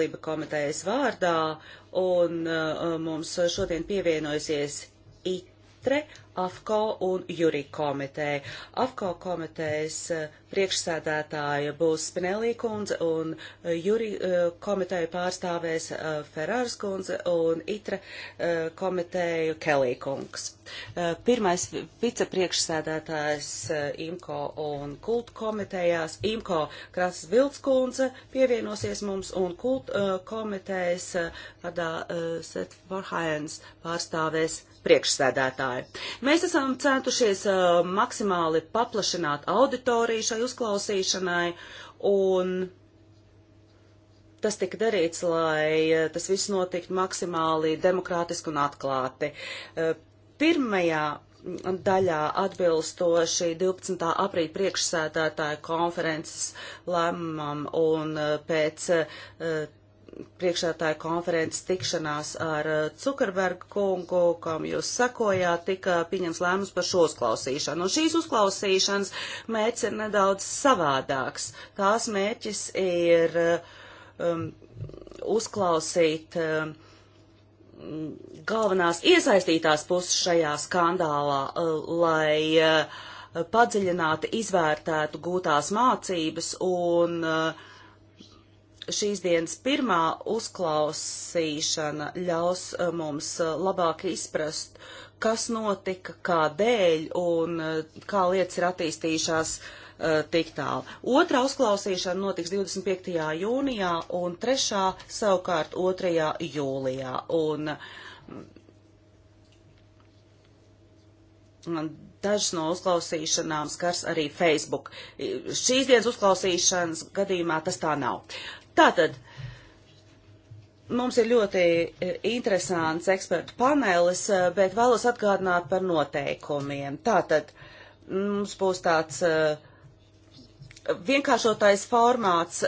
Lība komitejas vārdā, un uh, mums šodien pievienojusies ITRE AFCO un Juri komiteja. AFCO komitejas eh, priekšsēdētāja būs Spinelī kundze un eh, Juri eh, komiteju pārstāvēs Ferārs kundze un ITRA komiteju Kelī kungs. Pirmais vicepriekšsēdētājs IMCO un KULT komitejās. IMCO Krasas Vilds kundze pievienosies mums un KULT komitejas vadā Set Varhajens pārstāvēs priekšsēdētāju. Mēs esam centušies uh, maksimāli paplašināt auditoriju šai uzklausīšanai un tas tika darīts, lai uh, tas viss notiktu maksimāli demokrātiski un atklāti. Uh, pirmajā daļā atbilstoši 12. aprīļa priekšsēdētāja konferences lēmumam un uh, pēc priekšētāja konferences tikšanās ar eh, Cukerbergu kungu, kam jūs sakojāt, tika pieņems lēmums par šo uzklausīšanu. Un šīs uzklausīšanas mērķis ir nedaudz savādāks. Tās mērķis ir eh, um, uzklausīt um, galvenās iesaistītās puses šajā skandālā, lai uh, padziļināti izvērtētu gūtās mācības un uh, šīs dienas pirmā uzklausīšana ļaus eh, mums eh, labāk izprast, kas notika, kādēļ un eh, kā lietas ir attīstījušās tik tālu. Otrā uzklausīšana notiks 25. jūnijā un trešā savukārt 2. jūlijā. Mm, un Dažas no uzklausīšanām skars arī Facebook. Šīs dienas uzklausīšanas gadījumā tas tā nav. Tātad, mums ir ļoti e, interesants ekspertu panelis, e, bet vēlos atgādināt par noteikumiem. Tātad, mums būs tāds e, vienkāršotais formāts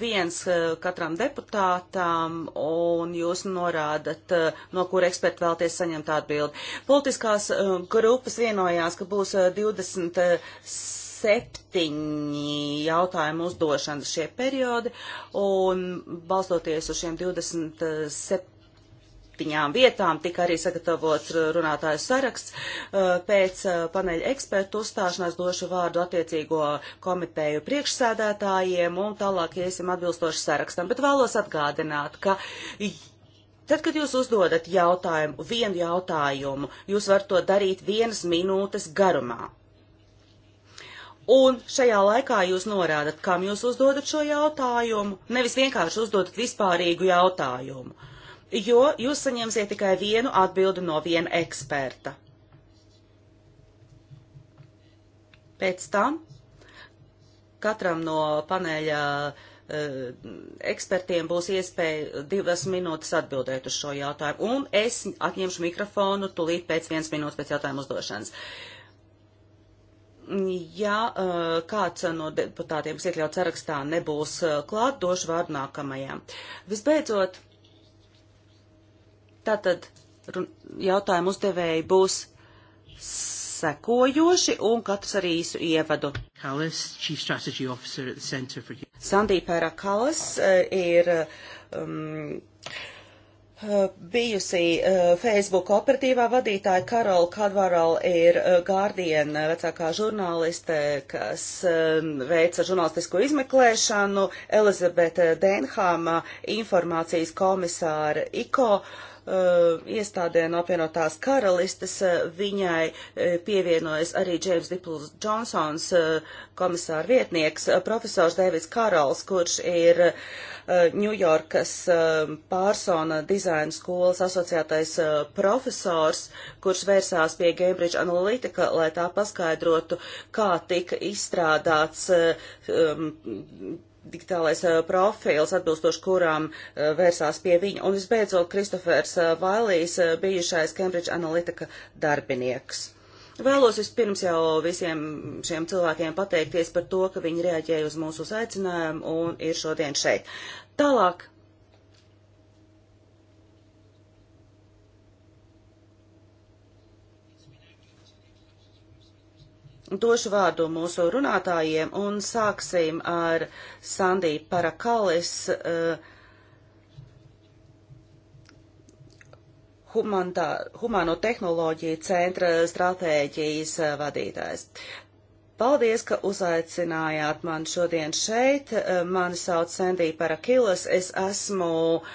viens katram deputātam, un jūs norādat, no kur eksperti vēlties saņemt atbildi. Politiskās grupas vienojās, ka būs 20 septiņi jautājumu uzdošanas šie periodi, un balstoties uz šiem 27 septiņām vietām tika arī sagatavots runātāju saraksts. Eh, pēc eh, paneļa ekspertu uzstāšanās došu vārdu attiecīgo komiteju priekšsēdētājiem un tālāk iesim atbilstoši sarakstam. Bet vēlos atgādināt, ka. Tad, kad jūs uzdodat jautājumu, vienu jautājumu, jūs varat to darīt vienas minūtes garumā. Un šajā laikā jūs norādat, kam jūs uzdodat šo jautājumu, nevis vienkārši uzdodat vispārīgu jautājumu, jo jūs saņemsiet tikai vienu atbildi no viena eksperta. Pēc tam katram no paneļa uh, ekspertiem būs iespēja divas minūtes atbildēt uz šo jautājumu, un es atņemšu mikrofonu tulīt pēc viens minūtes pēc jautājumu uzdošanas. Uh, Ja eh, kāds no deputātiem, kas iekļauts sarakstā, nebūs eh, klāt, došu vārdu nākamajam. Visbeidzot, tātad jautājumu uzdevēji būs sekojoši un katrs ar īsu ievadu. Kalas, Chief Strategy Officer at the Center for... Sandīpēra Kalas eh, ir um, Eh, bijusī eh, Facebook operatīvā vadītāja Karola Kadvarola ir eh, Guardian vecākā žurnāliste, kas veica žurnālistisko izmeklēšanu, Elizabete Denhama, informācijas komisāra IKO. Uh, uh, iestādē no apvienotās karalistes uh, viņai uh, pievienojas arī Džeims Dipls Džonsons, uh, komisāra vietnieks, uh, profesors Dēvids Karals, kurš ir Ņujorkas uh, pārsona dizaina skolas asociētais profesors, kurš vērsās pie Cambridge Analytica, lai tā paskaidrotu, kā tika izstrādāts um, digitālais eh, profils, atbilstoši kurām eh, vērsās pie viņa. Un visbeidzot, Kristofers eh, Vailīs, bijušais Cambridge Analytica darbinieks. Vēlos vispirms jau visiem šiem cilvēkiem pateikties par to, ka viņi reaģēja uz mūsu uzaicinājumu un ir šodien šeit. Tālāk došu vārdu mūsu runātājiem un sāksim ar Sandīju Parakalis, uh, eh, humanitā, humano tehnoloģiju centra stratēģijas eh, vadītājs. Paldies, ka uzaicinājāt man šodien šeit. Eh, mani sauc Sandija Parakilas. Es esmu um,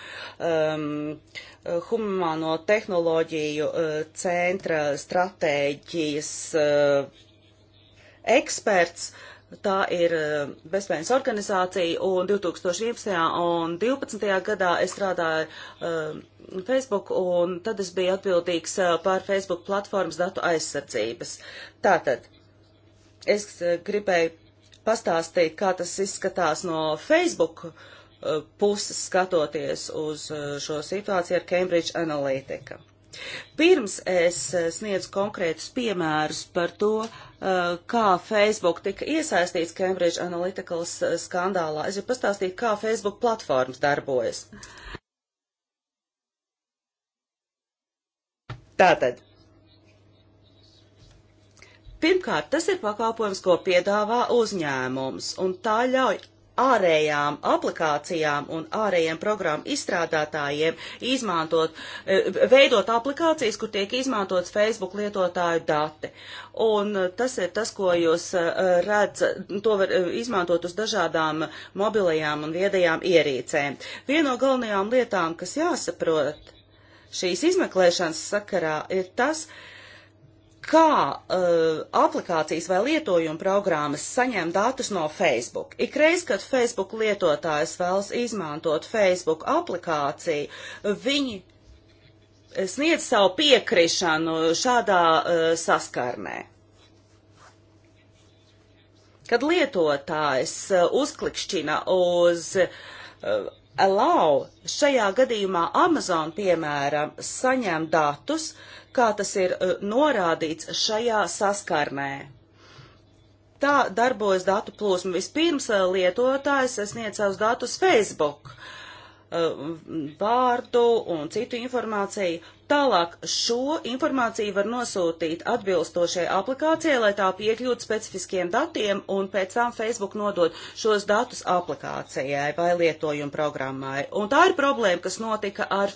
humano tehnoloģiju centra stratēģijas uh, eksperts. Tā ir eh, bezpējas organizācija, un 2011. un 2012. gadā es strādāju uh, Facebook, un tad es biju atbildīgs eh, par Facebook platformas datu aizsardzības. Tātad, es gribēju pastāstīt, kā tas izskatās no Facebook uh, puses skatoties uz uh, šo situāciju ar Cambridge Analytica. Pirms es eh, sniedzu konkrētus piemērus par to, eh, kā Facebook tika iesaistīts Cambridge Analytical eh, skandālā, es jau pastāstīju, kā Facebook platformas darbojas. Tātad. Pirmkārt, tas ir pakalpojums, ko piedāvā uzņēmums, un tā ļauj ārējām aplikācijām un ārējiem programmu izstrādātājiem izmantot, e, veidot aplikācijas, kur tiek izmantots Facebook lietotāju dati. Un e, tas ir tas, ko jūs e, redzat, to var izmantot uz dažādām mobilajām un viedajām ierīcēm. Viena no galvenajām lietām, kas jāsaprot šīs izmeklēšanas sakarā, ir tas, ka kā uh, aplikācijas vai lietojuma programmas saņem datus no Facebook. Ikreiz, kad Facebook lietotājs vēlas izmantot Facebook aplikāciju, viņi eh, sniedz savu piekrišanu šādā uh, saskarnē. Kad lietotājs uh, uzklikšķina uz uh, allow, šajā gadījumā Amazon, piemēram, saņem datus, uh, kā tas ir eh, norādīts šajā saskarnē. Tā darbojas datu plūsma. Vispirms eh, lietotājs eh, sniedz savus datus Facebook vārdu un citu informāciju, Tālāk šo informāciju var nosūtīt atbilstošai aplikācijai, lai tā piekļūtu specifiskiem datiem un pēc tam Facebook nodot šos datus aplikācijai vai lietojumu programmai. Un tā ir problēma, kas notika ar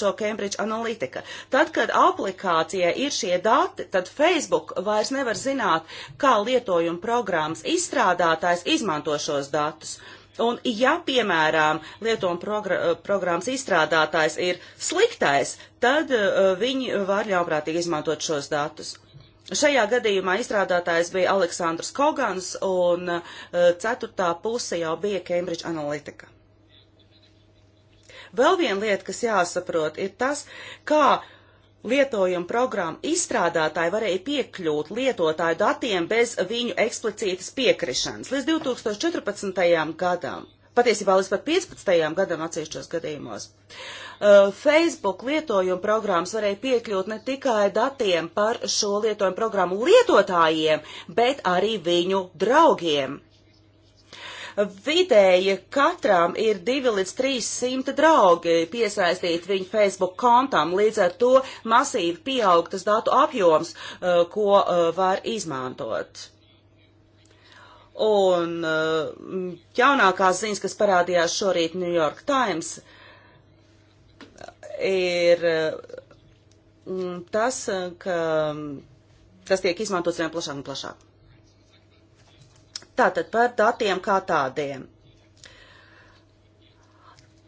šo Cambridge Analytica. Tad, kad aplikācijai ir šie dati, tad Facebook vairs nevar zināt, kā lietojumu programmas izstrādātājs izmanto šos datus. Un ja, piemēram, lietojuma progr programmas izstrādātājs ir sliktais, tad uh, viņi var ļauprātīgi izmantot šos datus. Šajā gadījumā izstrādātājs bija Aleksandrs Kogans, un uh, ceturtā puse jau bija Cambridge Analytica. Vēl viena lieta, kas jāsaprot, ir tas, kā uh, lietojuma programmu izstrādātāji varēja piekļūt lietotāju datiem bez viņu eksplicītas piekrišanas līdz 2014. gadam. Patiesībā līdz pat 15. gadam atsevišķos gadījumos. Uh, Facebook lietojuma programmas varēja piekļūt ne tikai datiem par šo lietojuma programmu lietotājiem, bet arī viņu draugiem. Vidēji katram ir 2 līdz 300 draugi piesaistīti viņu Facebook kontam, līdz ar to masīvi pieaug tas datu apjoms, uh, ko uh, var izmantot. Un uh, jaunākās ziņas, kas parādījās šorīt New York Times, ir mm, tas, ka mm, tas tiek izmantots vien plašāk un plašāk. Tātad par datiem kā tādiem.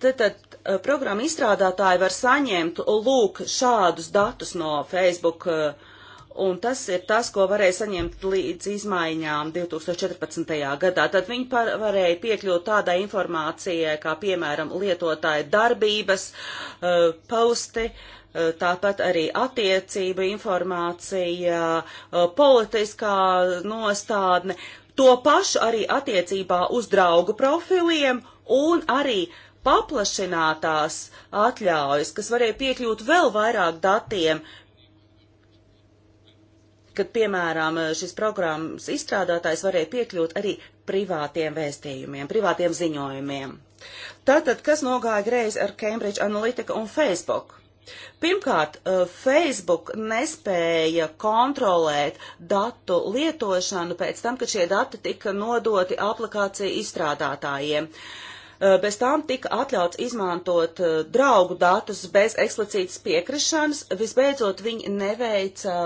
Tātad eh, programma izstrādātāji var saņemt lūk šādus datus no Facebook, eh, un tas ir tas, ko varēja saņemt līdz izmaiņām 2014. gadā. Tad viņi par, varēja piekļūt tādai informācijai, kā piemēram lietotāja darbības, eh, posti, tāpat arī attiecība informācija, politiskā nostādne, To pašu arī attiecībā uz draugu profiliem un arī paplašinātās atļaujas, kas varēja piekļūt vēl vairāk datiem, kad, piemēram, šis programmas izstrādātājs varēja piekļūt arī privātiem vēstījumiem, privātiem ziņojumiem. Tātad, kas nogāja greizi ar Cambridge Analytica un Facebook? Pirmkārt, eh, Facebook nespēja kontrolēt datu lietošanu pēc tam, kad šie dati tika nodoti aplikāciju izstrādātājiem. Eh, bez tām tika atļauts izmantot eh, draugu datus bez eksplicītas piekrišanas. Visbeidzot, viņi neveica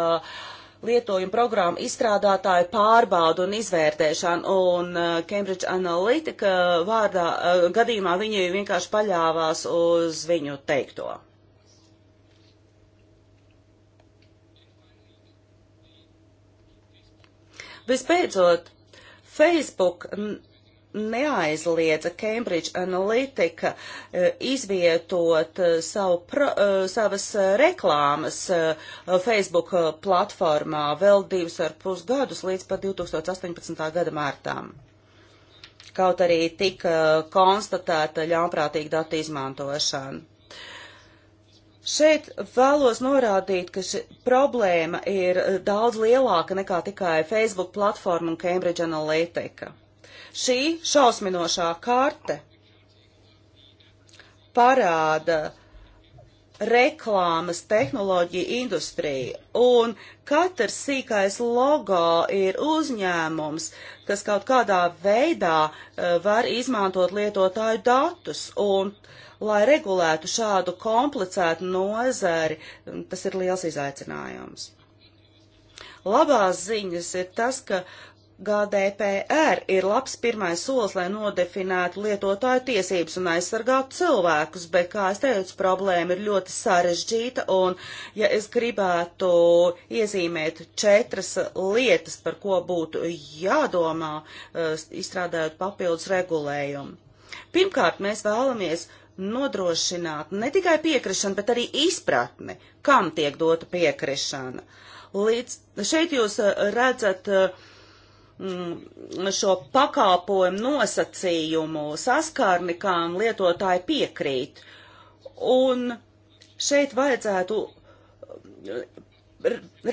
lietojumu programmu izstrādātāju pārbaudu un izvērtēšanu, un Cambridge Analytica vārdā gadījumā viņi vienkārši paļāvās uz viņu teikto. Visbeidzot, Facebook neaizliedza Cambridge Analytica e, izvietot e, savu, pro, e, savas reklāmas Facebook platformā vēl divus ar pus gadus līdz pat 2018. gada mārtām. Kaut arī tika konstatēta ļaunprātīga datu izmantošana. Šeit vēlos norādīt, ka problēma ir eh, daudz lielāka nekā tikai Facebook platforma un Cambridge Analytica. Šī šausminošā karte parāda reklāmas tehnoloģiju industriju, un katrs sīkais logo ir uzņēmums, kas kaut kādā veidā eh, var izmantot lietotāju datus, un uh, lai regulētu šādu komplicētu nozari, tas ir liels izaicinājums. Labās ziņas ir tas, ka GDPR ir labs pirmais solis, lai nodefinētu lietotāju tiesības un aizsargātu cilvēkus, bet, kā es teicu, problēma ir ļoti sarežģīta, un ja es gribētu iezīmēt četras lietas, par ko būtu jādomā, eh, izstrādājot papildus regulējumu. Pirmkārt, mēs vēlamies nodrošināt ne tikai piekrišanu, bet arī izpratni, kam tiek dota piekrišana. Līdz šeit jūs eh, redzat eh, mm, šo pakāpojumu nosacījumu saskarni, kam lietotāji piekrīt. Un šeit vajadzētu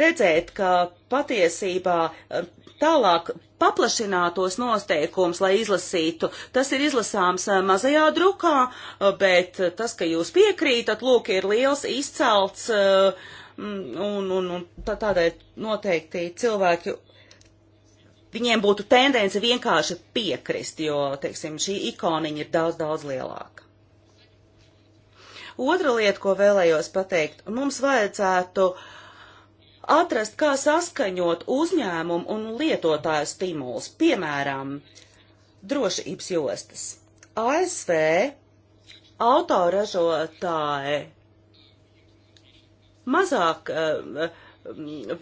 redzēt, ka patiesībā e, tālāk paplašinātos noteikums, lai izlasītu, tas ir izlasāms e, mazajā drukā, e, bet tas, ka jūs piekrītat, lūk, ir liels izcelts un, un, un tādēļ noteikti cilvēki. Viņiem būtu tendence vienkārši piekrist, jo, teiksim, šī ikoniņa ir daudz, daudz lielāka. Otra lieta, ko vēlējos pateikt, mums vajadzētu uh, atrast, kā saskaņot uzņēmumu un lietotāju stimulus, piemēram, drošības jostas. ASV autoražotāji mazāk uh,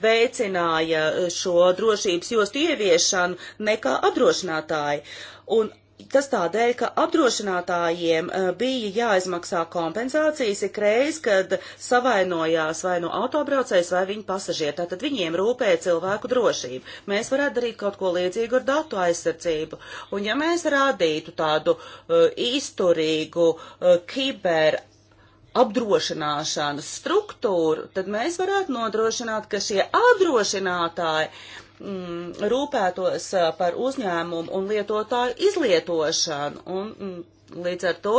veicināja šo drošības jostu ieviešanu nekā apdrošinātāji. Un Tas tādēļ, ka apdrošinātājiem eh, bija jāizmaksā kompensācijas ikreiz, kad savainojās vai no nu autobraucējs vai viņa pasažieri. Tātad viņiem rūpēja cilvēku drošību. Mēs varētu darīt kaut ko līdzīgu ar datu aizsardzību. Un ja mēs rādītu tādu uh, izturīgu uh, kiber apdrošināšanas struktūru, tad mēs varētu nodrošināt, ka šie apdrošinātāji mm, rūpētos par uzņēmumu un lietotāju izlietošanu. Un, mm, līdz ar to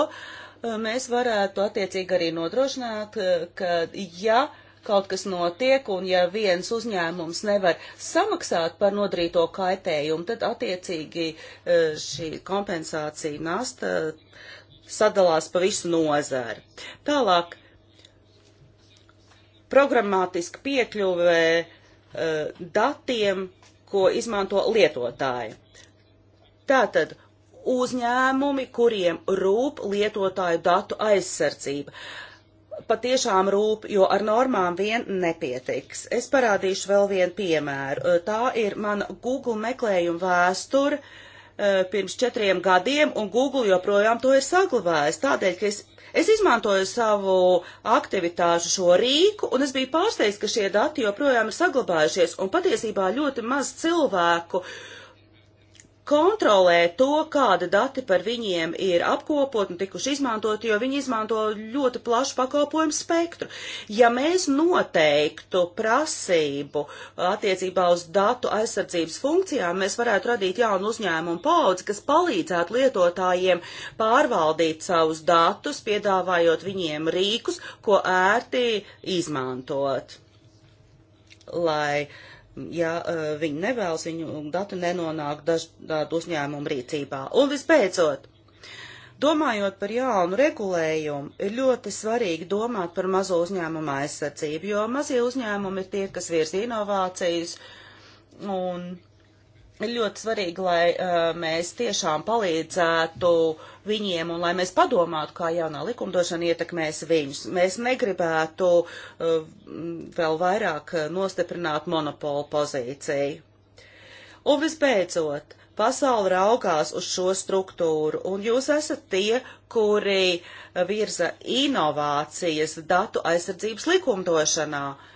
mēs varētu attiecīgi arī nodrošināt, ka ja kaut kas notiek, un ja viens uzņēmums nevar samaksāt par nodarīto kaitējumu, tad attiecīgi šī kompensācija nasta sadalās pa visu nozari. Tālāk, programmātiska piekļuve Eh, datiem, ko izmanto lietotāji. Tātad uzņēmumi, kuriem rūp lietotāju datu aizsardzība. Patiešām rūp, jo ar normām vien nepietiks. Es parādīšu vēl vienu piemēru. Eh, tā ir mana Google meklējuma vēsture eh, pirms četriem gadiem, un Google joprojām to ir saglabājis, tādēļ, ka es Es izmantoju savu aktivitāšu šo rīku, un es biju pārsteigts, ka šie dati joprojām ir saglabājušies, un patiesībā ļoti maz cilvēku uh, kontrolē to, kāda dati par viņiem ir apkopot un tikuši izmantoti, jo viņi izmanto ļoti plašu pakalpojumu spektru. Ja mēs noteiktu prasību attiecībā uz datu aizsardzības funkcijām, mēs varētu radīt jaunu uzņēmumu paudzi, kas palīdzētu lietotājiem pārvaldīt savus datus, piedāvājot viņiem rīkus, ko ērti izmantot. Lai uh, ja eh, viņi nevēlas, viņu dati nenonāk dažādu uzņēmumu rīcībā. Un visbeidzot, Domājot par jaunu regulējumu, ir ļoti svarīgi domāt par mazo uzņēmumu aizsardzību, jo mazie uzņēmumi ir tie, kas virz inovācijas un ir ļoti svarīgi, lai uh, mēs tiešām palīdzētu viņiem un lai mēs padomātu, kā jaunā likumdošana ietekmēs viņus. Mēs negribētu uh, vēl vairāk nostiprināt monopolu pozīciju. Un visbeidzot, pasauli raugās uz šo struktūru, un jūs esat tie, kuri virza inovācijas datu aizsardzības likumdošanā. Uh,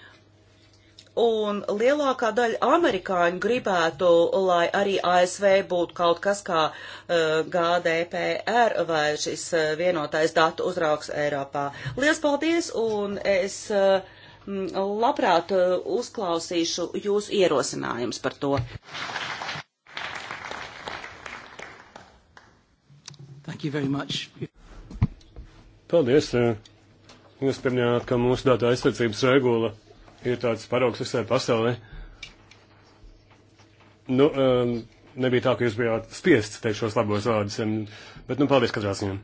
Un lielākā daļa amerikāņu gribētu, lai arī ASV būtu kaut kas kā uh, GDPR vai šis uh, vienotais datu uzraugs Eiropā. Lielas paldies un es uh, labprāt uh, uzklausīšu jūsu ierosinājumus par to. Thank you very much. Paldies. Uh, jūs pieminējāt, ka mūsu datu aizsardzības regula ir tāds paraugs visai pasaulē. Nu, um, nebija tā, ka jūs bijāt spiests teikt šos labos vārdus, um, bet, nu, paldies katrā ziņā.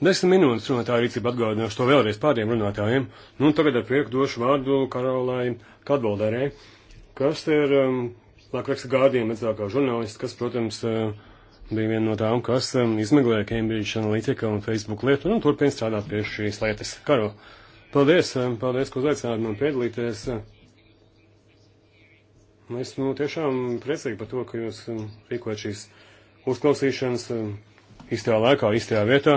Desmit minūtes runātāja rīcība atgādināšu to vēlreiz pāriem runātājiem. Nu, tagad ar prieku došu vārdu Karolai Kadboldērē, kas ir um, Lakraksta gādiem vecākā žurnālista, kas, protams, uh, bija viena no tām, kas um, izmeklēja Cambridge Analytica un Facebook lietu un turpina strādāt pie šīs lietas. Karo, paldies, um, paldies, ka uzaicinājāt man piedalīties. Um, es nu, tiešām priecīgi par to, ka jūs um, rīkojat šīs uzklausīšanas um, īstajā laikā, īstajā vietā.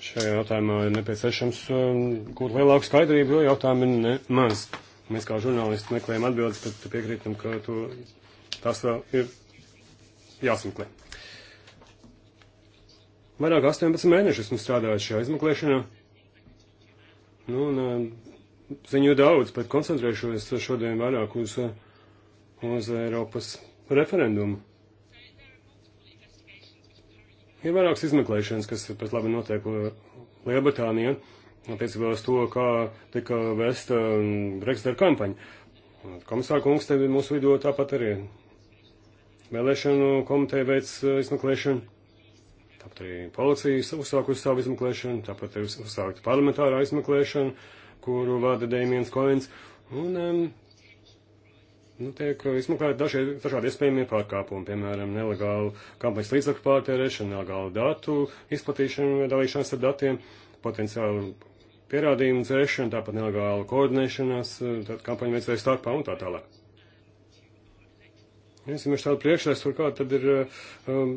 Šajā jautājumā ir nepieciešams gūt um, lielāku skaidrību, jo jautājumi ir ne maz. Mēs kā žurnālisti meklējam atbildes, tad piekrītam, ka to, tas vēl ir jāsmeklē. Vairāk 18 mēnešus esmu strādājis šajā izmeklēšanā. Nu, un eh, ziņu daudz, bet koncentrēšos šodien vairāk uz, eh, uz Eiropas referendumu. Ir vairākas izmeklēšanas, kas pēc labi notiek Lielbritānijā, attiecībā uz to, kā tika vesta um, Brexita kampaņa. Komisāra kungs te mūsu vidū tāpat arī vēlēšanu komiteja veids uh, izmeklēšanu. Tāpat arī policijas uzsākusi savu izmeklēšanu, tāpat ir uzsākta parlamentārā izmeklēšana, kuru vada Dēmiens Koins. Un um, nu, tiek izmeklēti daži, dažādi iespējamie pārkāpumi, piemēram, nelegāla kampaņas līdzakļu pārtērēšana, nelegāla datu izplatīšana, dalīšanās ar datiem, potenciāli pierādījumu dzēšana, tāpat nelegāla koordinēšanās, eh, tad kampaņu veicēju starpā un tā tālāk. Es jums tādu priekšresu, kā tad ir um,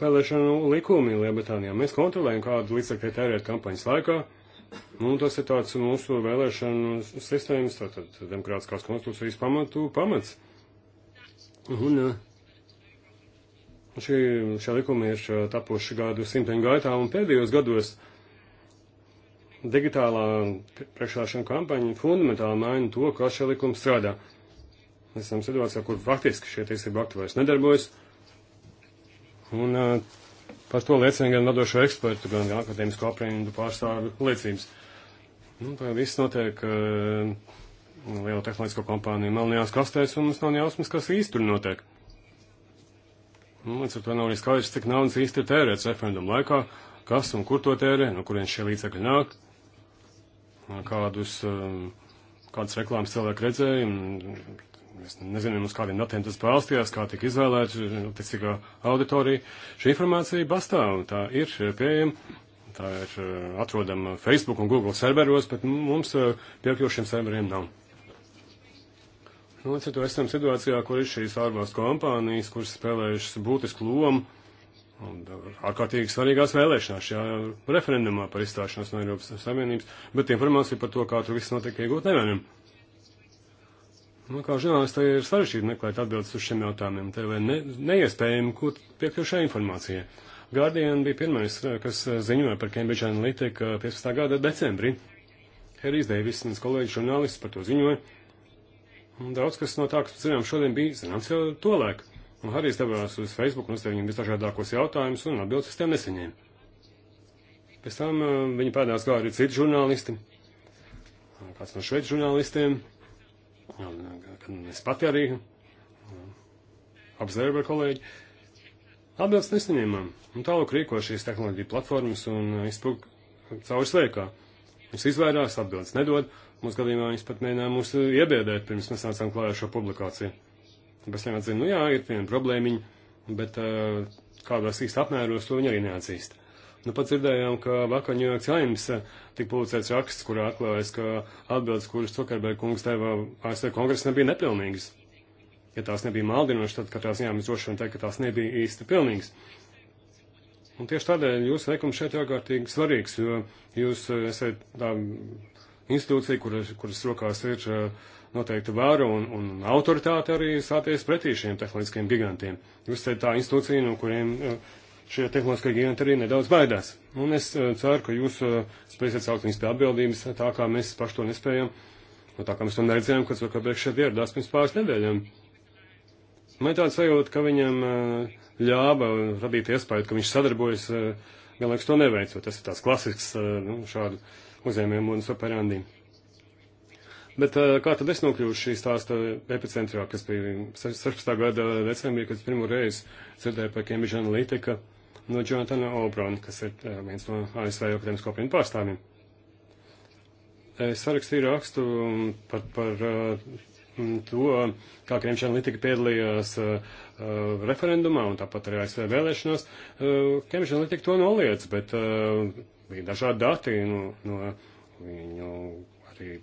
vēlēšanu likumi Lielbritānijā. Mēs kontrolējam, kādu līdzekļu tērēt kampaņas laikā. Un tas ir tāds mūsu vēlēšanu sistēmas, tātad demokrātiskās konstitūcijas pamatu pamats. Un eh, šī, šie likumi ir eh, tapuši gadu simtiem gaitā un pēdējos gados digitālā priekšvēlēšana kampaņa fundamentāli maina to, kā šie likumi strādā. Mēs esam situācijā, kur faktiski šie tiesību akti vairs nedarbojas. Un uh, par to liecina gan vadošo ekspertu, gan, gan akadēmisko aprindu pārstāvu liecības. Nu, tā viss notiek uh, liela tehnoloģisko kompāniju melnajās kastēs, un mums nav jausmas, kas īsti tur notiek. Nu, līdz ar to nav arī skaidrs, cik naudas īsti ir tērēts referendumu laikā, kas un kur to tērē, no kurien šie līdzekļi nāk, kādus, kādus reklāmas cilvēki redzēja, un Mēs nezinām, uz kādiem datiem tas balstījās, kā tika izvēlēta attiecīgā nu, auditorija. Šī informācija pastāv, tā ir pieejama, tā ir eh, atrodama Facebook un Google serveros, bet mums eh, piekļuvu šiem serveriem nav. Nu, līdz ar to esam situācijā, kur ir šīs ārvalstu kompānijas, kuras spēlējušas būtisku lomu un ārkārtīgi svarīgās vēlēšanās šajā referendumā par izstāšanos no Eiropas Savienības, bet informācija par to, kā tur viss notiek, iegūt nevienam. Nu, kā žurnālisti, ir sarežģīti meklēt atbildes uz šiem jautājumiem. Tev ir ne, neiespējami, kur piekļūt šai informācijai. Guardian bija pirmais, kas eh, ziņoja par Cambridge Analytica 15. Eh, gada decembrī. Herijs Deivis, mans kolēģis žurnālists, par to ziņoja. Un daudz kas no tā, kas zinām šodien, bija zināms jau tolēk. Un Harijs devās uz Facebook un uzdev viņam visdažādākos jautājumus un atbildes uz tiem neseņēma. Pēc tam eh, viņa pēdējās gāja arī citi žurnālisti, kāds no šveic žurnālistiem, un es pati arī apzēru ar kolēģi. Atbildes nesaņēmām, un tālāk rīko šīs tehnoloģija platformas un izpūk cauri sliekā. Viņš izvairās, atbildes nedod, mūsu gadījumā viņš pat mēģināja mūs iebiedēt, pirms mēs nācām klājā šo publikāciju. Bez viņiem atzina, nu jā, ir viena problēmiņa, bet uh, kādos īsti apmēros to viņi arī neatzīst. Nu, pat dzirdējām, ka vakar New York Times eh, tika publicēts raksts, kurā atklājas, ka atbildes, kuras Zuckerberg kungs deva ASV kongresam, nebija nepilnīgas. Ja tās nebija maldinošas, tad katrā ziņā mēs droši vien teikt, ka tās nebija īsti pilnīgas. Un tieši tādēļ jūsu veikums šeit ir ārkārtīgi svarīgs, jo jūs eh, esat tā institūcija, kuras, kuras rokās ir eh, noteikta vāra un, un autoritāte arī sāties pretī šiem tehnoloģiskiem gigantiem. Jūs esat tā institūcija, no kuriem šie tehnoloģiskie giganti arī nedaudz baidās. Un es eh, ceru, ka jūs eh, spēsiet saukt viņus pie atbildības, tā kā mēs paši to nespējam, un nu, tā kā mēs to neredzējām, kad Zuckerbergs šeit ieradās pirms pāris nedēļām. Man ir tāds sajūta, ka viņam eh, ļāva radīt iespēju, ka viņš sadarbojas, vienlaikus to neveicot. Tas ir tās klasisks nu, šādu uzņēmējumu un superandīm. Bet kā tad es nokļuvu šī stāsta epicentrā, kas bija 16. gada decembrī, kad pirmo reizi dzirdēju par Cambridge Analytica? Uh, no Jonatana Obrona, kas ir eh, viens no ASV akadēmisko kopienu pārstāvjiem. Es sarakstīju rakstu um, par, par eh, mm, to, kā kremšana litika piedalījās eh, referendumā un tāpat arī ASV vēlēšanās. Kremšana litika to noliec, bet bija dažādi dati no, nu, no viņu arī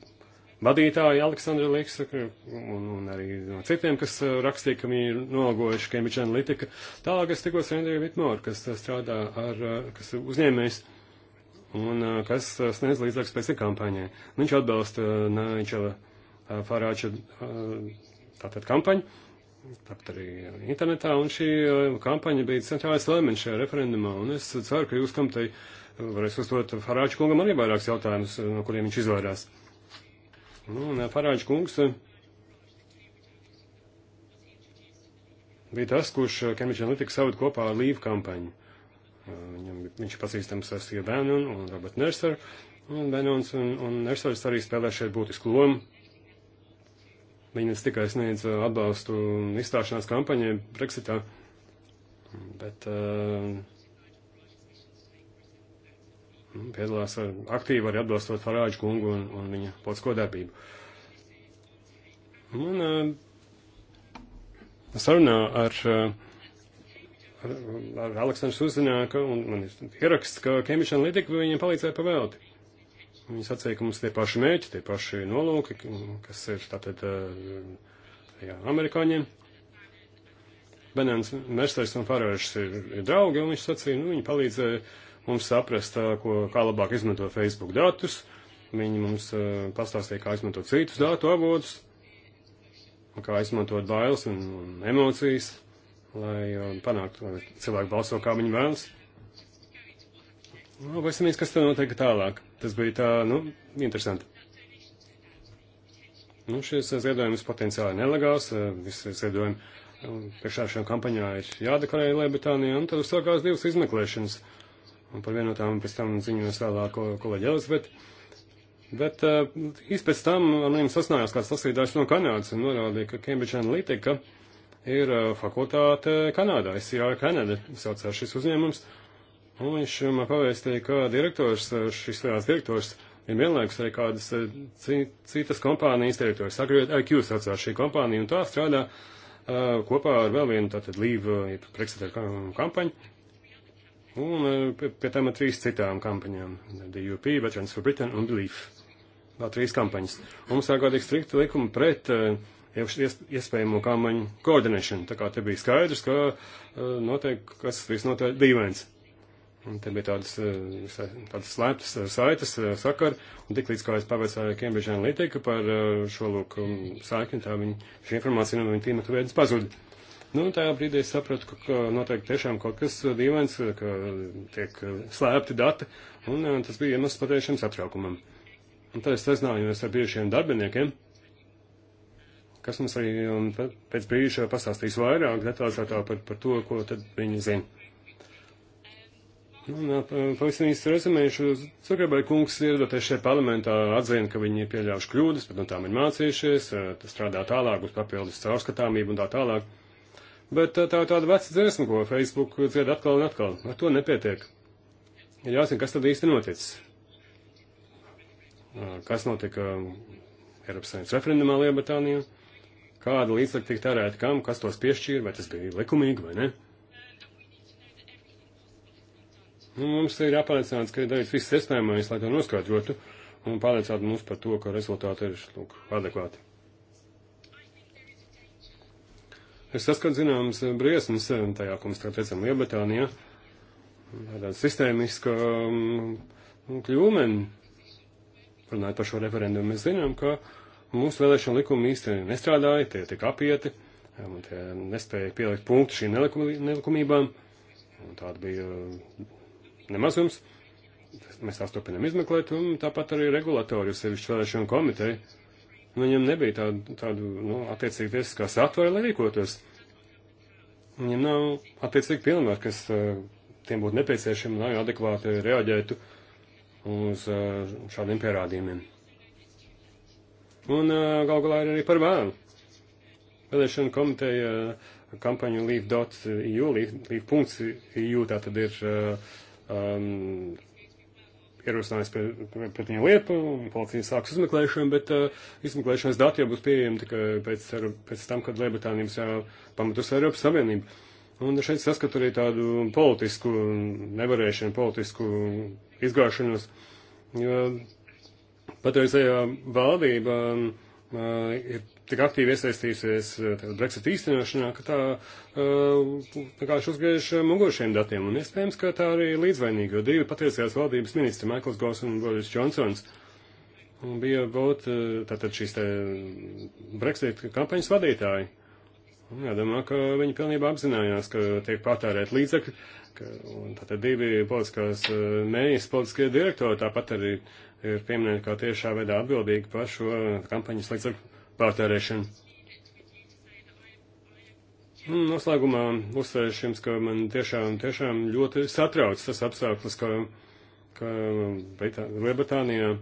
vadītāji Aleksandra Lieksa un, un arī no citiem, kas uh, rakstīja, ka viņi ir nolgojuši Cambridge Analytica. Tālāk es tikos ar Andriju Vitmoru, kas uh, strādā ar, uh, kas ir uzņēmējs un kas sniedz līdzekļus pēc kampaņai. Viņš atbalsta Nāņķela Farāča tātad kampaņu. Tāpat arī internetā, un šī kampaņa bija centrālais elements šajā referendumā, un es ceru, ka jūs kam te varēs uzdot Farāča kungam arī vairākus jautājumus, no kuriem viņš izvairās. Nu, un Farāģis kungs eh, bija tas, kurš Cambridge eh, Analytica saved kopā ar Līvu kampaņu. Eh, viņam, viņš pazīstams ar Steve Bannon un Robert Nerser, un Bannons un, un Nersers arī spēlē šeit būtisku lomu. Viņas tikai sniedz atbalstu izstāšanās kampaņai Brexitā, bet uh, Nu, piedalās ar, aktīvi arī atbalstot Farāģu kungu un, un viņa politisko darbību. Un uh, sarunā ar, eh, ar, ar Aleksandru uzzināju, ka, un man ir ieraksts, ka Cambridge Analytica viņiem palīdzēja pavēlti. Viņi sacīja, ka mums tie paši mērķi, tie paši nolūki, kas ir tātad eh, jā, amerikāņiem. Benens Mersters un Farāžs ir, ir draugi, un viņš sacīja, nu, viņi palīdzēja mums saprast, ko, kā labāk izmanto Facebook datus. Viņi mums pastāstīja, kā izmantot citus datu avotus, kā izmantot bailes un, un emocijas, lai panāktu, lai cilvēki balso, kā viņi vēlas. Nu, Vēsimies, kas tad notiek tālāk. Tas bija tā, nu, interesanti. Nu, šis ziedojums potenciāli nelegāls, visi ziedojumi priekšā šajā kampaņā ir jādeklarē Lielbritānijā, un tad sākās divas izmeklēšanas. Uh, Un par vienu no tām pēc tam ziņos vēlāk ko, kolēģi Elizabeti. Bet eh, īsti pēc tam ar viņiem sasnājās kāds lasītājs no Kanādas un norādīja, ka Cambridge Analytica ir eh, fakultāte Kanādā, SCR Canada, saucās šis uzņēmums. Un viņš man pavēstīja, ka direktors, eh, šis lielās direktors, ir vienlaikus arī kādas citas kompānijas direktors. Sakriet, IQ saucās šī kompānija, un tā strādā uh, kopā ar vēl vienu tātad Leave uh, Brexit kampaņu. Un eh, pie, pie tam ir trīs citām kampaņām - DUP, Veterans for Britain un Belief. Vēl trīs kampaņas. Un mums ir godīgi strikti likumi pret uh, iespējamo kampaņu koordinēšanu. Tā kā te bija skaidrs, ka uh, eh, noteikti, kas viss notiek dīvains. Un te bija tādas, uh, tādas slēptas saites, sakari, un tik līdz kā es pavaicāju Cambridge Analytica par šo lūk um, saikni, tā viņa, šī informācija no viņa tīmekļa vietas pazuda. Nu, tajā brīdī es sapratu, ka noteikti tiešām kaut kas dīvains, ka tiek slēpti dati, un tas bija iemesls patiešām satraukumam. Un tad es sazinājos ar bijušiem darbiniekiem, kas mums arī um, pēc brīža pastāstīs vairāk detalizētā par, par to, ko tad viņi zina. Nu, uh, pavisam īsti rezumējuši, Zukerberg kungs ierodoties šeit parlamentā atzina, ka viņi ir pieļāvuši kļūdas, bet no tām ir mācījušies, uh, strādā tālāk uz papildus caurskatāmību un tā tālāk. Bet tā ir tāda veca dziesma, ko Facebook dzied atkal un atkal. Ar to nepietiek. Ir jāzina, kas tad īsti noticis. Kas notika um, Eiropas Savienības referendumā Lielbritānijā? Kāda līdzekļa tika tērēta kam, kas tos piešķīra, vai tas bija likumīgi vai ne? Nu, mums ir jāpārliecinās, ka ir darīts viss iespējamais, lai to noskaidrotu un pārliecinātu mums par to, ka rezultāti ir lūk, adekvāti. Es saskatu zināmas briesmas eh, tajā, ko mēs tagad redzam Lielbritānijā. Tāda sistēmiska um, mm, mm, kļūmeni. Runājot par šo referendumu, mēs zinām, ka mūsu vēlēšana likumi īsti nestrādāja, tie tika apieti, un tie nespēja pielikt punktu šīm nelikumībām. Un tāda bija mm, nemazums. Mēs tās turpinām izmeklēt, un tāpat arī regulatori, sevišķi vēlēšana komiteja Nu, viņam nebija tādu, tādu nu, attiecīgi tiesiskā satvara, lai rīkotos. Viņam nav attiecīgi pilnvar, kas eh, tiem būtu nepieciešami, lai adekvāti reaģētu uz eh, šādiem pierādījumiem. Un eh, gal galā ir arī par vēlu. Vēlēšana komiteja kampaņu leave.eu, leave.eu, leave e e tā tad ir um, ierosinājis pret, pret viņu lietu, policija sāks uzmeklēšanu, bet uh, izmeklēšanas dati jau būs pieejami tikai pēc, pēc tam, kad Lielbritānija būs jāpamatus Eiropas Savienību. Un šeit saskatu arī tādu politisku nevarēšanu, politisku izgāšanos, jo patreizējā valdība. Um, Uh, ir tik aktīvi iesaistījusies uh, Brexit īstenošanā, ka tā vienkārši uh, uzgriež muguru šiem datiem. Un iespējams, ka tā arī ir līdzvainīga, jo divi patiesajās valdības ministri, Maikls Gos un Boris Johnsons, bija būt tātad šīs te Brexit kampaņas vadītāji. Jā, domā, ka viņi pilnībā apzinājās, ka tiek patērēt līdzekļi, ka, un tātad divi politiskās mējas, politiskie direktori, tāpat arī ir pieminēti kā tiešā veidā atbildīgi par šo kampaņas līdzekļu pārtērēšanu. Nu, noslēgumā uzsvēršu jums, ka man tiešām, tiešām ļoti satrauc tas apstākļus, ka, ka Lielbritānijā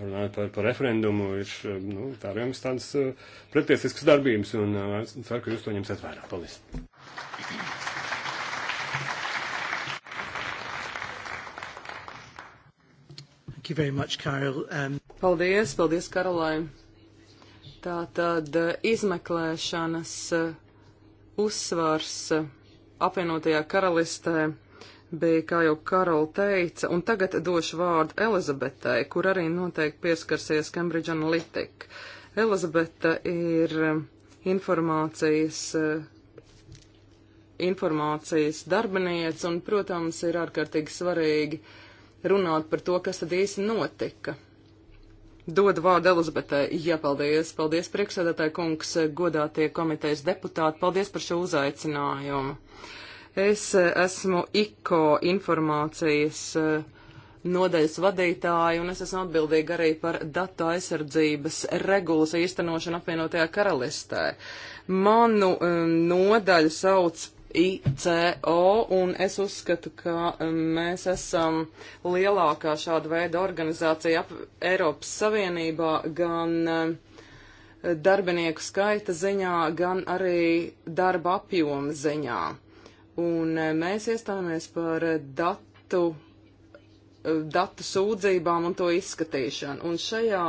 runājot par, par referendumu, ir nu, tā arī jums tādas uh, pretiesiskas darbības, un uh, es ceru, ka jūs to ņemsiet vērā. Paldies! Thank you very much, Carol. Um... Paldies, paldies, Karolai. Tā tad uh, izmeklēšanas uh, uzsvars uh, apvienotajā karalistē bija, kā jau Karola teica, un tagad došu vārdu Elizabetei, kur arī noteikti pieskarsies Cambridge Analytica. Elizabete ir um, informācijas, informācijas darbiniece un, protams, ir ārkārtīgi svarīgi uh, runāt par to, kas tad īsi notika. Dodu vārdu Elizabetai. Jā, paldies. Paldies, priekšsēdētāji kungs, godātie komitejas deputāti. Paldies par šo uzaicinājumu. Es eh, esmu IKO informācijas eh, nodaļas vadītāja, un es esmu atbildīga arī par datu aizsardzības regulas īstenošanu apvienotajā karalistē. Manu um, nodaļu sauc ICO, un es uzskatu, ka um, mēs esam lielākā šāda veida organizācija ap Eiropas Savienībā gan um, darbinieku skaita ziņā, gan arī darba apjoma ziņā. Un um, mēs iestājamies par datu, datu sūdzībām un to izskatīšanu. Un šajā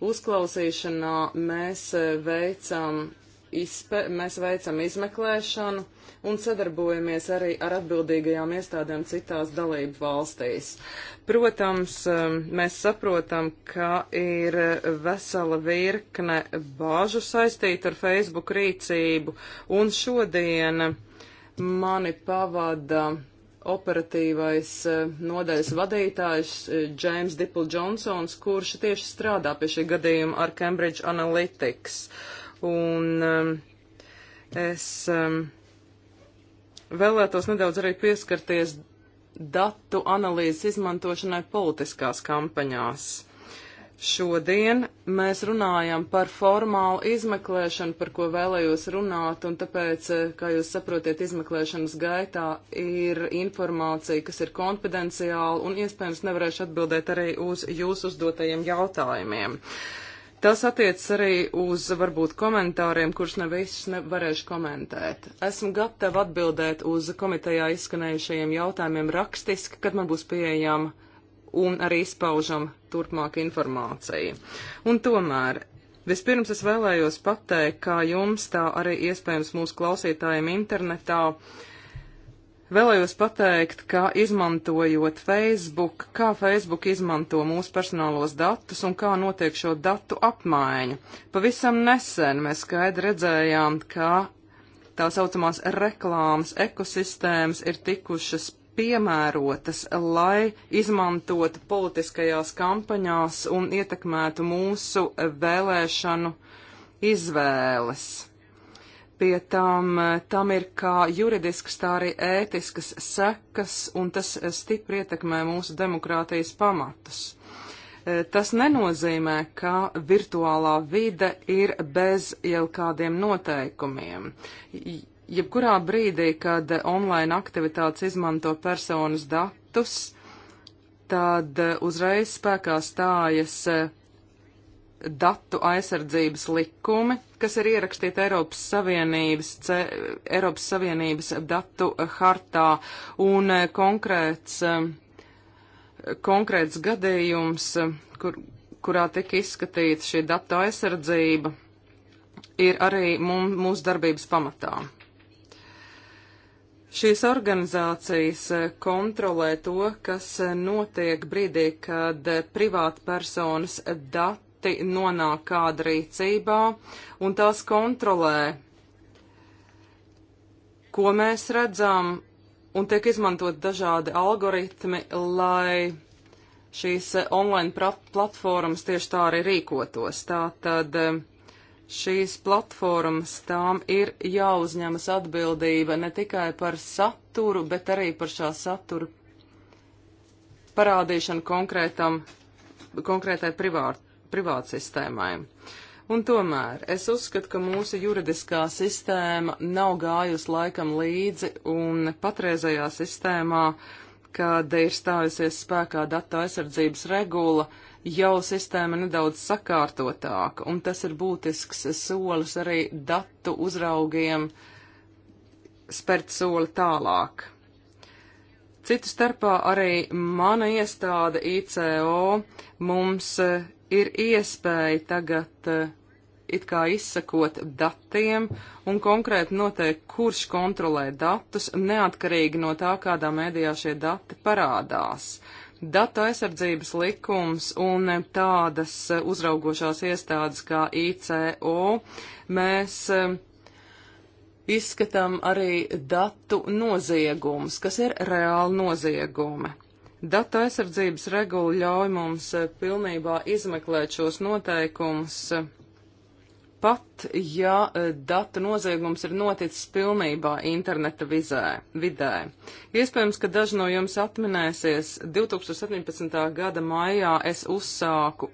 uzklausīšanā mēs veicam izpe, mēs veicam izmeklēšanu un sadarbojamies arī ar atbildīgajām iestādēm citās dalību valstīs. Protams, um, mēs saprotam, ka ir vesela virkne bāžu saistīta ar Facebook rīcību, un šodien mani pavada operatīvais uh, nodaļas vadītājs uh, James Dipple Johnsons, kurš tieši strādā pie šī gadījuma ar Cambridge Analytics. Uh, Un um, es um, vēlētos nedaudz arī pieskarties datu analīzes izmantošanai politiskās kampaņās. Šodien mēs runājam par formālu izmeklēšanu, par ko vēlējos runāt, un tāpēc, eh, kā jūs saprotiet, izmeklēšanas gaitā ir informācija, kas ir konfidenciāla, un iespējams nevarēšu atbildēt arī uz jūsu uzdotajiem jautājumiem. Uh, Tas attiecas arī uz varbūt komentāriem, kurus ne visus nevarēšu komentēt. Esmu gatava atbildēt uz komitejā izskanējušajiem jautājumiem rakstiski, kad man būs pieejama un arī izpaužam turpmāk informācija. Un tomēr Vispirms es vēlējos pateikt, kā jums tā arī iespējams mūsu klausītājiem internetā. Vēlējos pateikt, ka izmantojot Facebook, kā Facebook izmanto mūsu personālos datus un kā notiek šo datu apmaiņa. Pavisam nesen mēs skaidri redzējām, ka tā saucamās reklāmas ekosistēmas ir tikušas piemērotas, lai izmantotu politiskajās kampaņās un ietekmētu mūsu vēlēšanu izvēles. Pie tam, eh, tam ir kā juridiskas, tā arī ētiskas sekas, un tas eh, stipri ietekmē mūsu demokrātijas pamatus. Eh, tas nenozīmē, ka virtuālā vide ir bez jau kādiem noteikumiem. Jebkurā brīdī, kad online aktivitātes izmanto personas datus, tad uzreiz spēkā stājas datu aizsardzības likumi, kas ir ierakstīti Eiropas Savienības, C, Eiropas Savienības datu hartā, un eh, konkrēts, eh, konkrēts gadījums, eh, kur, kurā tika izskatīta šī datu aizsardzība, ir arī mums, mūsu darbības pamatā. Šīs organizācijas kontrolē to, kas notiek brīdī, kad privātpersonas dati dati nonāk kāda rīcībā un tās kontrolē, ko mēs redzam, un tiek izmantot dažādi algoritmi, lai šīs online platformas tieši tā arī rīkotos. Tātad šīs platformas tām ir jāuzņemas atbildība ne tikai par saturu, bet arī par šā satura parādīšanu konkrētam, konkrētai privāt, privātu sistēmai. Un tomēr es uzskatu, ka mūsu juridiskā sistēma nav gājusi laikam līdzi un patreizajā sistēmā, kad ir stājusies spēkā datu aizsardzības regula, jau sistēma nedaudz sakārtotāka, un tas ir būtisks solis arī datu uzraugiem spērt soli tālāk. Citu starpā arī mana iestāde ICO mums ir iespēja tagad eh, it kā izsakot datiem un konkrēti noteikt, kurš kontrolē datus, neatkarīgi no tā, kādā mēdījā šie dati parādās. Data aizsardzības likums un tādas uzraugošās iestādes kā ICO mēs eh, izskatām arī datu noziegums, kas ir reāli noziegumi. Data aizsardzības regula ļauj mums eh, pilnībā izmeklēt šos noteikumus, pat ja eh, data noziegums ir noticis pilnībā interneta vizē, vidē. Iespējams, ka daži no jums atminēsies, 2017. gada maijā es uzsāku,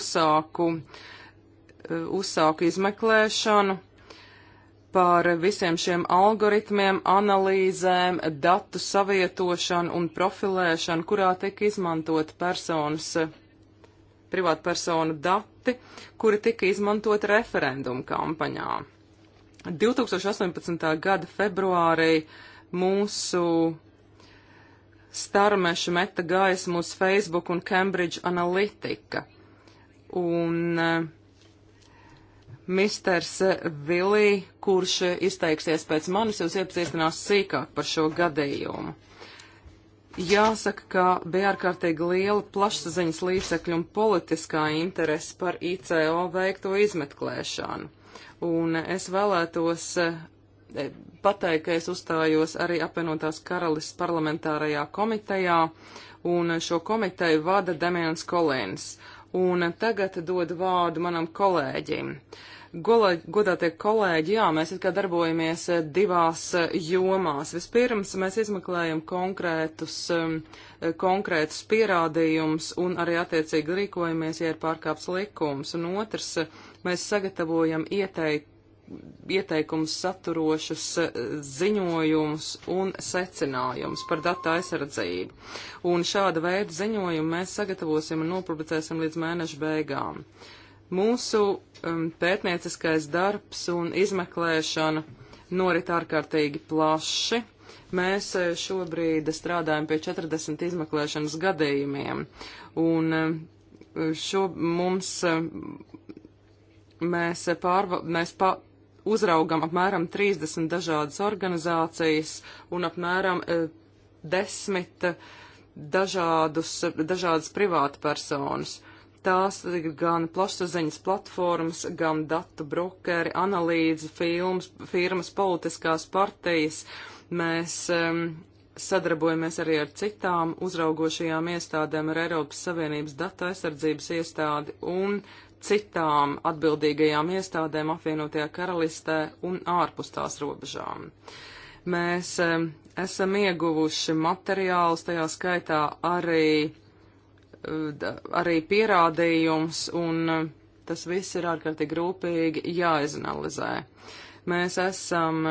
uzsāku, eh, uzsāku izmeklēšanu par visiem šiem algoritmiem, analīzēm, datu savietošanu un profilēšanu, kurā tika izmantot personas, privātpersonu dati, kuri tika izmantot referendumu kampaņā. 2018. gada februārī mūsu starmeši meta gaismu uz Facebook un Cambridge Analytica. Un uh, misters Vilī, kurš izteiksies pēc manis, jūs iepazīstinās sīkāk par šo gadījumu. Jāsaka, ka bija ārkārtīgi liela plašsaziņas līdzekļu un politiskā interese par ICO veikto izmeklēšanu. Un es vēlētos eh, pateikt, ka es uzstājos arī apvienotās karalists parlamentārajā komitejā, un šo komiteju vada Demians Kolēns. Un tagad dodu vārdu manam kolēģim. Godātie kolēģi, jā, mēs it kā darbojamies eh, divās eh, jomās. Vispirms mēs izmeklējam konkrētus, um, eh, konkrētus pierādījumus un arī attiecīgi rīkojamies, ja ir pārkāps likums. Un otrs, mēs sagatavojam ieteikt ieteikums saturošus eh, ziņojumus un secinājumus par datu aizsardzību. Un šāda veida ziņojumu mēs sagatavosim un nopublicēsim līdz mēneša beigām. Mūsu um, pētnieciskais darbs un izmeklēšana norit ārkārtīgi plaši. Mēs eh, šobrīd strādājam pie 40 izmeklēšanas gadījumiem, un eh, šo mums mēs, pārva, mēs pa, uzraugam apmēram 30 dažādas organizācijas un apmēram e, desmit e, dažādus, dažādas privātpersonas. Tās ir gan plašsaziņas platformas, gan datu brokeri, analīze, filmas, firmas, politiskās partijas. Mēs um, sadarbojamies arī ar citām uzraugošajām iestādēm, ar Eiropas Savienības data aizsardzības iestādi un uh, citām atbildīgajām iestādēm apvienotajā karalistē un ārpus tās robežām. Mēs e, esam ieguvuši materiālus, tajā skaitā arī, e, arī pierādījums, un eh, tas viss ir ārkārtīgi rūpīgi jāizanalizē. Mēs esam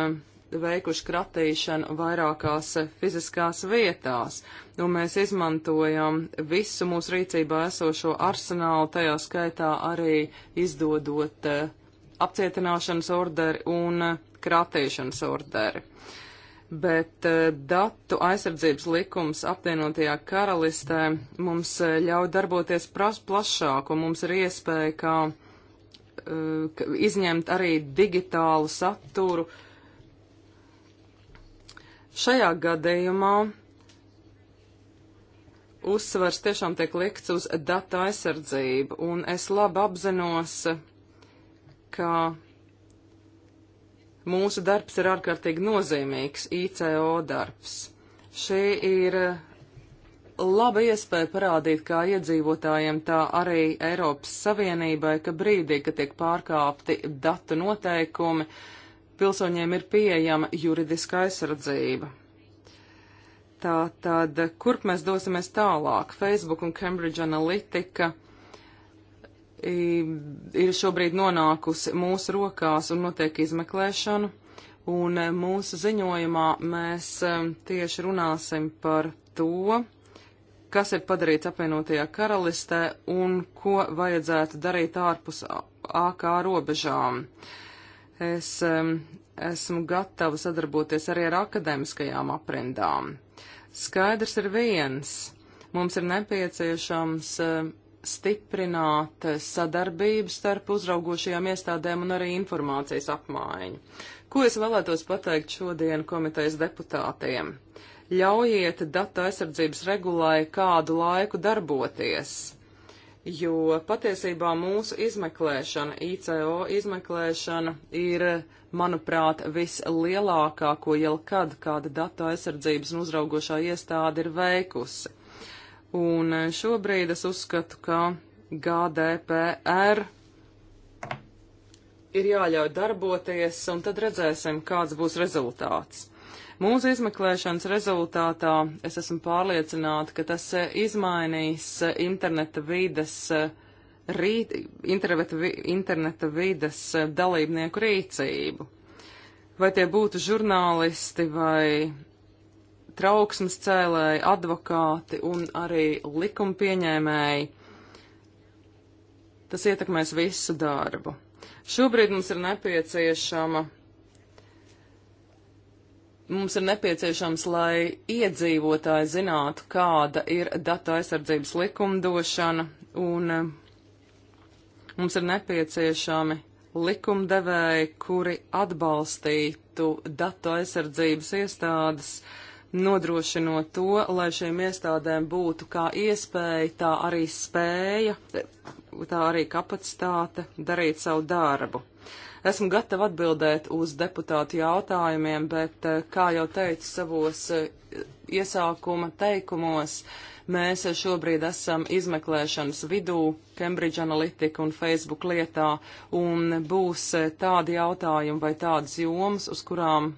veikuši kratīšanu vairākās fiziskās vietās, un nu, mēs izmantojam visu mūsu rīcībā esošo arsenālu, tajā skaitā arī izdodot eh, apcietināšanas orderi un eh, kratīšanas orderi. Bet eh, datu aizsardzības likums apvienotajā karalistē mums ļauj darboties plašāk, un mums ir iespēja, ka izņemt arī digitālu saturu, Šajā gadījumā uzsvars tiešām tiek likts uz data aizsardzību, un es labi apzinos, ka mūsu darbs ir ārkārtīgi nozīmīgs, ICO darbs. Šī ir laba iespēja parādīt kā iedzīvotājiem, tā arī Eiropas Savienībai, ka brīdī, kad tiek pārkāpti datu noteikumi, uh, pilsoņiem ir pieejama juridiska aizsardzība. Tā tad, kurp mēs dosimies tālāk? Facebook un Cambridge Analytica ir šobrīd nonākusi mūsu rokās un notiek izmeklēšana, un e, mūsu ziņojumā mēs e, tieši runāsim par to, kas ir padarīts apvienotajā karalistē un ko vajadzētu darīt ārpus AK robežām. Uh, Es um, esmu gatava sadarboties arī ar akadēmiskajām aprindām. Skaidrs ir viens. Mums ir nepieciešams um, stiprināt sadarbību starp uzraugošajām iestādēm un arī informācijas apmaiņu. Ko es vēlētos pateikt šodien komitejas deputātiem? Ļaujiet datu aizsardzības regulai kādu laiku darboties jo patiesībā mūsu izmeklēšana, ICO izmeklēšana ir, manuprāt, vislielākā, ko jebkad kāda datu aizsardzības un uzraugošā iestāde ir veikusi. Un e, šobrīd es uzskatu, ka GDPR ir jāļauj darboties, un tad redzēsim, kāds būs rezultāts. Mūsu izmeklēšanas rezultātā es esmu pārliecināta, ka tas eh, izmainīs eh, interneta vides, eh, rīt, interneta, interneta vides dalībnieku rīcību. Vai tie būtu žurnālisti vai trauksmes cēlēji, advokāti un arī likuma pieņēmēji. Tas ietekmēs visu darbu. Šobrīd mums ir nepieciešama Mums ir nepieciešams, lai iedzīvotāji zinātu, kāda ir datu aizsardzības likumdošana, un eh, mums ir nepieciešami likumdevēji, kuri atbalstītu datu aizsardzības iestādes, nodrošinot to, lai šīm iestādēm būtu kā iespēja, tā arī spēja, tā arī kapacitāte darīt savu darbu. Esmu gatava atbildēt uz deputātu jautājumiem, bet, eh, kā jau teicu savos eh, iesākuma teikumos, mēs eh, šobrīd esam izmeklēšanas vidū Cambridge Analytica un Facebook lietā, un būs tādi jautājumi vai tādas jomas, uz kurām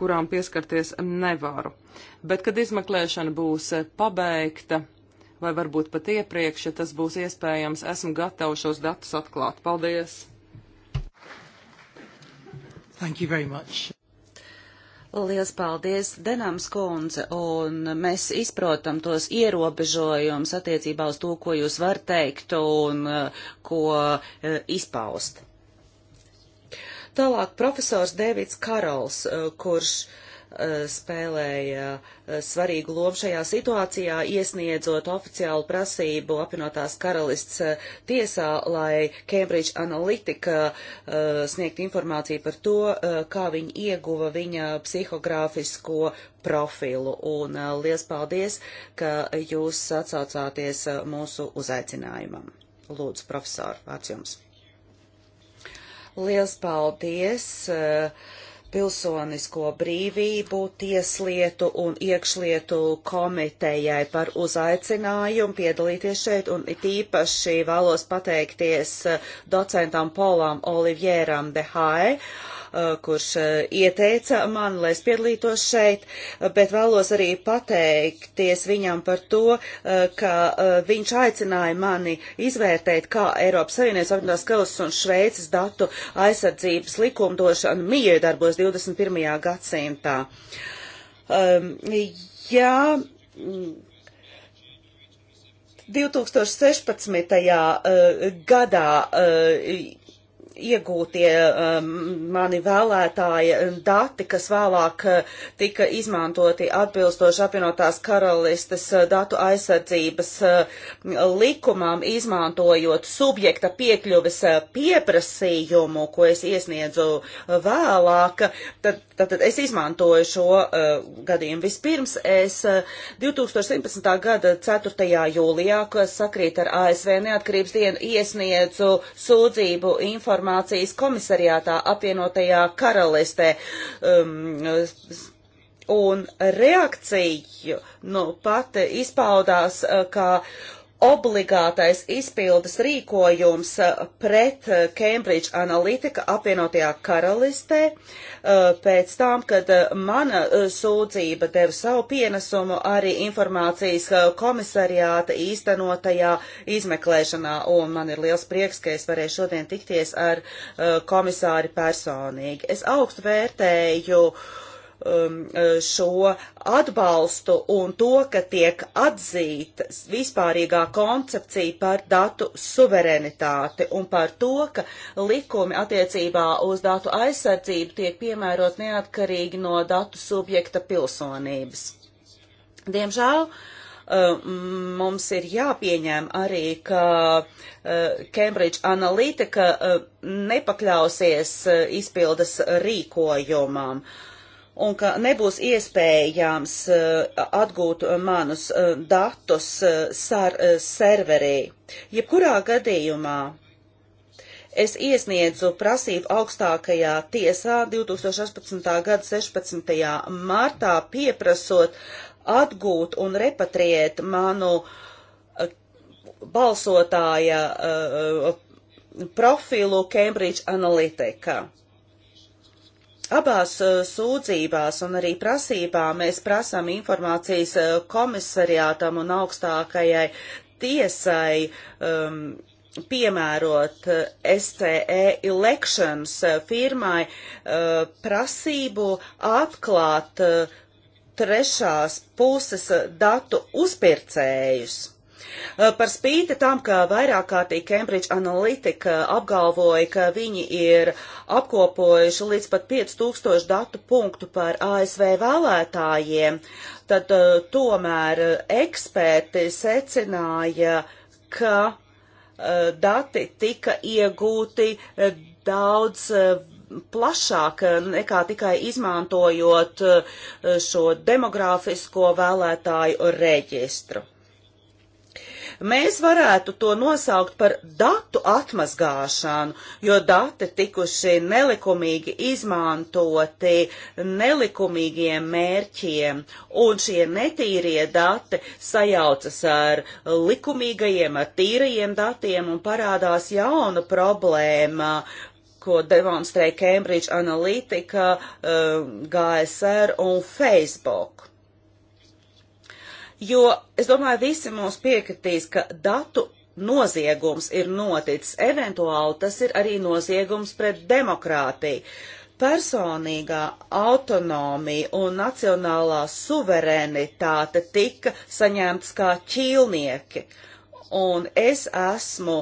kurām pieskarties nevaru. Bet, kad izmeklēšana būs pabeigta, vai varbūt pat iepriekš, ja tas būs iespējams, esmu gatavs šos datus atklāt. Paldies! Thank you very much. Lielas paldies, Denams kundze, un mēs izprotam tos ierobežojumus attiecībā uz to, ko jūs var teikt un eh, ko eh, izpaust. Tālāk profesors Dēvids Karols, eh, kurš uh, Eh, spēlēja eh, svarīgu lomu šajā situācijā, iesniedzot oficiālu prasību apvienotās karalists eh, tiesā, lai Cambridge Analytica sniegt informāciju par to, kā viņi ieguva viņa psihogrāfisko profilu. Un liels paldies, ka jūs atsaucāties mūsu uzaicinājumam. Lūdzu, profesor, vārds jums. Liels paldies! Uh, pilsonisko brīvību, tieslietu un iekšlietu komitejai par uzaicinājumu piedalīties šeit, un it īpaši vēlos pateikties eh, docentam Polam Olivieram de Hae Eh, kurš eh, ieteica man, lai es piedalītos šeit, bet vēlos arī pateikties viņam par to, eh, ka viņš aicināja mani izvērtēt, kā Eiropas Savienības apvienotās kausas un Šveices datu aizsardzības likumdošana mīja darbos 21. gadsimtā. Um, jā, 2016. Mm, gadā iegūtie um, mani vēlētāja dati, kas vēlāk uh, tika izmantoti atbilstoši apvienotās karalistes uh, datu aizsardzības uh, likumam, izmantojot subjekta piekļuves pieprasījumu, ko es iesniedzu vēlāk, tad Tātad es izmantoju šo uh, gadījumu. Vispirms es uh, eh, 2017. gada 4. jūlijā, kas sakrīt ar ASV neatkarības dienu, iesniedzu sūdzību informācijas komisariātā apvienotajā karalistē. Um, un reakcija nu, pati izpaudās, ka uh, eh, obligātais izpildes rīkojums uh, pret uh, Cambridge Analytica apvienotajā karalistē uh, pēc tam, kad mana sūdzība deva savu pienesumu arī informācijas komisariāta īstenotajā izmeklēšanā. Un man ir liels prieks, ka es varēju šodien tikties ar komisāri personīgi. Es augstu vērtēju uh, um, šo atbalstu un to, ka tiek atzīta vispārīgā koncepcija par datu suverenitāti un par to, ka likumi attiecībā uz datu aizsardzību tiek piemērot neatkarīgi no datu subjekta pilsonības. Diemžēl uh, mums ir jāpieņem arī, ka uh, Cambridge Analytica uh, nepakļausies uh, izpildes rīkojumam. Uh, un ka nebūs iespējams eh, atgūt manus eh, datus eh, sar serverī. Jebkurā gadījumā es iesniedzu prasību augstākajā tiesā 2018. gada 16. martā pieprasot atgūt un repatriēt manu balsotāja profilu Cambridge Analytica. Abās uh, sūdzībās un arī prasībā mēs prasām informācijas uh, komisariātam un augstākajai tiesai um, piemērot uh, SCE Elections firmai uh, prasību atklāt uh, trešās puses datu uzpircējus. Par spīti tam, ka vairāk kārtīgi Cambridge Analytica apgalvoja, ka viņi ir apkopojuši līdz pat 5000 datu punktu par ASV vēlētājiem, tad uh, tomēr eksperti secināja, ka uh, dati tika iegūti uh, daudz plašāk nekā tikai izmantojot šo demogrāfisko vēlētāju reģistru. Mēs varētu to nosaukt par datu atmazgāšanu, jo dati tikuši nelikumīgi izmantoti nelikumīgiem mērķiem, un šie netīrie dati sajaucas ar likumīgajiem, ar tīrajiem datiem, un parādās jauna problēma, ko demonstrē Cambridge Analytica, eh, GSR un Facebook jo es domāju, visi mums piekritīs, ka datu noziegums ir noticis. Eventuāli tas ir arī noziegums pret demokrātiju. Personīgā autonomija un nacionālā suverenitāte tika saņemtas kā ķīlnieki. Un es esmu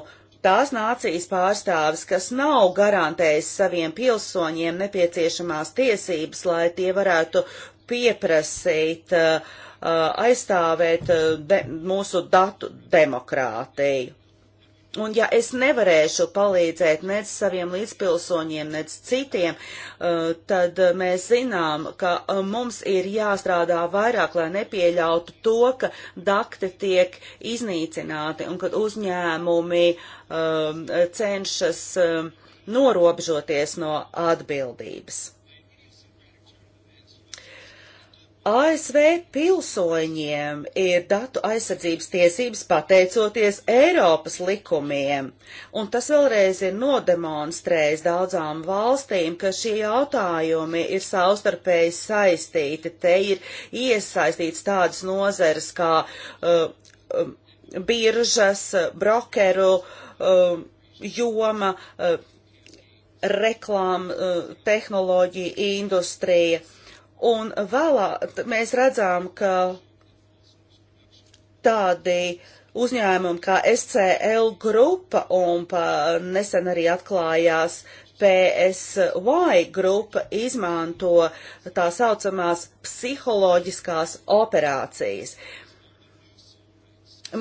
tās nācijas pārstāvis, kas nav garantējis saviem pilsoņiem nepieciešamās tiesības, lai tie varētu pieprasīt uh, Uh, aizstāvēt uh, de, mūsu datu demokrātiju. Un ja es nevarēšu palīdzēt nec saviem līdzpilsoņiem, nec citiem, uh, tad mēs zinām, ka mums ir jāstrādā vairāk, lai nepieļautu to, ka dakti tiek iznīcināti un kad uzņēmumi um, cenšas um, norobežoties no atbildības. ASV pilsoņiem ir datu aizsardzības tiesības pateicoties Eiropas likumiem, un tas vēlreiz ir nodemonstrējis daudzām valstīm, ka šie jautājumi ir savstarpēji saistīti. Te ir iesaistīts tādas nozeres kā uh, um, biržas, brokeru uh, joma, uh, reklāma, uh, tehnoloģija, industrija. Uh, Un vēlāk mēs redzām, ka tādi uzņēmumi kā SCL grupa un nesen arī atklājās PSY grupa izmanto tā saucamās psiholoģiskās operācijas.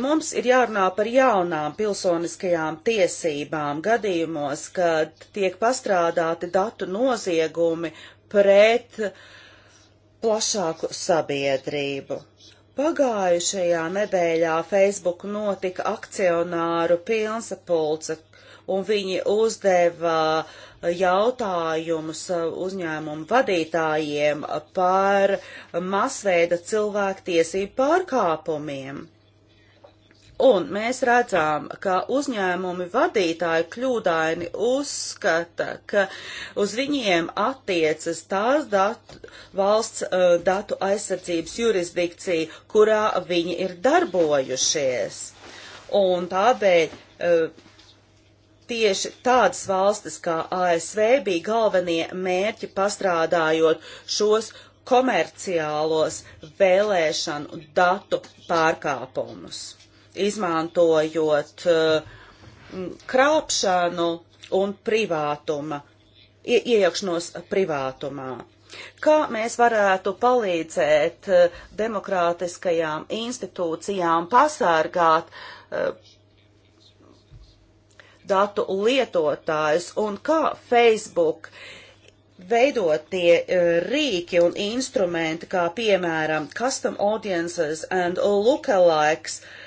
Mums ir jārunā par jaunām pilsoniskajām tiesībām gadījumos, kad tiek pastrādāti datu noziegumi pret uh, plašāku sabiedrību. Pagājušajā nedēļā Facebook notika akcionāru pilnsapulce, un viņi uzdeva uh, jautājumus uh, uzņēmumu vadītājiem par masveida cilvēktiesību pārkāpumiem. Un mēs redzam, ka uzņēmumi vadītāji kļūdaini uzskata, ka uz viņiem attiecas tās datu, valsts uh, datu aizsardzības jurisdikcija, kurā viņi ir darbojušies. Un tādēļ uh, Tieši tādas valstis kā ASV bija galvenie mērķi pastrādājot šos komerciālos vēlēšanu datu pārkāpumus izmantojot eh, krāpšanu un privātuma, iejaukšanos privātumā. Kā mēs varētu palīdzēt eh, demokrātiskajām institūcijām pasargāt eh, datu lietotājus un kā Facebook veidotie rīki un instrumenti, kā piemēram custom audiences and lookalikes, uh,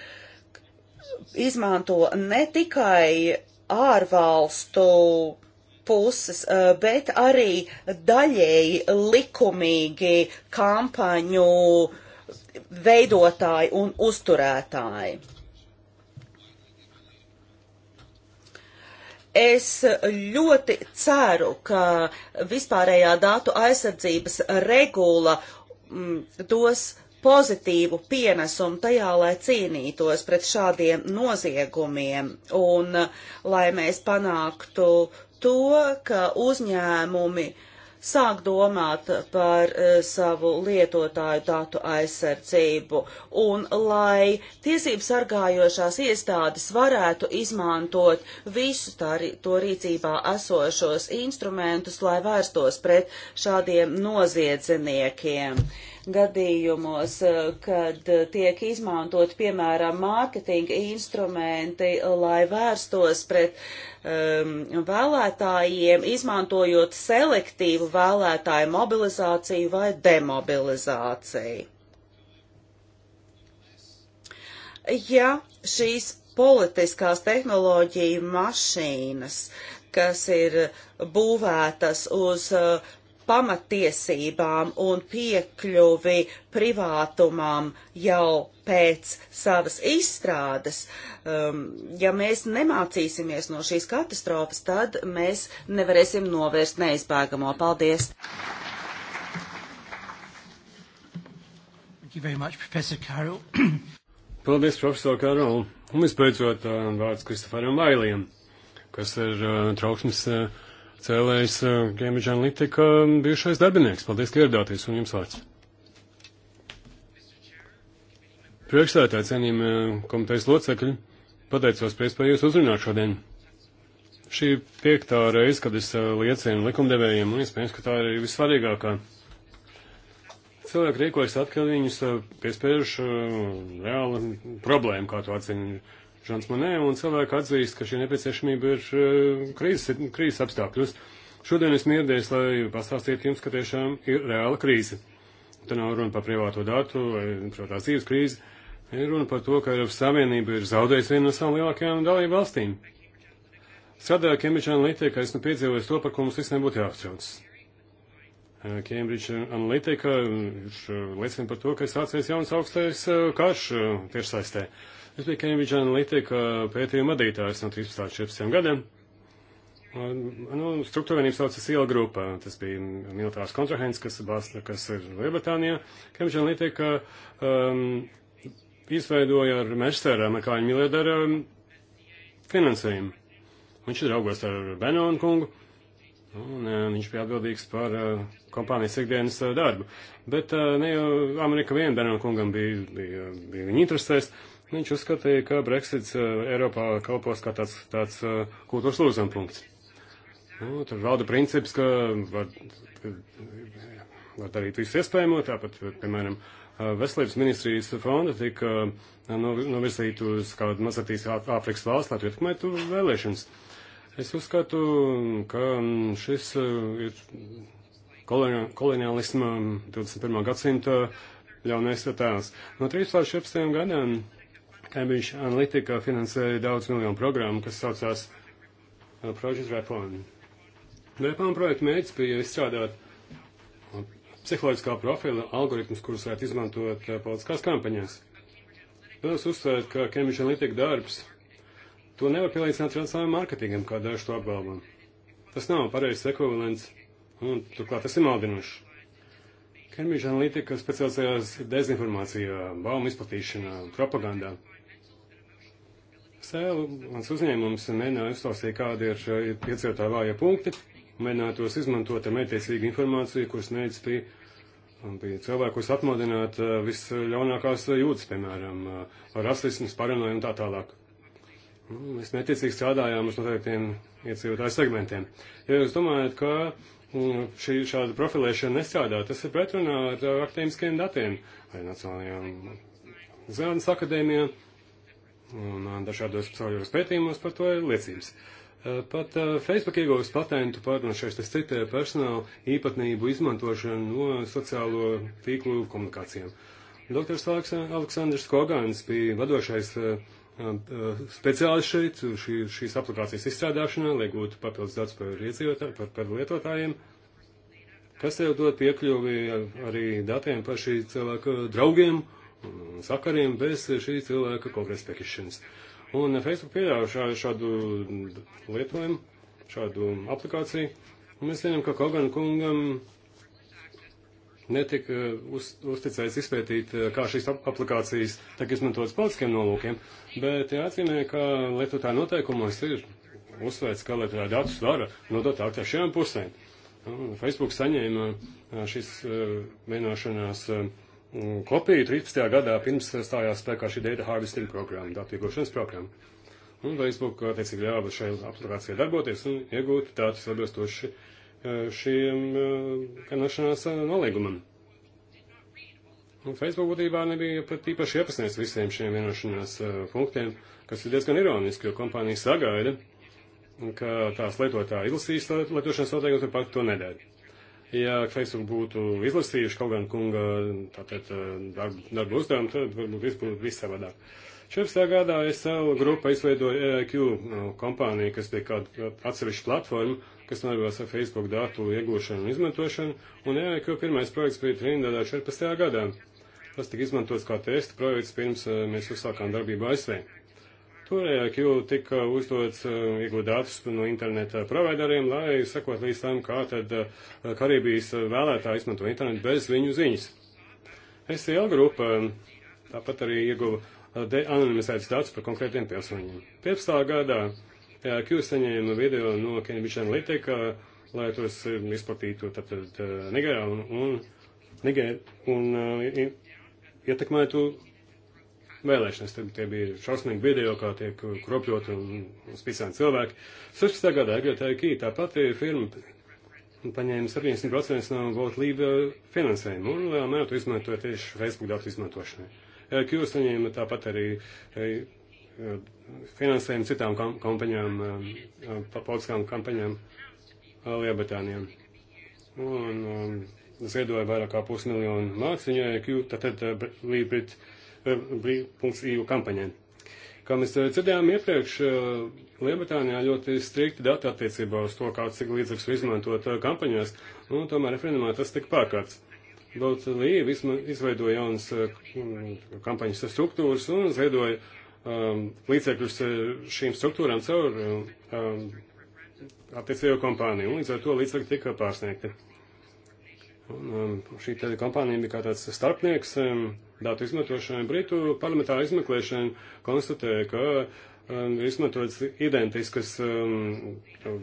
izmanto ne tikai ārvalstu puses, eh, bet arī daļēji likumīgi kampaņu veidotāji un uzturētāji. Es ļoti ceru, ka vispārējā datu aizsardzības regula mm, dos pozitīvu pienesumu tajā, lai cīnītos pret šādiem noziegumiem un uh, lai mēs panāktu to, ka uzņēmumi sāk domāt par uh, savu lietotāju datu aizsardzību un lai tiesību sargājošās iestādes varētu izmantot visu tā, to rīcībā esošos instrumentus, lai vērstos pret šādiem noziedzniekiem. Uh, gadījumos, eh, kad eh, tiek izmantot, piemēram, mārketinga instrumenti, lai vērstos pret um, vēlētājiem, izmantojot selektīvu vēlētāju mobilizāciju vai demobilizāciju. Ja šīs politiskās tehnoloģiju mašīnas, kas ir būvētas uz uh, pamatiesībām un piekļuvi privātumam jau pēc savas izstrādes, um, ja mēs nemācīsimies no šīs katastrofas, tad mēs nevarēsim novērst neizbēgamo. Paldies! Much, Professor Paldies, profesor Karol! Un visbeidzot, uh, vārds Kristoferam Vailiem, kas ir uh, trauksmes uh, cēlējs Cambridge Analytica bijušais darbinieks. Paldies, ka ieradāties un jums vārds. Priekšstādātāji cienījumi komitejas locekļi, pateicos par iespēju jūs uzrunāt šodien. Šī piektā reize, kad es liecinu likumdevējiem, un iespējams, ka tā ir vissvarīgākā. Cilvēki rīkojas atkal, viņus piespiež reāla problēma, kā to atzina Žants Manē, un cilvēki atzīst, ka šī nepieciešamība ir e, krīzes, krīzes apstākļos. Šodien es mierdies, lai pastāstītu jums, ka tiešām ir reāla krīze. Te nav runa par privāto datu vai privātās dzīves krīzi. Ir runa par to, ka Eiropas Savienība ir zaudējusi vienu no savām lielākajām dalību valstīm. Strādājot Cambridge Analytica, es nu piedzīvoju to, par ko mums visiem būtu jāuztraucas. E, Cambridge Analytica e, liecina par to, ka ir sācies jauns augstais karš tiešsaistē. Uh, Es biju Cambridge Analytica pētījuma vadītājs no 13. 14 gadiem. Nu, struktūrvienības saucas iela grupa. Tas bija militārs kontrahents, kas, basta, kas ir Lielbritānijā. Cambridge Analytica um, izveidoja ar mežsēru amerikāņu miljardāru um, finansējumu. Viņš ir draugos ar Benonu kungu. Un, uh, viņš bija atbildīgs par uh, kompānijas ikdienas uh, darbu. Bet uh, ne jau Amerika vien Benonu kungam bija, bija, bija viņa interesēs. Uh, Viņš uzskatīja, ka Brexits eh, Eiropā kalpos kā tāds, tāds eh, kultūras lūzumpunkts. Nu, tur valda princips, ka var, var darīt visu iespējamo, tāpat, piemēram, eh, veselības ministrijas fonda tika novirzīt uz kādu mazatīs Āfrikas valsts, lai ietekmētu vēlēšanas. Es uzskatu, ka mm, šis ir koloniālisma 21. Mm, gadsimta ļaunais tēls. No 13. līdz 14. gadiem Cambridge Analytica finansēja daudz miljonu programmu, kas saucās uh, Project Repon. Repon projekta mērķis bija izstrādāt uh, psiholoģiskā profila algoritmus, kurus varētu izmantot uh, politiskās kampaņās. Vēlos uzsvērt, ka Cambridge Analytica darbs to nevar pielīdzināt tradicionālajam mārketingam, kā daži to apgalvo. Tas nav pareizs ekvivalents, un turklāt tas ir maldinoši. Cambridge Analytica specializējās dezinformācijā, baumu izplatīšanā, propagandā. Sēl, mans uzņēmums mēģināja uzstāstīt, kādi ir iecietāji vājie punkti, mēģināja tos izmantot ar mētiecīgu informāciju, kuras mēģis pie, pie cilvēkus atmodināt uh, visļaunākās jūtas, piemēram, uh, rasismas, paranoja un tā tālāk. Nu, mēs neticīgi strādājām uz noteiktiem iedzīvotāju segmentiem. Ja jūs domājat, ka mm, šī šāda profilēšana nestrādā, tas ir pretrunā ar akadēmiskiem datiem vai Nacionālajām zinātnes akadēmijām un dažādos caurjos pētījumos par to ir liecības. Pat Facebook ieguvis patentu pārdošais, nu, tas citēja personāla īpatnību izmantošanu no sociālo tīklu komunikācijām. Dr. Aleksandrs Kogans bija vadošais speciālists šeit, šī, šīs aplikācijas izstrādāšanā, lai gūtu papildus datus par, par, par lietotājiem, kas jau dod piekļuvi arī datiem par šī cilvēka draugiem Mm, sakariem bez šī cilvēka konkrētas piekrišanas. Un Facebook pieļāva šā, šādu lietojumu, šādu aplikāciju. Mēs zinām, ka Kogan kungam netika eh, uz, uzticēts izpētīt, eh, kā šīs aplikācijas tiek izmantotas politiskiem nolūkiem, bet jāatzīmē, ka lietotāja noteikumos ir uzsvērts, ka lietotāja datus var nodot ārtiešajām pusēm. Facebook saņēma eh, šīs vienošanās uh, kopiju 13. gadā pirms stājās spēkā šī data harvesting programma, datu iegūšanas programma. Un Facebook, attiecīgi, ļāva šai aplikācijai darboties un iegūt datus atbilstoši e, šiem kanāšanās e, e, nolīgumam. Un Facebook būtībā nebija pat īpaši iepasniegts visiem šiem vienošanās uh, punktiem, kas ir diezgan ironiski, jo kompānija sagaida, ka tās lietotāji izlasīs lietošanas noteikumus un pat to nedara. Ja Facebook būtu izlasījuši kaut gan kunga tātad, eh, darbu, darbu uzdevumu, tad varbūt viss būtu viss savādāk. 14. gadā es savu grupu izveidoju EIQ kompāniju, kas bija kāda atsevišķa platforma, kas nodarbojās ar Facebook datu iegūšanu un izmantošanu, un EIQ pirmais projekts bija Trinidadā 14. gadā. Tas tika izmantots kā testa projekts pirms eh, mēs uzsākām darbību ASV. Toreiz kļūda tika uzdots uh, iegūt datus no interneta provideriem, lai sekot līdz tam, kā tad uh, eh, Karībijas vēlētāji izmanto internetu bez viņu ziņas. SEL grupa eh, tāpat arī ieguva anonimizētas datus par konkrētiem pilsoņiem. 15. gadā uh, Q saņēma video no Cambridge Analytica, lai tos izplatītu tātad Nigērā un, un, Nigēr, un ietekmētu vēlēšanas. Tad tie bija šausmīgi video, kā tiek kropļot un spīsēni cilvēki. 16. gadā Agriotē Kī, tā pati firma paņēma 70% no Volt Lība finansējumu un lielā mērā to izmantoja tieši Facebook datu izmantošanai. LQ saņēma tāpat arī eh, finansējumu citām kam kampaņām, eh, politiskām kampaņām eh, Lielbritānijā. Un, un ziedoja vairāk kā pusmiljonu mākslinieku, tad, tad Lībrit brīv.eu kampaņai. Kā mēs eh, dzirdējām iepriekš, eh, Lielbritānijā ļoti strikti dati attiecībā uz to, kāds cik līdzekļus izmantot eh, kampaņās, un tomēr referendumā tas tika pārkārts. Daudz Līja izveidoja jaunas kampaņas struktūras un izveidoja um, līdzekļus šīm struktūrām caur um, ehm, attiecējo kompāniju, un līdz ar to līdzekļi tika pārsniegti. Un, um, šī kompānija bija kā tāds starpnieks um, datu izmantošanai. Britu parlamentāra izmeklēšana konstatēja, ka um, ir izmantotas identiskas um,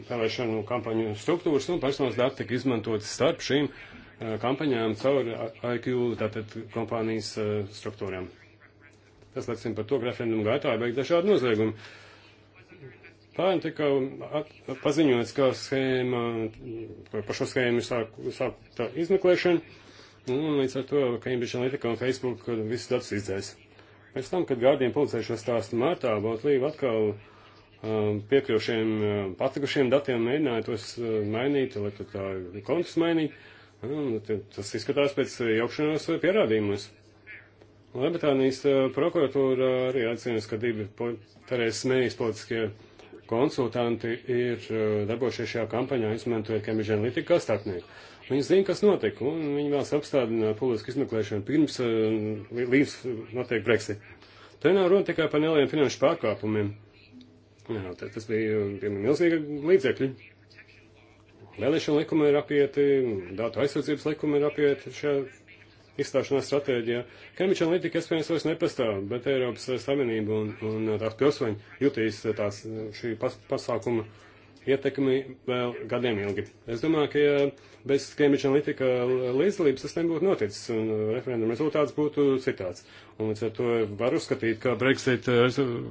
vēlēšanu kampaņu struktūras un personas dati tika izmantotas starp šīm uh, kampaņām caur IQ, tātad kompānijas uh, struktūrām. Tas liecina par to, ka referendumu gaitā ir beigti dažādi noziegumi. Pērn tika at, paziņots, ka schēma, par šo schēmu sāk, sāk tā izmeklēšana. Nu, un līdz ar to Cambridge Analytica un Facebook visus datus izdzēs. Pēc tam, kad Gārdiem publicēja šo stāstu martā, Botlīva atkal um, piekļuvušiem patikušiem um, datiem mēģināja tos uh, mainīt, lai tā kontus mainītu. Nu, tas izskatās pēc uh, jaukšanās uh, pierādījumus. Lielbritānijas prokuratūra arī atzīst, ka divi Terēzes Mējas politiskie konsultanti ir darbojušies šajā kampaņā, izmantojot Cambridge Analytica starpnieku. Viņi zina, kas notika, un viņi vēlas apstādināt politisku izmeklēšanu pirms eh, līdz notiek Brexit. Te nav runa tikai par nelieliem finanšu pārkāpumiem. Jā, tas bija piemēram, milzīga līdzekļi. Vēlēšana likuma ir apieti, datu aizsardzības likuma ir apieti šajā izstāšanās stratēģijā. Cambridge Analytica iespējams vairs nepastāv, bet Eiropas Savienība un, un tās pilsoņi jutīs tās šī pas, pasākuma ietekmi vēl gadiem ilgi. Es domāju, ka ja bez Cambridge Analytica līdzdalības tas nebūtu noticis, un referenduma rezultāts būtu citāds. Un līdz ar to var uzskatīt, ka Brexit eh,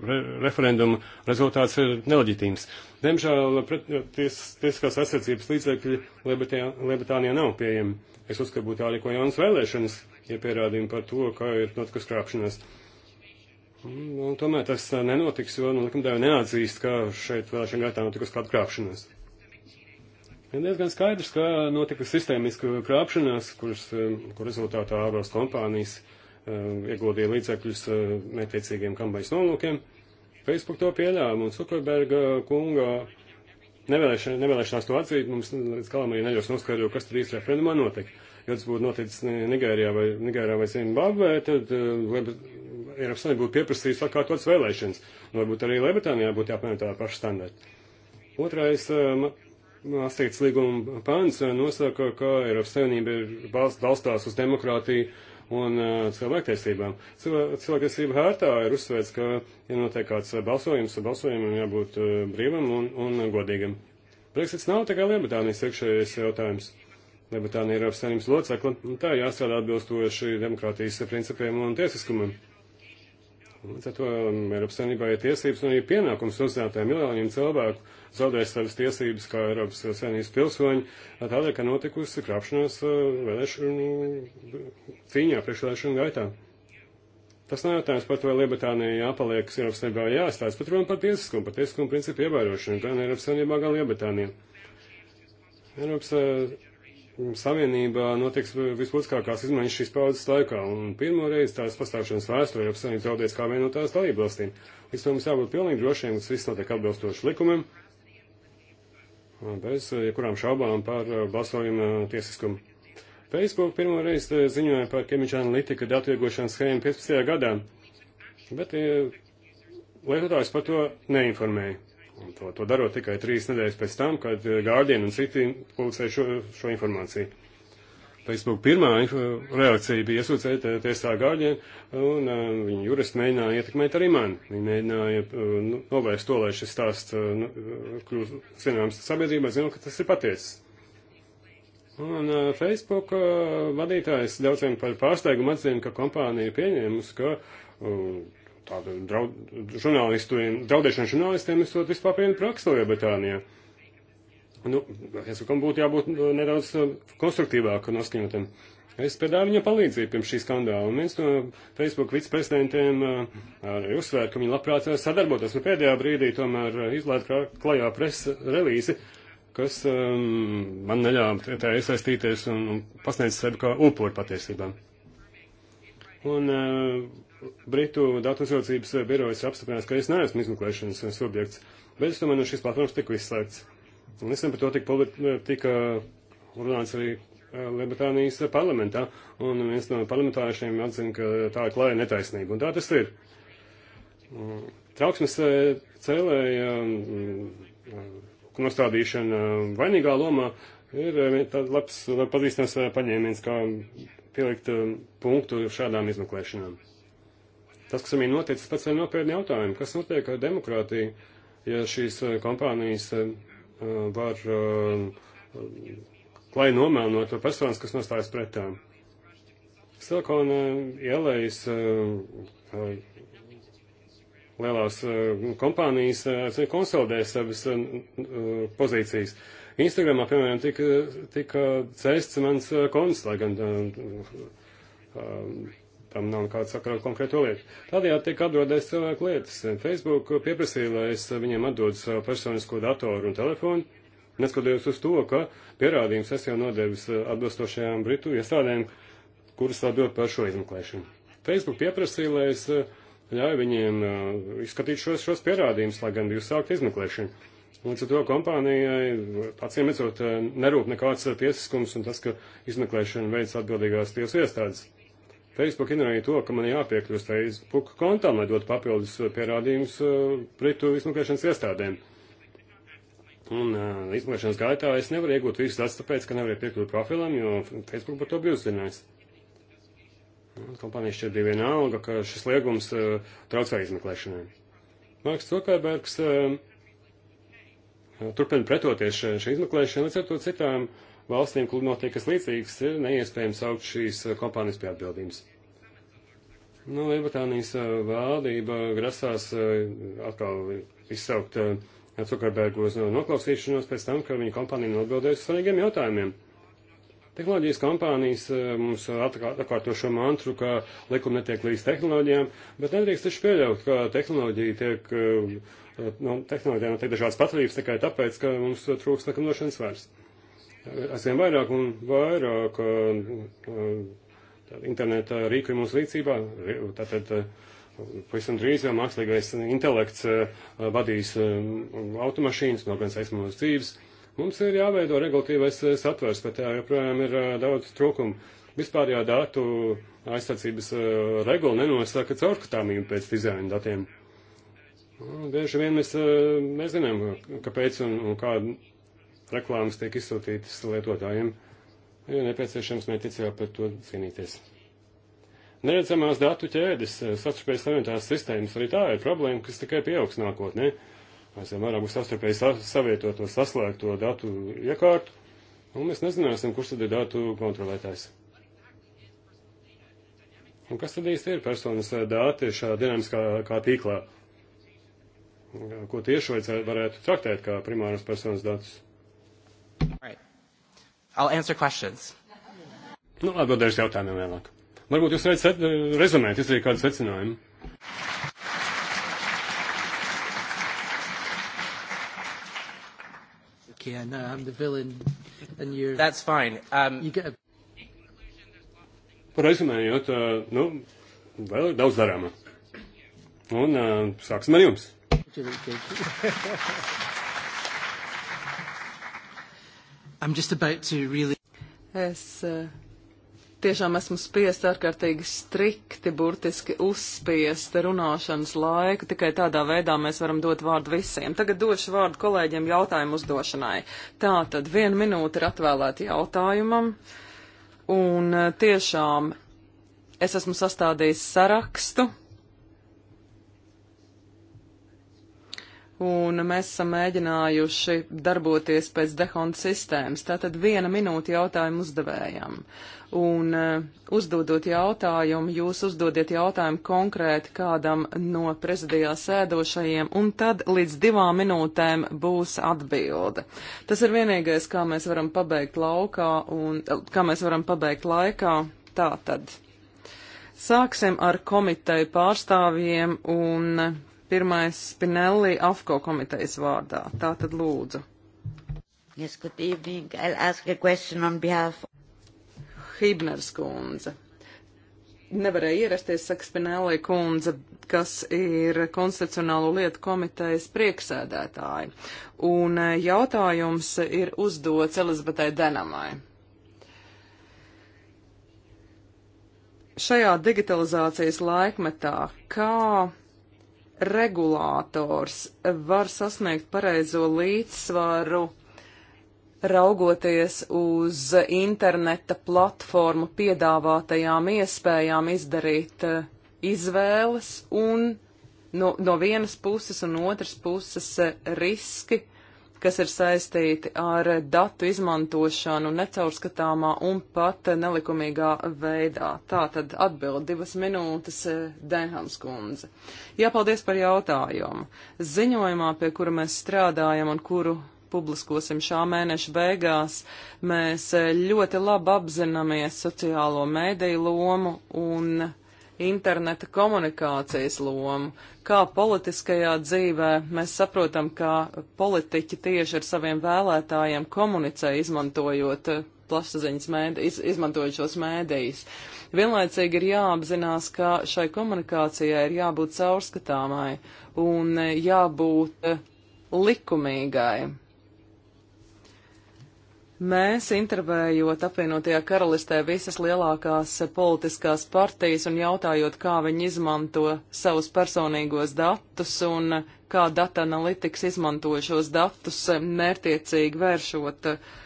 re, referenduma rezultāts ir neleģitīms. Diemžēl eh, eh, ties, tiesiskās aizsardzības līdzekļi Lielbritānijā nav pieejami. Es uzskatu, būtu jārīko jaunas vēlēšanas, ja pierādījumi par to, ka ir notikusi krāpšanās. Nu, un tomēr tas uh, nenotiks, jo nu, likumdevēja neatzīst, ka šeit vēlēšana gaitā notikusi kāda krāpšanās. Ir diezgan skaidrs, ka notika sistēmiska krāpšanās, kuras, um, kur rezultātā ārvalstu kompānijas um, ieguldīja līdzekļus uh, mērķiecīgiem kampaņas nolūkiem. Facebook to pieļāva un Zuckerberga kunga nevēlēšanās, nevēlēšanās to atzīt, mums līdz galam arī neļaus noskaidrot, kas tad īsti referendumā notika. Ja tas būtu noticis Nigērijā vai, Nigērijā vai Zimbabvē, tad uh, Eiropas Savienība būtu pieprasījusi atkārtotas vēlēšanas. Nu, varbūt arī Lielbritānijā būtu jāapmēram tā paša standarta. Otrais um, Maastrichts līguma pants uh, nosaka, ka Eiropas Savienība ir balstās uz demokrātiju un uh, cilvēktiesībām. Cilvēktiesība hērtā ir uzsvērts, ka ir notiek kāds uh, balsojums, balsojumam jābūt brīvam un, un godīgam. Brexits nav tikai Lielbritānijas iekšējais jautājums. Lielbritānija ir Eiropas Savienības locekla, un tā jāstrādā atbilstoši demokrātijas principiem un tiesiskumam. Līdz ar to um, Eiropas Savienībā ir tiesības un ir pienākums uzņēmtajiem miljoniem cilvēku zaudēt savas tiesības kā Eiropas Savienības pilsoņi, tādēļ, ka notikusi krāpšanās uh, vēlēšanu cīņā, priekšvēlēšanu gaitā. Tas nav jautājums par to, vai Lielbritānija jāpaliek, kas Eiropas Savienībā jāstāsta, bet runa par tiesiskumu, par tiesiskumu principu ievērošanu gan Eiropas Savienībā, gan Lielbritānijā. Eiropas uh, Savienībā notiks visbūtiskākās izmaiņas šīs paudzes laikā, un pirmo reizi tās pastāvšanas vēsturē Eiropas Savienība zaudēs kā vienu no tās dalību valstīm. Līdz tam mums jābūt pilnīgi drošiem, ka tas viss notiek atbilstoši likumam, bez jebkurām šaubām par eh, balsojuma eh, tiesiskumu. Facebook pirmo reizi eh, ziņoja par Cambridge Analytica datu iegūšanas schēmu 15. gadā, bet lietotājs par to neinformēja. Un to, to darot tikai trīs nedēļas pēc tam, kad eh, Guardian un citi publicēja šo, šo informāciju. Facebook pirmā reakcija bija iesūcēt tiesā Guardian, un uh, viņa juristi mēģināja ietekmēt arī mani. Viņi mēģināja uh, novērst to, lai šis stāsts uh, kļūst zināms sabiedrībā, zinot, ka tas ir patiesas. Un uh, Facebook uh, vadītājs daudziem par pārsteigumu atzina, ka kompānija ir pieņēmusi, ka uh, tādu draud, žurnālistu, draudēšanu žurnālistiem esot vispār viena praksa Lielbritānijā. Nu, es kaut kam būtu jābūt nu, nedaudz uh, konstruktīvāk noskaņotam. Es piedāvu viņa palīdzību pirms šī skandāla, un viens no Facebook viceprezidentiem uh, arī uzsvēra, ka viņi labprāt uh, sadarbotos, un nu, pēdējā brīdī tomēr izlēta klajā presa relīzi, kas um, man neļāva tā iesaistīties un, un pasniedz sevi kā upuri patiesībā. Un uh, Britu datu uzraudzības birojas apstiprinās, ka es neesmu izmeklēšanas subjekts, bet es domāju, no šīs platformas tiku izslēgts. Un es par to tika, tika runāts arī eh, Lielbritānijas parlamentā, un viens no parlamentāriešiem atzina, ka tā ir klāja netaisnība, un tā tas ir. Mm, trauksmes eh, cēlēja mm, mm, nostādīšana vainīgā lomā ir eh, tāds labs, labi pazīstams paņēmiens, kā pielikt punktu šādām izmeklēšanām. Tas, kas viņiem noticis, pats ir nopietni jautājumi. Kas notiek ar demokrātiju, ja šīs eh, kompānijas eh, eh, var klai nomēlnot personas, kas nostājas pretām? Silikona ielējas lielās kompānijas konsolidē savas pozīcijas. Instagramā, piemēram, tika, tika cēsts mans konts, lai gan um, tam nav nekāda sakara ar konkrēto lietu. Tādējādi tiek apdraudēts cilvēku lietas. Facebook pieprasīja, lai es viņiem atdodu savu personisko datoru un telefonu, neskatoties uz to, ka pierādījums es jau nodevis eh, atbilstošajām Britu iestādēm, kuras atbild par šo izmeklēšanu. Facebook pieprasīja, lai es eh, ļauju viņiem eh, izskatīt šos, šos pierādījumus, lai gan bija uzsākt izmeklēšanu. Līdz ar to kompānijai, acīm redzot, nerūp nekāds tiesiskums un tas, ka izmeklēšana veids atbildīgās tiesu iestādes. Facebook ignorēja to, ka man jāpiekļūst Facebook kontam, lai dotu papildus eh, pierādījumus uh, eh, Britu izmeklēšanas iestādēm. Un uh, izmeklēšanas gaitā es nevaru iegūt visus datus, tāpēc, ka nevarēju piekļūt profilam, jo Facebook par to bija uzzinājis. Kompānija šķiet bija vienalga, ka šis liegums uh, traucēja izmeklēšanai. Marks Zuckerbergs uh, turpina pretoties šai izmeklēšanai, līdz ar to citām uh, valstīm, kur notiek kas līdzīgs, ir neiespējams augt šīs eh, kompānijas pie atbildības. Nu, Lielbritānijas eh, valdība grasās eh, atkal izsaukt Cukarbergu uz noklausīšanos pēc tam, ka viņa kompānija neatbildēs uz svarīgiem jautājumiem. Tehnoloģijas kompānijas mums atkārto šo mantru, ka likumi netiek līdz tehnoloģijām, bet nedrīkst taču pieļaut, ka tehnoloģija tiek, nu, tehnoloģijā notiek dažādas patvarības tikai tāpēc, ka mums trūks likumdošanas vairs aizvien vairāk un vairāk uh, uh, interneta rīku ir mūsu rīcībā. Tātad uh, pavisam drīz jau mākslīgais intelekts vadīs um, automašīnas un organizēs mūsu dzīves. Mums ir jāveido regulatīvais satvers, bet tā joprojām ir daudz trūkumu. Vispār jau datu aizsardzības regula nenosaka caurskatāmību pēc dizaina datiem. Bieži vien mēs nezinām, kāpēc un, un kāda reklāmas tiek izsūtītas lietotājiem, jo nepieciešams neticībā par to cīnīties. Neredzamās datu ķēdes, eh, sastarpēji savienotās sistēmas, arī tā ir problēma, kas tikai pieaugs nākotnē. Mēs jau vairāk būs sastarpēji sa savietoto, saslēgto datu iekārtu, un mēs nezināsim, kurš tad ir datu kontrolētājs. Un kas tad īsti ir personas eh, dati šā dinamiskā kā tīklā? Ko tieši varētu traktēt kā primāras personas datus? Right. I'll answer questions. Nu, atbildēšu jautājumiem vēlāk. Varbūt jūs varat eh, rezumēt, izdarīt kādu secinājumu. Okay, I know I'm the villain and you're... That's fine. Um, you get a... Rezumējot, eh, nu, vēl ir daudz darāmā. Un eh, sāksim ar jums. Really... Es eh, tiešām esmu spiest ārkārtīgi strikti, burtiski uzspiest runāšanas laiku, tikai tādā veidā mēs varam dot vārdu visiem. Tagad došu vārdu kolēģiem jautājumu uzdošanai. Tā tad viena minūte ir atvēlēta jautājumam, un eh, tiešām es esmu sastādījis sarakstu un mēs esam mēģinājuši darboties pēc dehonta sistēmas. Tātad viena minūte jautājumu uzdevējam. Un uh, uzdodot jautājumu, jūs uzdodiet jautājumu konkrēti kādam no prezidijā sēdošajiem, un tad līdz divām minūtēm būs atbilde. Tas ir vienīgais, kā mēs varam pabeigt laukā un eh, kā mēs varam pabeigt laikā. Tātad. Sāksim ar komiteju pārstāvjiem un Pirmais Spinelli AFCO komitejas vārdā. Tā tad lūdzu. Yes, good evening. I'll ask a question on behalf. Hibners kundze. Nevarēja ierasties, saka Spinelli kundze, kas ir konstitucionālo lietu komitejas prieksēdētāji. Un eh, jautājums ir uzdots Elizabetai Denamai. Šajā digitalizācijas laikmetā, kā regulators var sasniegt pareizo līdzsvaru, raugoties uz interneta platformu piedāvātajām iespējām izdarīt eh, izvēles un no, no vienas puses un otras puses eh, riski kas ir saistīti ar datu izmantošanu necaurskatāmā un pat nelikumīgā veidā. Tā tad atbild divas minūtes eh, Denhams kundze. Jāpaldies par jautājumu. Ziņojumā, pie kura mēs strādājam un kuru publiskosim šā mēneša beigās, mēs eh, ļoti labi apzināmies sociālo mēdīju lomu un interneta komunikācijas lomu. Kā politiskajā dzīvē mēs saprotam, kā politiķi tieši ar saviem vēlētājiem komunicē, izmantojot eh, plašsaziņas mēdī, iz, izmantojot šos mēdījus. Vienlaicīgi ir jāapzinās, ka šai komunikācijai ir jābūt caurskatāmai un eh, jābūt eh, likumīgai. Mēs, intervējot apvienotajā karalistē visas lielākās politiskās partijas un jautājot, kā viņi izmanto savus personīgos datus un kā data analitikas izmanto šos datus mērtiecīgi vēršot uh,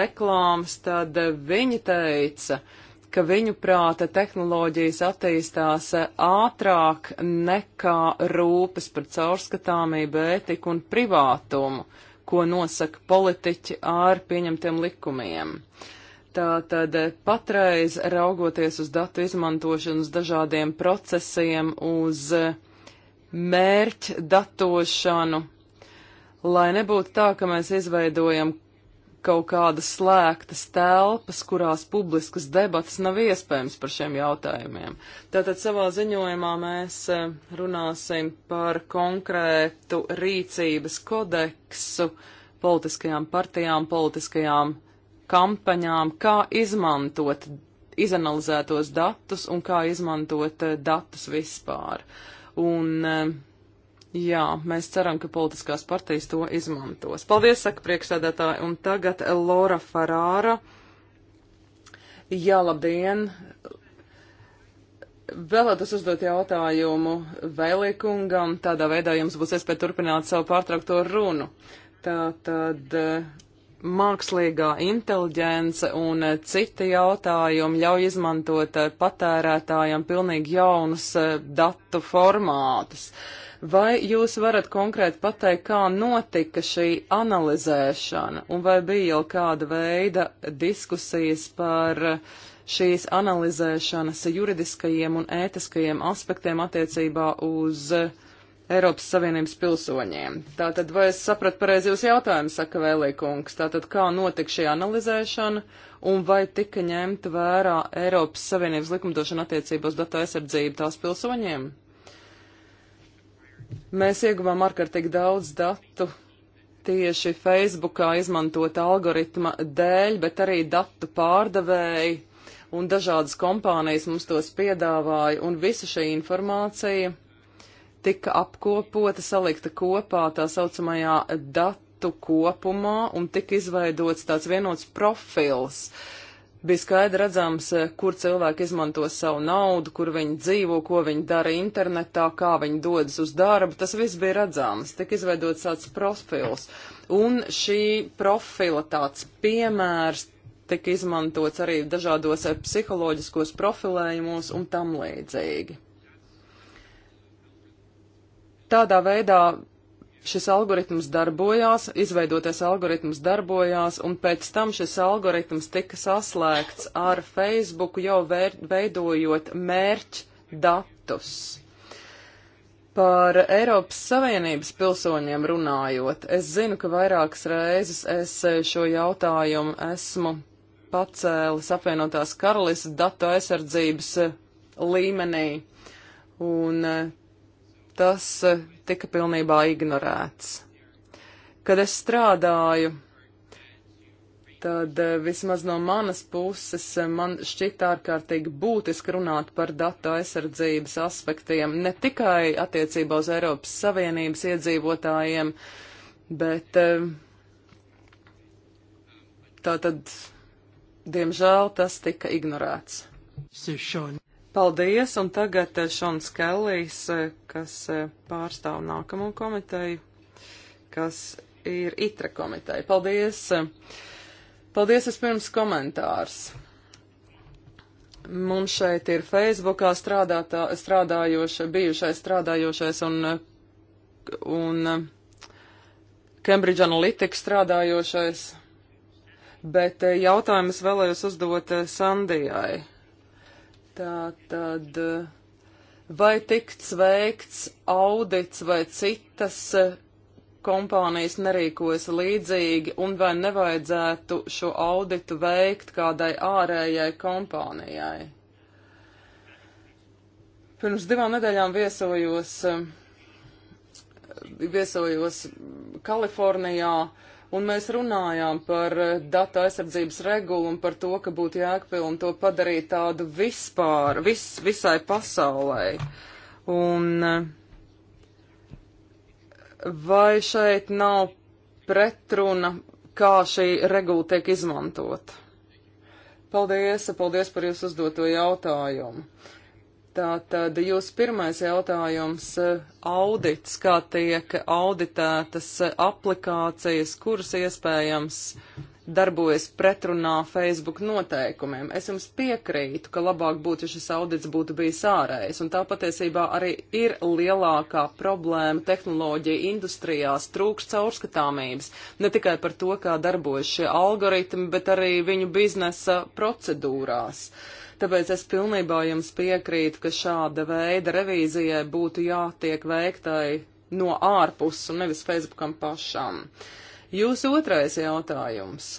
reklāmas, tad viņi teica, ka viņu prāta tehnoloģijas attīstās ātrāk nekā rūpes par caurskatāmību, ētiku un privātumu. Uh, ko nosaka politiķi ar pieņemtiem likumiem. Tātad patreiz raugoties uz datu izmantošanu, uz dažādiem procesiem, uz mērķu datošanu, lai nebūtu tā, ka mēs izveidojam kaut kādas slēgtas telpas, kurās publiskas debatas nav iespējams par šiem jautājumiem. Tātad savā ziņojumā mēs e, runāsim par konkrētu rīcības kodeksu politiskajām partijām, politiskajām kampaņām, kā izmantot izanalizētos datus un kā izmantot e, datus vispār. Un e, Jā, mēs ceram, ka politiskās partijas to izmantos. Paldies, saka priekšsēdētāji, un tagad Lora Farāra. Jā, labdien! Vēlētos uzdot jautājumu Vēlīkungam, tādā veidā jums būs iespēja turpināt savu pārtraukto runu. Tā tad eh, mākslīgā inteliģence un eh, citi jautājumi ļauj izmantot eh, patērētājiem pilnīgi jaunus datu formātus. Uh, Vai jūs varat konkrēti pateikt, kā notika šī analizēšana un vai bija jau kāda veida diskusijas par šīs analizēšanas juridiskajiem un ētiskajiem aspektiem attiecībā uz Eiropas Savienības pilsoņiem. Tātad, vai es sapratu pareizi jūs jautājumu, saka Vēlīkungs, tātad kā notika šī analizēšana un vai tika ņemta vērā Eiropas Savienības likumdošana attiecībos datu aizsardzību tās pilsoņiem? Mēs ieguvām ārkārtīgi daudz datu tieši Facebookā izmantot algoritma dēļ, bet arī datu pārdevēji un dažādas kompānijas mums tos piedāvāja, un visa šī informācija tika apkopota, salikta kopā tā saucamajā datu kopumā, un tika izveidots tāds vienots profils. Uh, bija skaidri redzams, eh, kur cilvēki izmanto savu naudu, kur viņi dzīvo, ko viņi dara internetā, kā viņi dodas uz darbu. Tas viss bija redzams, tika izveidots tāds profils. Un šī profila tāds piemērs tika izmantots arī dažādos eh, psiholoģiskos profilējumos un tam līdzīgi. Tādā veidā šis algoritms darbojās, izveidotais algoritms darbojās, un pēc tam šis algoritms tika saslēgts ar Facebook jau vēr, veidojot mērķ datus. Par Eiropas Savienības pilsoņiem runājot, es zinu, ka vairākas reizes es šo jautājumu esmu pacēlis apvienotās karalistas datu aizsardzības līmenī. Un tas eh, tika pilnībā ignorēts. Kad es strādāju, tad eh, vismaz no manas puses eh, man šķita ārkārtīgi būtiski runāt par datu aizsardzības aspektiem ne tikai attiecībā uz Eiropas Savienības iedzīvotājiem, bet tā tad, diemžēl, tas tika ignorēts. Sišoni. Paldies, un tagad eh, Šons Kellijs, eh, kas eh, pārstāv nākamo komiteju, kas ir ITRA komiteja. Paldies! Paldies, es pirms komentārs. Mums šeit ir Facebookā strādātā, strādājoša, bijušais strādājošais un, un Cambridge Analytica strādājošais, bet jautājumus vēlējos uzdot Sandijai Tā tad vai tikts veikts audits vai citas kompānijas nerīkojas līdzīgi un vai nevajadzētu šo auditu veikt kādai ārējai kompānijai. Pirms divām nedēļām viesojos, viesojos Kalifornijā un mēs runājām par eh, datu aizsardzības regulu un par to, ka būtu jēgpilni to padarīt tādu vispār, vis, visai pasaulē. Un eh, vai šeit nav pretruna, kā šī regula tiek izmantota? Paldies, paldies par jūsu uzdoto jautājumu. Uh, Tātad jūsu pirmais jautājums eh, - audits, kā tiek auditētas eh, aplikācijas, kuras iespējams darbojas pretrunā Facebook noteikumiem. Es jums piekrītu, ka labāk būtu, ja šis audits būtu bijis ārējs, un tā patiesībā arī ir lielākā problēma tehnoloģija industrijās trūkst caurskatāmības. Ne tikai par to, kā darbojas šie algoritmi, bet arī viņu biznesa procedūrās. Uh, Tāpēc es pilnībā jums piekrītu, ka šāda veida revīzijai būtu jātiek veiktai no ārpus un nevis Facebookam pašam. Jūsu otrais jautājums.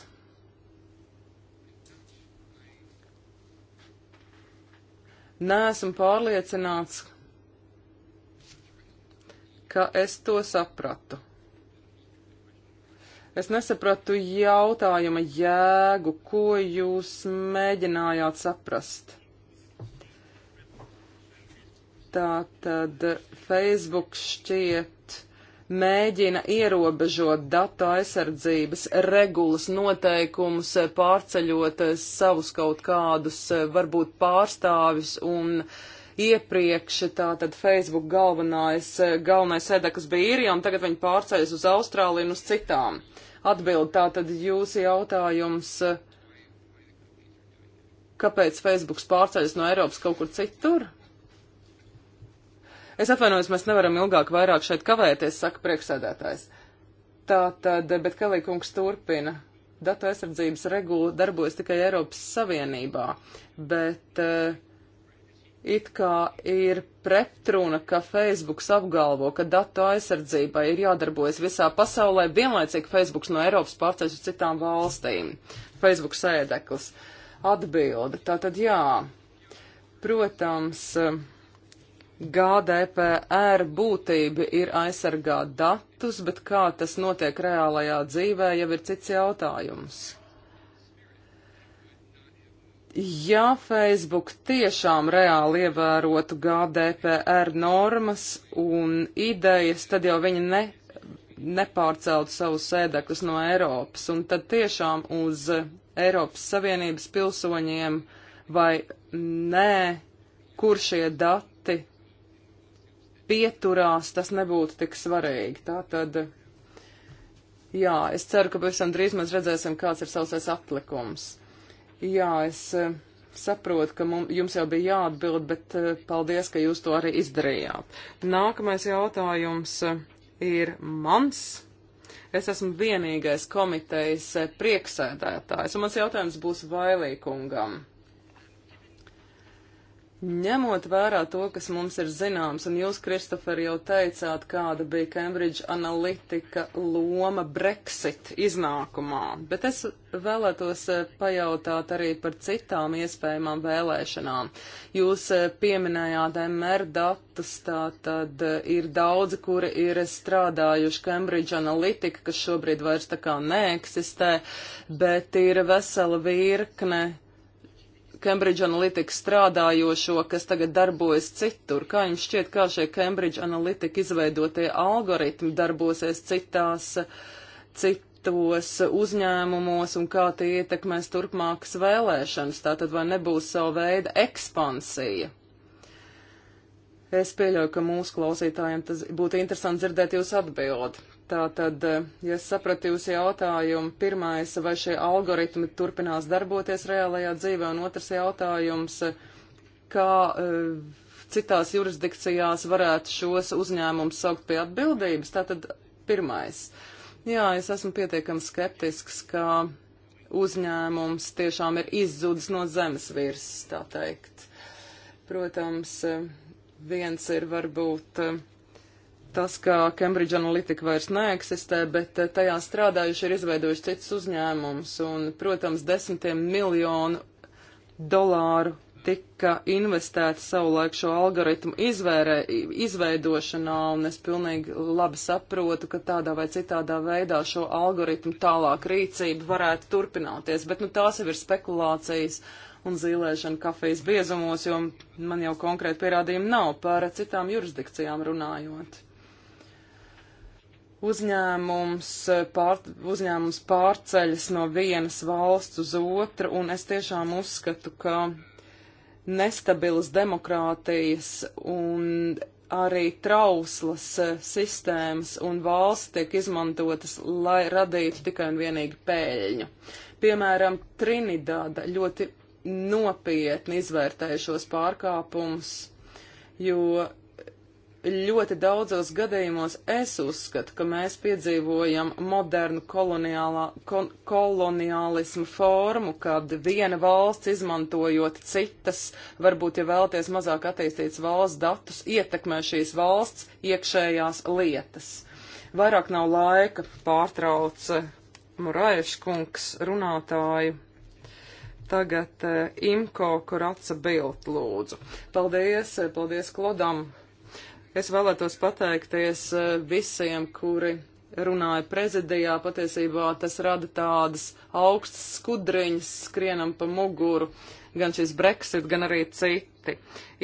Nesmu pārliecināts, ka es to sapratu. Es nesapratu jautājuma jēgu, ko jūs mēģinājāt saprast. Tā tad Facebook šķiet mēģina ierobežot datu aizsardzības regulas noteikumus, pārceļot savus kaut kādus varbūt pārstāvis un iepriekš tātad Facebook galvenais, galvenais sēdekas bija īrija un tagad viņi pārceļas uz Austrāliju un uz citām. Uh, atbildi. Tātad jūsu jautājums, eh, kāpēc Facebooks pārceļas no Eiropas kaut kur citur? Es atvainojos, mēs nevaram ilgāk vairāk šeit kavēties, saka priekšsēdētājs. Tātad, eh, bet Kalīkungs turpina datu aizsardzības regula darbojas tikai Eiropas Savienībā, bet uh, it kā ir pretruna, ka Facebook apgalvo, ka datu aizsardzībai ir jādarbojas visā pasaulē, vienlaicīgi Facebook no Eiropas pārceļ uz citām valstīm. Facebook sēdeklis. Atbilde. Tātad jā, protams, GDPR būtība ir aizsargāt datus, bet kā tas notiek reālajā dzīvē, jau ir cits jautājums ja Facebook tiešām reāli ievērotu GDPR normas un idejas, tad jau viņi ne, nepārceltu savus sēdekļus no Eiropas, un tad tiešām uz Eiropas Savienības pilsoņiem vai nē, kur šie dati pieturās, tas nebūtu tik svarīgi. Tātad, jā, es ceru, ka pavisam drīz mēs redzēsim, kāds ir sausais atlikums. Jā, es eh, saprotu, ka mums, jums jau bija jāatbild, bet eh, paldies, ka jūs to arī izdarījāt. Nākamais jautājums eh, ir mans. Es esmu vienīgais komitejas prieksēdētājs, un mans jautājums būs Vailīkungam. kungam. Ņemot vērā to, kas mums ir zināms, un jūs, Kristofer, jau teicāt, kāda bija Cambridge Analytica loma Brexit iznākumā, bet es vēlētos eh, pajautāt arī par citām iespējamām vēlēšanām. Jūs eh, pieminējāt MR datus, tā tad eh, ir daudzi, kuri ir strādājuši Cambridge Analytica, kas šobrīd vairs tā kā neeksistē, bet ir vesela virkne Cambridge Analytica strādājošo, kas tagad darbojas citur? Kā jums šķiet, kā šie Cambridge Analytica izveidotie algoritmi darbosies citās, citos uzņēmumos un kā tie ietekmēs turpmākas vēlēšanas? Tātad vai nebūs savu veidu ekspansija? Es pieļauju, ka mūsu klausītājiem tas būtu interesanti dzirdēt jūsu atbildi. Tātad, eh, ja es sapratu jūsu jautājumu, pirmais, vai šie algoritmi turpinās darboties reālajā dzīvē, un otrs jautājums, kā eh, citās jurisdikcijās varētu šos uzņēmumus saukt pie atbildības. Tātad, pirmais, jā, es esmu pietiekami skeptisks, ka uzņēmums tiešām ir izzudis no zemes virsmas, tā teikt. Protams, eh, viens ir varbūt tas, ka Cambridge Analytica vairs neeksistē, bet eh, tajā strādājuši ir izveidojuši cits uzņēmums, un, protams, desmitiem miljonu dolāru tika investēta savulaik šo algoritmu izvērē, izveidošanā, un es pilnīgi labi saprotu, ka tādā vai citādā veidā šo algoritmu tālāk rīcība varētu turpināties, bet nu tās jau ir spekulācijas un zīlēšana kafijas biezumos, jo man jau konkrēti pierādījumi nav par citām jurisdikcijām runājot uzņēmums, eh, pār, uzņēmums pārceļas no vienas valsts uz otru, un es tiešām uzskatu, ka nestabilas demokrātijas un arī trauslas eh, sistēmas un valsts tiek izmantotas, lai radītu tikai un vienīgi pēļņu. Piemēram, Trinidāda ļoti nopietni izvērtēja šos pārkāpumus, jo ļoti daudzos gadījumos es uzskatu, ka mēs piedzīvojam modernu ko, koloniālismu formu, kad viena valsts izmantojot citas, varbūt, ja vēlties mazāk attīstīts valsts datus, ietekmē šīs valsts iekšējās lietas. Vairāk nav laika pārtrauca Murājuša kungs runātāju. Tagad eh, Imko Kuratsa Bilt lūdzu. Paldies, eh, paldies Klodam Es vēlētos pateikties eh, visiem, kuri runāja prezidijā. Patiesībā tas rada tādas augstas skudriņas, skrienam pa muguru, gan šis Brexit, gan arī citi.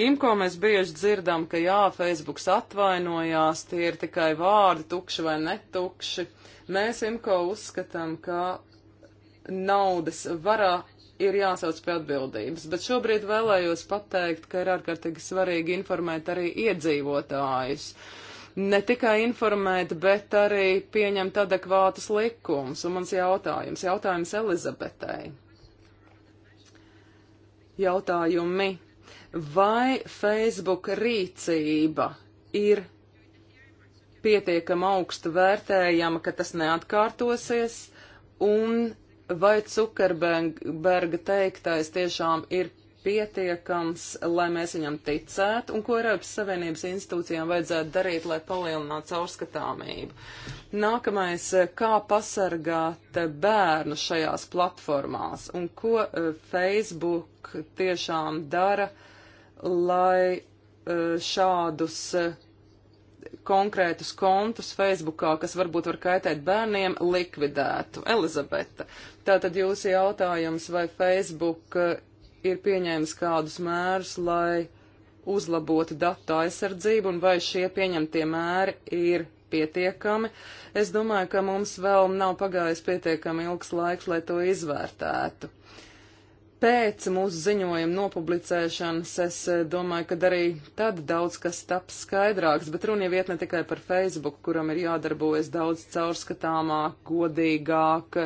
Imko mēs bieži dzirdam, ka jā, Facebooks atvainojās, tie ir tikai vārdi, tukši vai netukši. Mēs Imko uzskatām, ka naudas varā ir jāsauc pie atbildības, bet šobrīd vēlējos pateikt, ka ir ārkārtīgi svarīgi informēt arī iedzīvotājus. Ne tikai informēt, bet arī pieņemt adekvātus likumus. Un mans jautājums, jautājums Elizabetei. Jautājumi. Vai Facebook rīcība ir pietiekama augstu vērtējama, ka tas neatkārtosies, un vai Cukerberga teiktais tiešām ir pietiekams, lai mēs viņam ticētu, un ko Eiropas Savienības institūcijām vajadzētu darīt, lai palielinātu caurskatāmību. Nākamais, kā pasargāt bērnu šajās platformās, un ko eh, Facebook tiešām dara, lai eh, šādus eh, konkrētus kontus Facebookā, kas varbūt var kaitēt bērniem, likvidētu. Elizabeta, tātad jūsu jautājums, vai Facebook eh, ir pieņēmis kādus mērus, lai uzlabotu datu aizsardzību un vai šie pieņemtie mēri ir pietiekami. Es domāju, ka mums vēl nav pagājis pietiekami ilgs laiks, lai to izvērtētu pēc mūsu ziņojuma nopublicēšanas es eh, domāju, ka arī tad daudz kas taps skaidrāks, bet runa jau iet ne tikai par Facebook, kuram ir jādarbojas daudz caurskatāmāk, godīgāk,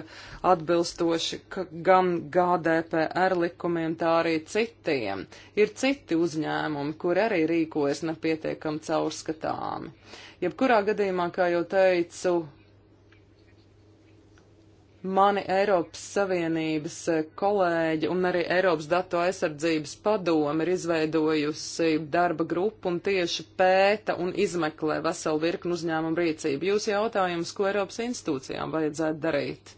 atbilstoši gan GDPR likumiem, tā arī citiem. Ir citi uzņēmumi, kur arī rīkojas nepietiekam caurskatāmi. Jebkurā gadījumā, kā jau teicu, mani Eiropas Savienības e, kolēģi un arī Eiropas datu aizsardzības padome ir izveidojusi darba grupu un tieši pēta un izmeklē veselu virknu uzņēmumu rīcību. Jūs jautājums, ko Eiropas institūcijām vajadzētu darīt?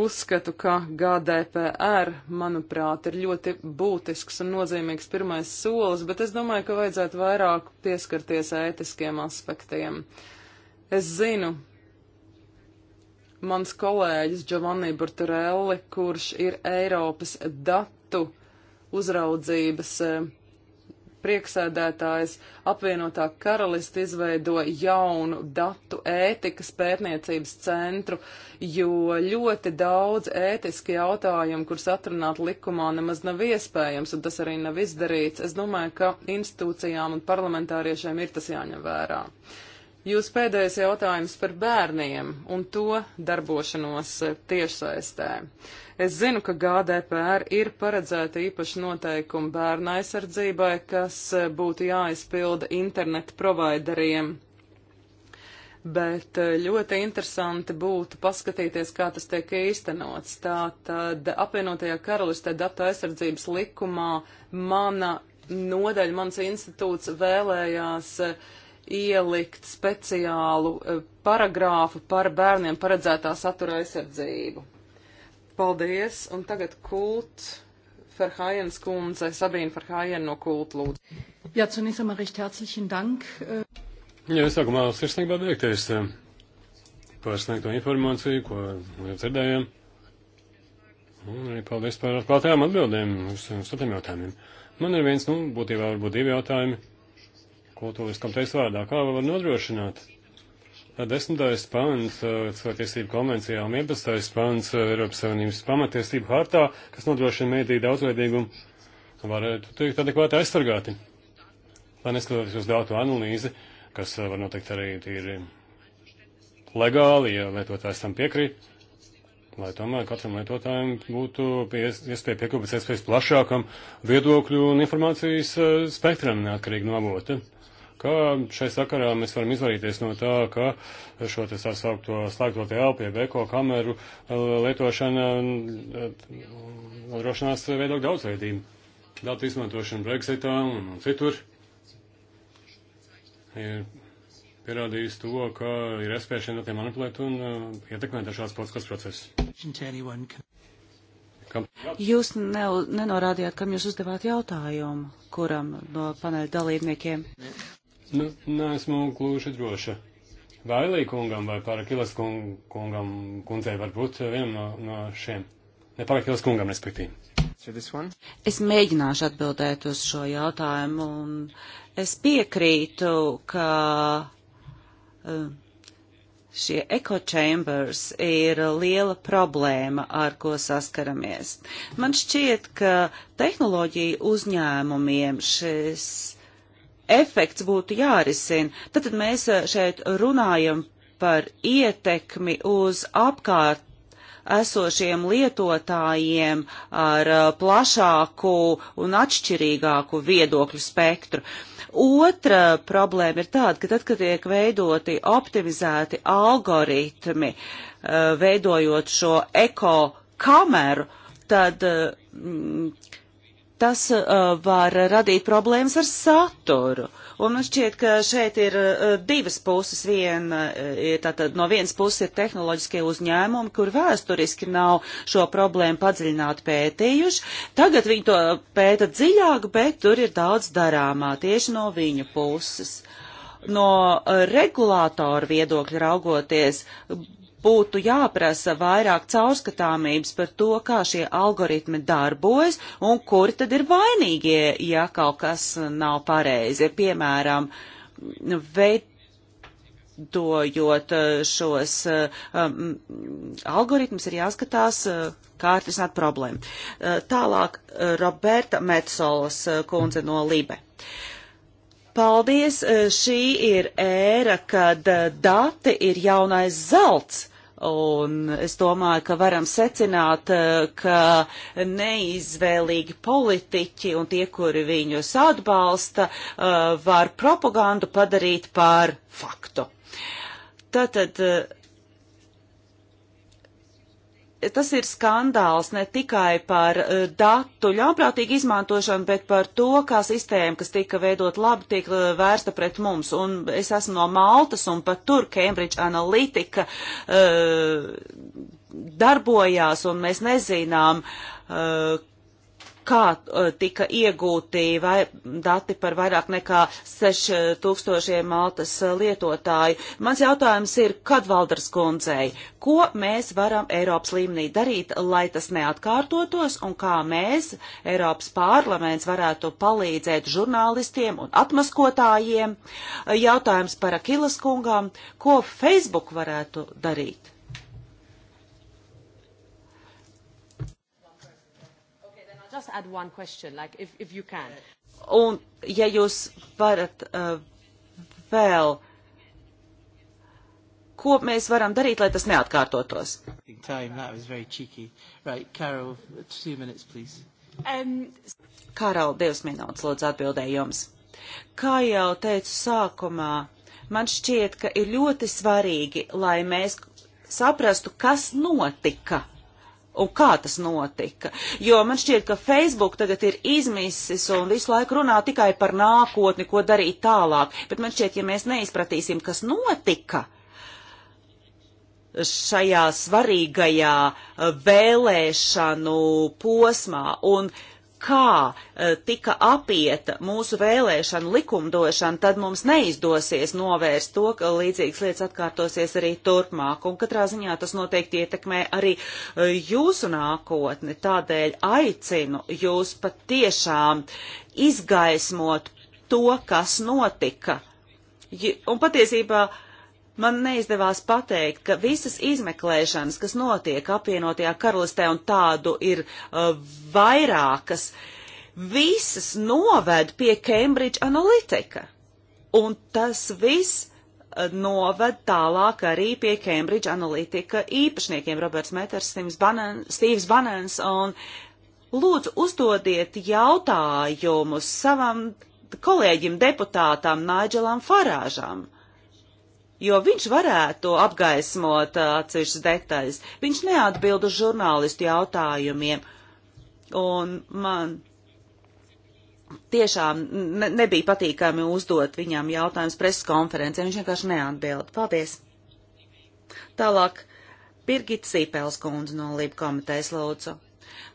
Uzskatu, ka GDPR, manuprāt, ir ļoti būtisks un nozīmīgs pirmais solis, bet es domāju, ka vajadzētu vairāk pieskarties ētiskiem aspektiem. Es zinu, mans kolēģis Giovanni Burtarelli, kurš ir Eiropas datu uzraudzības e, prieksēdētājs, apvienotā karalista izveido jaunu datu ētikas pētniecības centru, jo ļoti daudz ētiski jautājumu, kurus atrunāt likumā, nemaz nav iespējams, un tas arī nav izdarīts. Es domāju, ka institūcijām un parlamentāriešiem ir tas jāņem vērā. Uh, Jūs pēdējais jautājums par bērniem un to darbošanos tiešsaistē. Es zinu, ka GDPR ir paredzēta īpaši noteikumi bērna aizsardzībai, kas būtu jāizpilda internetu provideriem. Bet eh, ļoti interesanti būtu paskatīties, kā tas tiek īstenots. Tātad apvienotajā karalistē datu aizsardzības likumā mana nodaļa, mans institūts vēlējās uh, ielikt speciālu e, paragrāfu par bērniem paredzētā satura aizsardzību. Paldies, un tagad kult Ferhājienas kundze, Sabīna Ferhājiena no kult lūdzu. Jā, cunīsam arī herzlichen dank. E, Jā, es sākumā sirsnīgi pateikties e, par sniegto informāciju, ko jau dzirdējām. Un arī paldies par atklātajām atbildēm uz, uz tādiem jautājumiem. Man ir viens, nu, būtībā varbūt divi jautājumi kultūras komitejas vārdā. Kā var nodrošināt? Desmitais pants uh, cilvēktiesību konvencijā un 11. pants uh, Eiropas Savienības pamatiesību hartā, kas nodrošina mēdīju daudzveidīgumu, varētu tikt adekvāti aizsargāti. Lai neskatoties uz datu analīzi, kas uh, var noteikt arī tīri legāli, ja lietotājs tam piekrīt, lai tomēr katram lietotājam būtu pies, iespēja piekļūt pēc iespējas plašākam viedokļu un informācijas spektram neatkarīgi no avota ka šai sakarā mēs varam izvairīties no tā, ka šo te sasaukto slēgto telpu, jeb eko kameru uh, lietošana uh, nodrošinās veidot daudzveidību. Datu izmantošana Brexitā un, un citur ir pierādījis to, ka ir iespēja šiem datiem manipulēt un uh, ietekmēt dažādas politiskas procesus. Kam? Jūs ne, nenorādījāt, kam jūs uzdevāt jautājumu, kuram no paneļa dalībniekiem. Nu, neesmu gluži droša. Vailī kungam vai Parakilas kung, kungam, kundzei var būt vienam no, no šiem. Ne Parakilas kungam, respektīvi. Es mēģināšu atbildēt uz šo jautājumu, un es piekrītu, ka um, šie ekochambers ir liela problēma, ar ko saskaramies. Man šķiet, ka tehnoloģiju uzņēmumiem šis efekts būtu jārisina. Tad, tad mēs eh, šeit runājam par ietekmi uz apkārt esošiem lietotājiem ar eh, plašāku un atšķirīgāku viedokļu spektru. Otra problēma ir tāda, ka tad, kad tiek veidoti optimizēti algoritmi, eh, veidojot šo eko kameru, tad mm, tas uh, var radīt problēmas ar saturu. Un man šķiet, ka šeit ir uh, divas puses. Viena, uh, ir, tātad, no vienas puses ir tehnoloģiskie uzņēmumi, kur vēsturiski nav šo problēmu padziļināti pētījuši. Tagad viņi to pēta dziļāk, bet tur ir daudz darāmā tieši no viņu puses. No uh, regulātoru viedokļa raugoties, būtu jāprasa vairāk caurskatāmības par to, kā šie algoritmi darbojas un kuri tad ir vainīgie, ja kaut kas nav pareizi. Piemēram, veid veidojot eh, šos um, algoritmus, ir jāskatās, eh, kā atrisināt problēmu. Tālāk Roberta Metsolas kundze no Libe. Paldies! Šī ir ēra, kad dati ir jaunais zelts. Un es domāju, ka varam secināt, eh, ka neizvēlīgi politiķi un tie, kuri viņus atbalsta, eh, var propagandu padarīt par faktu. Tātad eh, tas ir skandāls ne tikai par uh, datu ļaunprātīgu izmantošanu, bet par to, kā sistēma, kas tika veidot labi, tiek uh, vērsta pret mums. Un es esmu no Maltas, un pat tur Cambridge Analytica uh, darbojās, un mēs nezinām, uh, kā eh, tika iegūti vai, dati par vairāk nekā 6000 Maltas lietotāju. Mans jautājums ir, kad Valdars kundzei, ko mēs varam Eiropas līmenī darīt, lai tas neatkārtotos un kā mēs, Eiropas parlaments, varētu palīdzēt žurnālistiem un atmaskotājiem? Jautājums par Akilas kungām, ko Facebook varētu darīt? just add one question, like if, if you can. Un, ja jūs varat uh, vēl, ko mēs varam darīt, lai tas neatkārtotos? Time, that was very cheeky. Right, Carol, two minutes, please. Um, Karol, divas minūtes, lūdzu, atbildēju jums. Kā jau teicu sākumā, man šķiet, ka ir ļoti svarīgi, lai mēs saprastu, kas notika un kā tas notika. Jo man šķiet, ka Facebook tagad ir izmisis un visu laiku runā tikai par nākotni, ko darīt tālāk. Bet man šķiet, ja mēs neizpratīsim, kas notika šajā svarīgajā uh, vēlēšanu posmā un uh, kā e, tika apieta mūsu vēlēšana likumdošana, tad mums neizdosies novērst to, ka līdzīgas lietas atkārtosies arī turpmāk. Un katrā ziņā tas noteikti ietekmē arī e, jūsu nākotni. Tādēļ aicinu jūs patiešām izgaismot to, kas notika. Un patiesībā uh, man neizdevās pateikt, ka visas izmeklēšanas, kas notiek apvienotajā karalistē, un tādu ir uh, vairākas, visas noved pie Cambridge Analytica. Un tas viss uh, noved tālāk arī pie Cambridge Analytica īpašniekiem Roberts Meters, Banan, Stīvs Banans un Lūdzu, uzdodiet jautājumus savam kolēģim deputātam Naiģelam Farāžam. Uh, jo viņš varētu apgaismot atsevišķas detaļas. Viņš neatbild uz žurnālistu jautājumiem. Un man tiešām ne, nebija patīkami uzdot viņam jautājumus preses konferencē. Viņš vienkārši neatbild. Paldies! Tālāk Birgit Sīpels kundze no Lība komitejas lūdzu.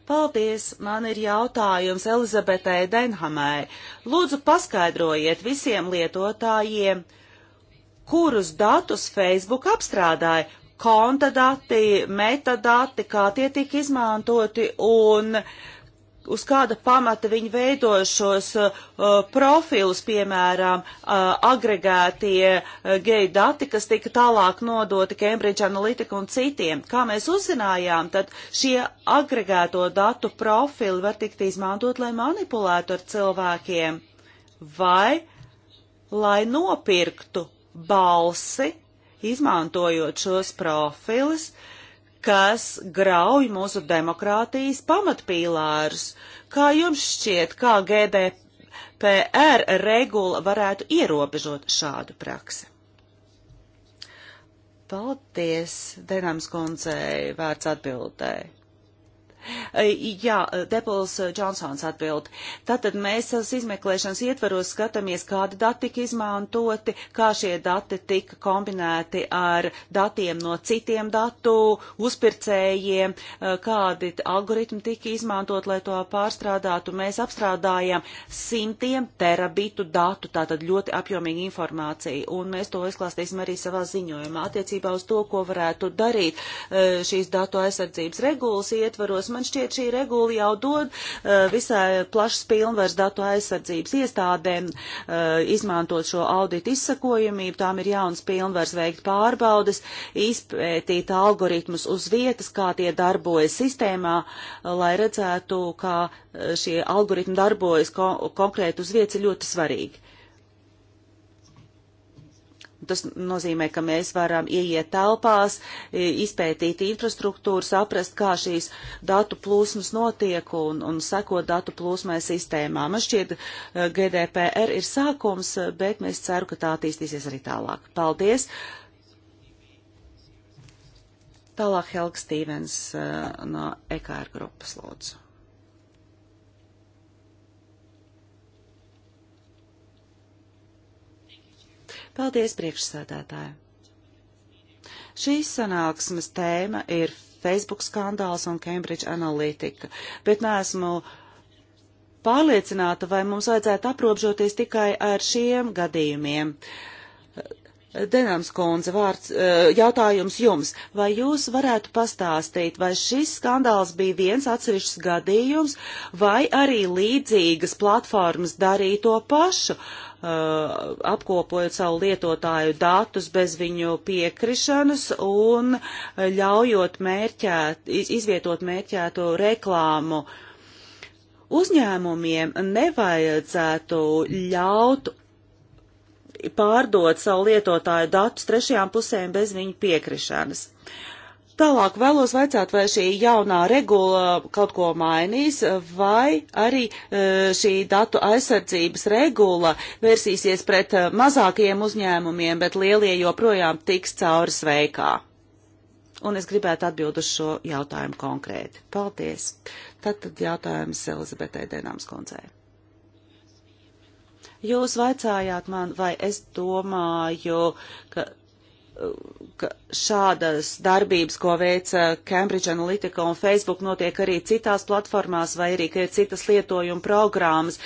Paldies, man ir jautājums Elizabetei Denhamai. Lūdzu, paskaidrojiet visiem lietotājiem, uh, kurus datus Facebook apstrādāja, konta dati, metadati, kā tie tika izmantoti un uz kāda pamata viņi veidoja šos uh, profilus, piemēram, uh, agregētie uh, geju dati, kas tika tālāk nodoti Cambridge Analytica un citiem. Kā mēs uzzinājām, tad šie agregēto datu profili var tikt izmantot, lai manipulētu ar cilvēkiem vai lai nopirktu balsi, izmantojot šos profilus, kas grauj mūsu demokrātijas pamatpīlārus. Kā jums šķiet, kā GDPR regula varētu ierobežot šādu praksi? Paldies, Denams kundzei, vērts atbildēji. Jā, Depols eh, Džonsons atbild. Tātad mēs izmeklēšanas ietvaros skatāmies, kādi dati tika izmantoti, kā šie dati tika kombinēti ar datiem no citiem datu uzpircējiem, eh, kādi algoritmi tika izmantot, lai to pārstrādātu. Mēs apstrādājam simtiem terabitu datu, tātad ļoti apjomīgi informācija, un mēs to izklāstīsim arī savā ziņojumā attiecībā uz to, ko varētu darīt eh, šīs datu aizsardzības regulas ietvaros Man šķiet, šī regula jau dod uh, visai plašas pilnvars datu aizsardzības iestādēm uh, izmantot šo auditu izsakojamību. Tām ir jauns pilnvars veikt pārbaudas, izpētīt algoritmus uz vietas, kā tie darbojas sistēmā, lai redzētu, kā eh, šie algoritmi darbojas ko konkrēti uz vietas, ir ļoti svarīgi. Tas nozīmē, ka mēs varam ieiet telpās, izpētīt infrastruktūru, saprast, kā šīs datu plūsmas notiek un, un sekot datu plūsmai sistēmā. Man šķiet, eh, GDPR ir sākums, eh, bet mēs ceru, ka tā attīstīsies arī tālāk. Paldies! Tālāk Helga Stīvens eh, no EKR grupas lūdzu. Paldies, priekšsēdētāji! Šīs sanāksmes tēma ir Facebook skandāls un Cambridge Analytica, bet neesmu pārliecināta, vai mums vajadzētu aprobežoties tikai ar šiem gadījumiem. Denams kundze, vārds, eh, jautājums jums. Vai jūs varētu pastāstīt, vai šis skandāls bija viens atsevišķs gadījums, vai arī līdzīgas platformas darīja to pašu? Uh, Uh, apkopojot savu lietotāju datus bez viņu piekrišanas un ļaujot mērķēt, izvietot mērķētu reklāmu. Uzņēmumiem nevajadzētu ļaut pārdot savu lietotāju datus trešajām pusēm bez viņu piekrišanas. Uh, Tālāk vēlos vaicāt, vai šī jaunā regula kaut ko mainīs, vai arī e, šī datu aizsardzības regula vērsīsies pret e, mazākajiem uzņēmumiem, bet lielie joprojām tiks cauri sveikā. Un es gribētu atbild uz šo jautājumu konkrēti. Paldies. Tad, tad jautājums Elizabetei Denāms koncē. Jūs vaicājāt man, vai es domāju, ka ka šādas darbības, ko veica eh, Cambridge Analytica un Facebook, notiek arī citās platformās vai arī, ka ir citas lietojuma programmas,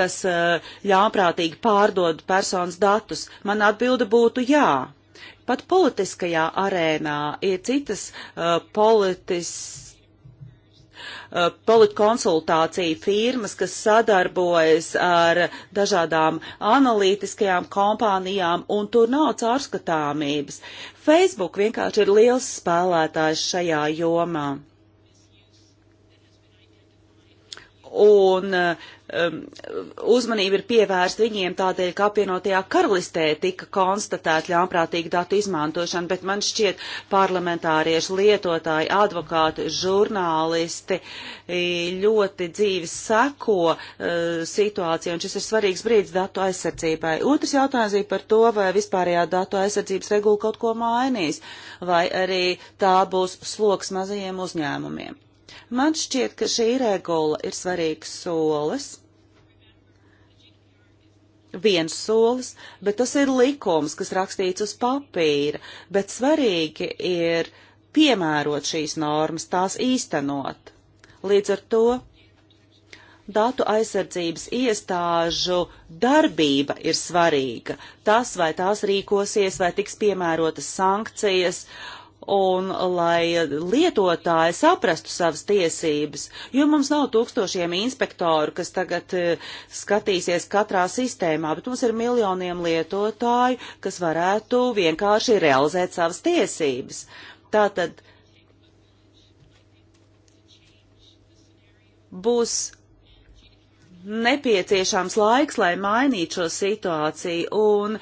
kas eh, ļāprātīgi pārdod personas datus? Man atbilde būtu jā. Pat politiskajā arēnā ir citas uh, eh, politiskas Uh, politkonsultāciju firmas, kas sadarbojas ar dažādām analītiskajām kompānijām, un tur nav caurskatāmības. Facebook vienkārši ir liels spēlētājs šajā jomā. un um, uzmanība ir pievērsta viņiem tādēļ, ka apvienotajā karalistē tika konstatēta ļaunprātīga datu izmantošana, bet man šķiet parlamentārieši, lietotāji, advokāti, žurnālisti ļoti dzīvi seko uh, situāciju, un šis ir svarīgs brīdis datu aizsardzībai. Otrs jautājums ir par to, vai vispārējā datu aizsardzības regula kaut ko mainīs, vai arī tā būs sloks mazajiem uzņēmumiem. Man šķiet, ka šī regula ir svarīgs solis viens solis, bet tas ir likums, kas rakstīts uz papīra, bet svarīgi ir piemērot šīs normas, tās īstenot. Līdz ar to datu aizsardzības iestāžu darbība ir svarīga. Tas, vai tās rīkosies, vai tiks piemērotas sankcijas, uh, un lai lietotāji saprastu savas tiesības, jo mums nav tūkstošiem inspektoru, kas tagad eh, skatīsies katrā sistēmā, bet mums ir miljoniem lietotāju, kas varētu vienkārši realizēt savas tiesības. Tātad būs nepieciešams laiks, lai mainītu šo situāciju, un e,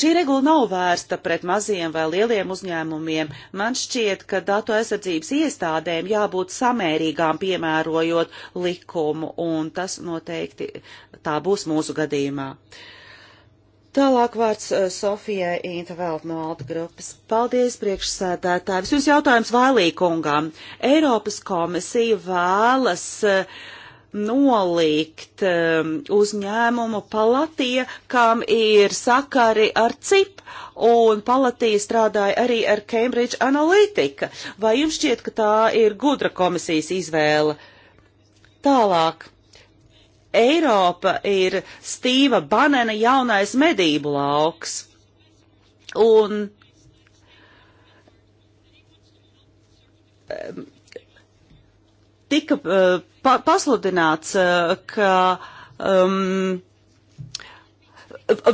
šī regula nav vērsta pret maziem vai lieliem uzņēmumiem. Man šķiet, ka datu aizsardzības iestādēm jābūt samērīgām piemērojot likumu, un tas noteikti tā būs mūsu gadījumā. Tālāk vārds e, Sofijai Intevelt no Alta grupas. Paldies, priekšsēdētāji. Vispirms jautājums Vailīkungām. Eiropas komisija vēlas uh, nolikt um, uzņēmumu palatie, kam ir sakari ar CIP, un palatīja strādāja arī ar Cambridge Analytica. Vai jums šķiet, ka tā ir gudra komisijas izvēle? Tālāk. Eiropa ir Stīva Banena jaunais medību lauks. Un um, tika uh, pa pasludināts, eh, ka um,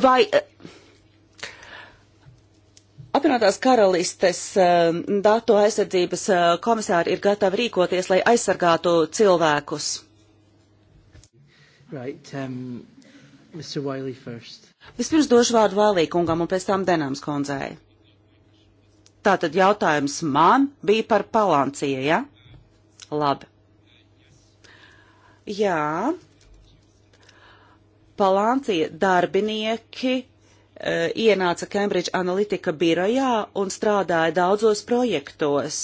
vai eh, apvienotās karalistes eh, datu aizsardzības komisāri ir gatavi rīkoties, lai aizsargātu cilvēkus? Right, um, Mr. Wiley first. Vispirms došu vārdu Vailī kungam un pēc tam Denams kundzei. Tātad jautājums man bija par Palancija, ja? Labi. Jā, Palāncija darbinieki e, ienāca Cambridge Analytica birojā un strādāja daudzos projektos,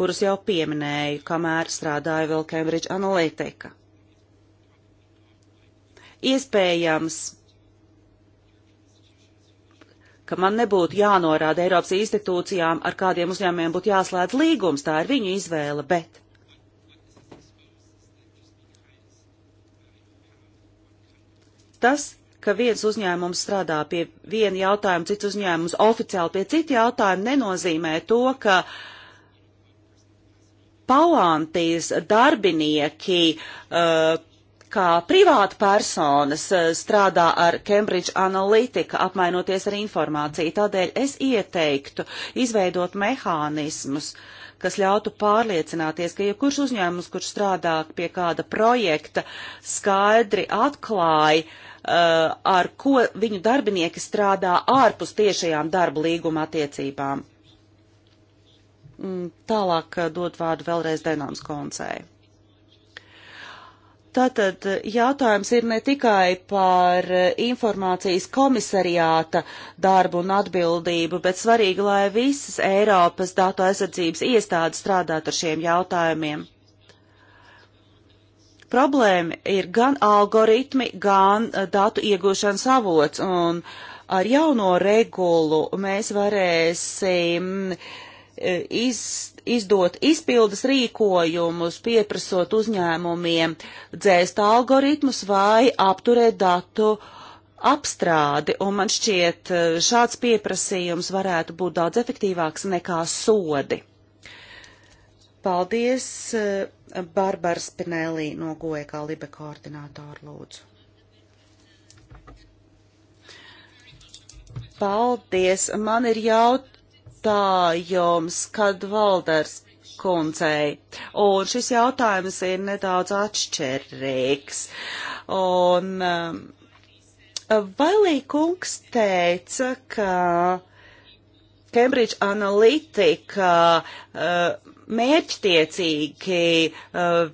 kurus jau pieminēju, kamēr strādāja vēl Cambridge Analytica. Iespējams, ka man nebūtu jānorāda Eiropas institūcijām, ar kādiem uzņēmumiem būtu jāslēdz līgums, tā ir viņu izvēle, bet Tas, ka viens uzņēmums strādā pie viena jautājuma, cits uzņēmums oficiāli pie cita jautājuma, nenozīmē to, ka palantīs darbinieki uh, kā privāta personas uh, strādā ar Cambridge Analytica, apmainoties ar informāciju. Tādēļ es ieteiktu izveidot mehānismus, kas ļautu pārliecināties, ka jebkurš ja uzņēmums, kurš strādā pie kāda projekta, skaidri atklāja, Uh, ar ko viņu darbinieki strādā ārpus tiešajām darba līguma attiecībām. Mm, tālāk uh, dot vārdu vēlreiz Denons koncei. Tātad uh, jautājums ir ne tikai par informācijas komisariāta darbu un atbildību, bet svarīgi, lai visas Eiropas datu aizsardzības iestādes strādātu ar šiem jautājumiem. Problēma ir gan algoritmi, gan eh, datu iegūšanas avots, un ar jauno regulu mēs varēsim eh, iz, izdot izpildes rīkojumus, pieprasot uzņēmumiem dzēst algoritmus vai apturēt datu apstrādi, un man šķiet eh, šāds pieprasījums varētu būt daudz efektīvāks nekā sodi. Paldies! Barbara Spinelli no Goja kā Libe koordinātoru lūdzu. Paldies! Man ir jautājums, kad Valders kundzei, un šis jautājums ir nedaudz atšķirīgs. Un um, Vailī kungs teica, ka Cambridge Analytica uh, mērķtiecīgi uh,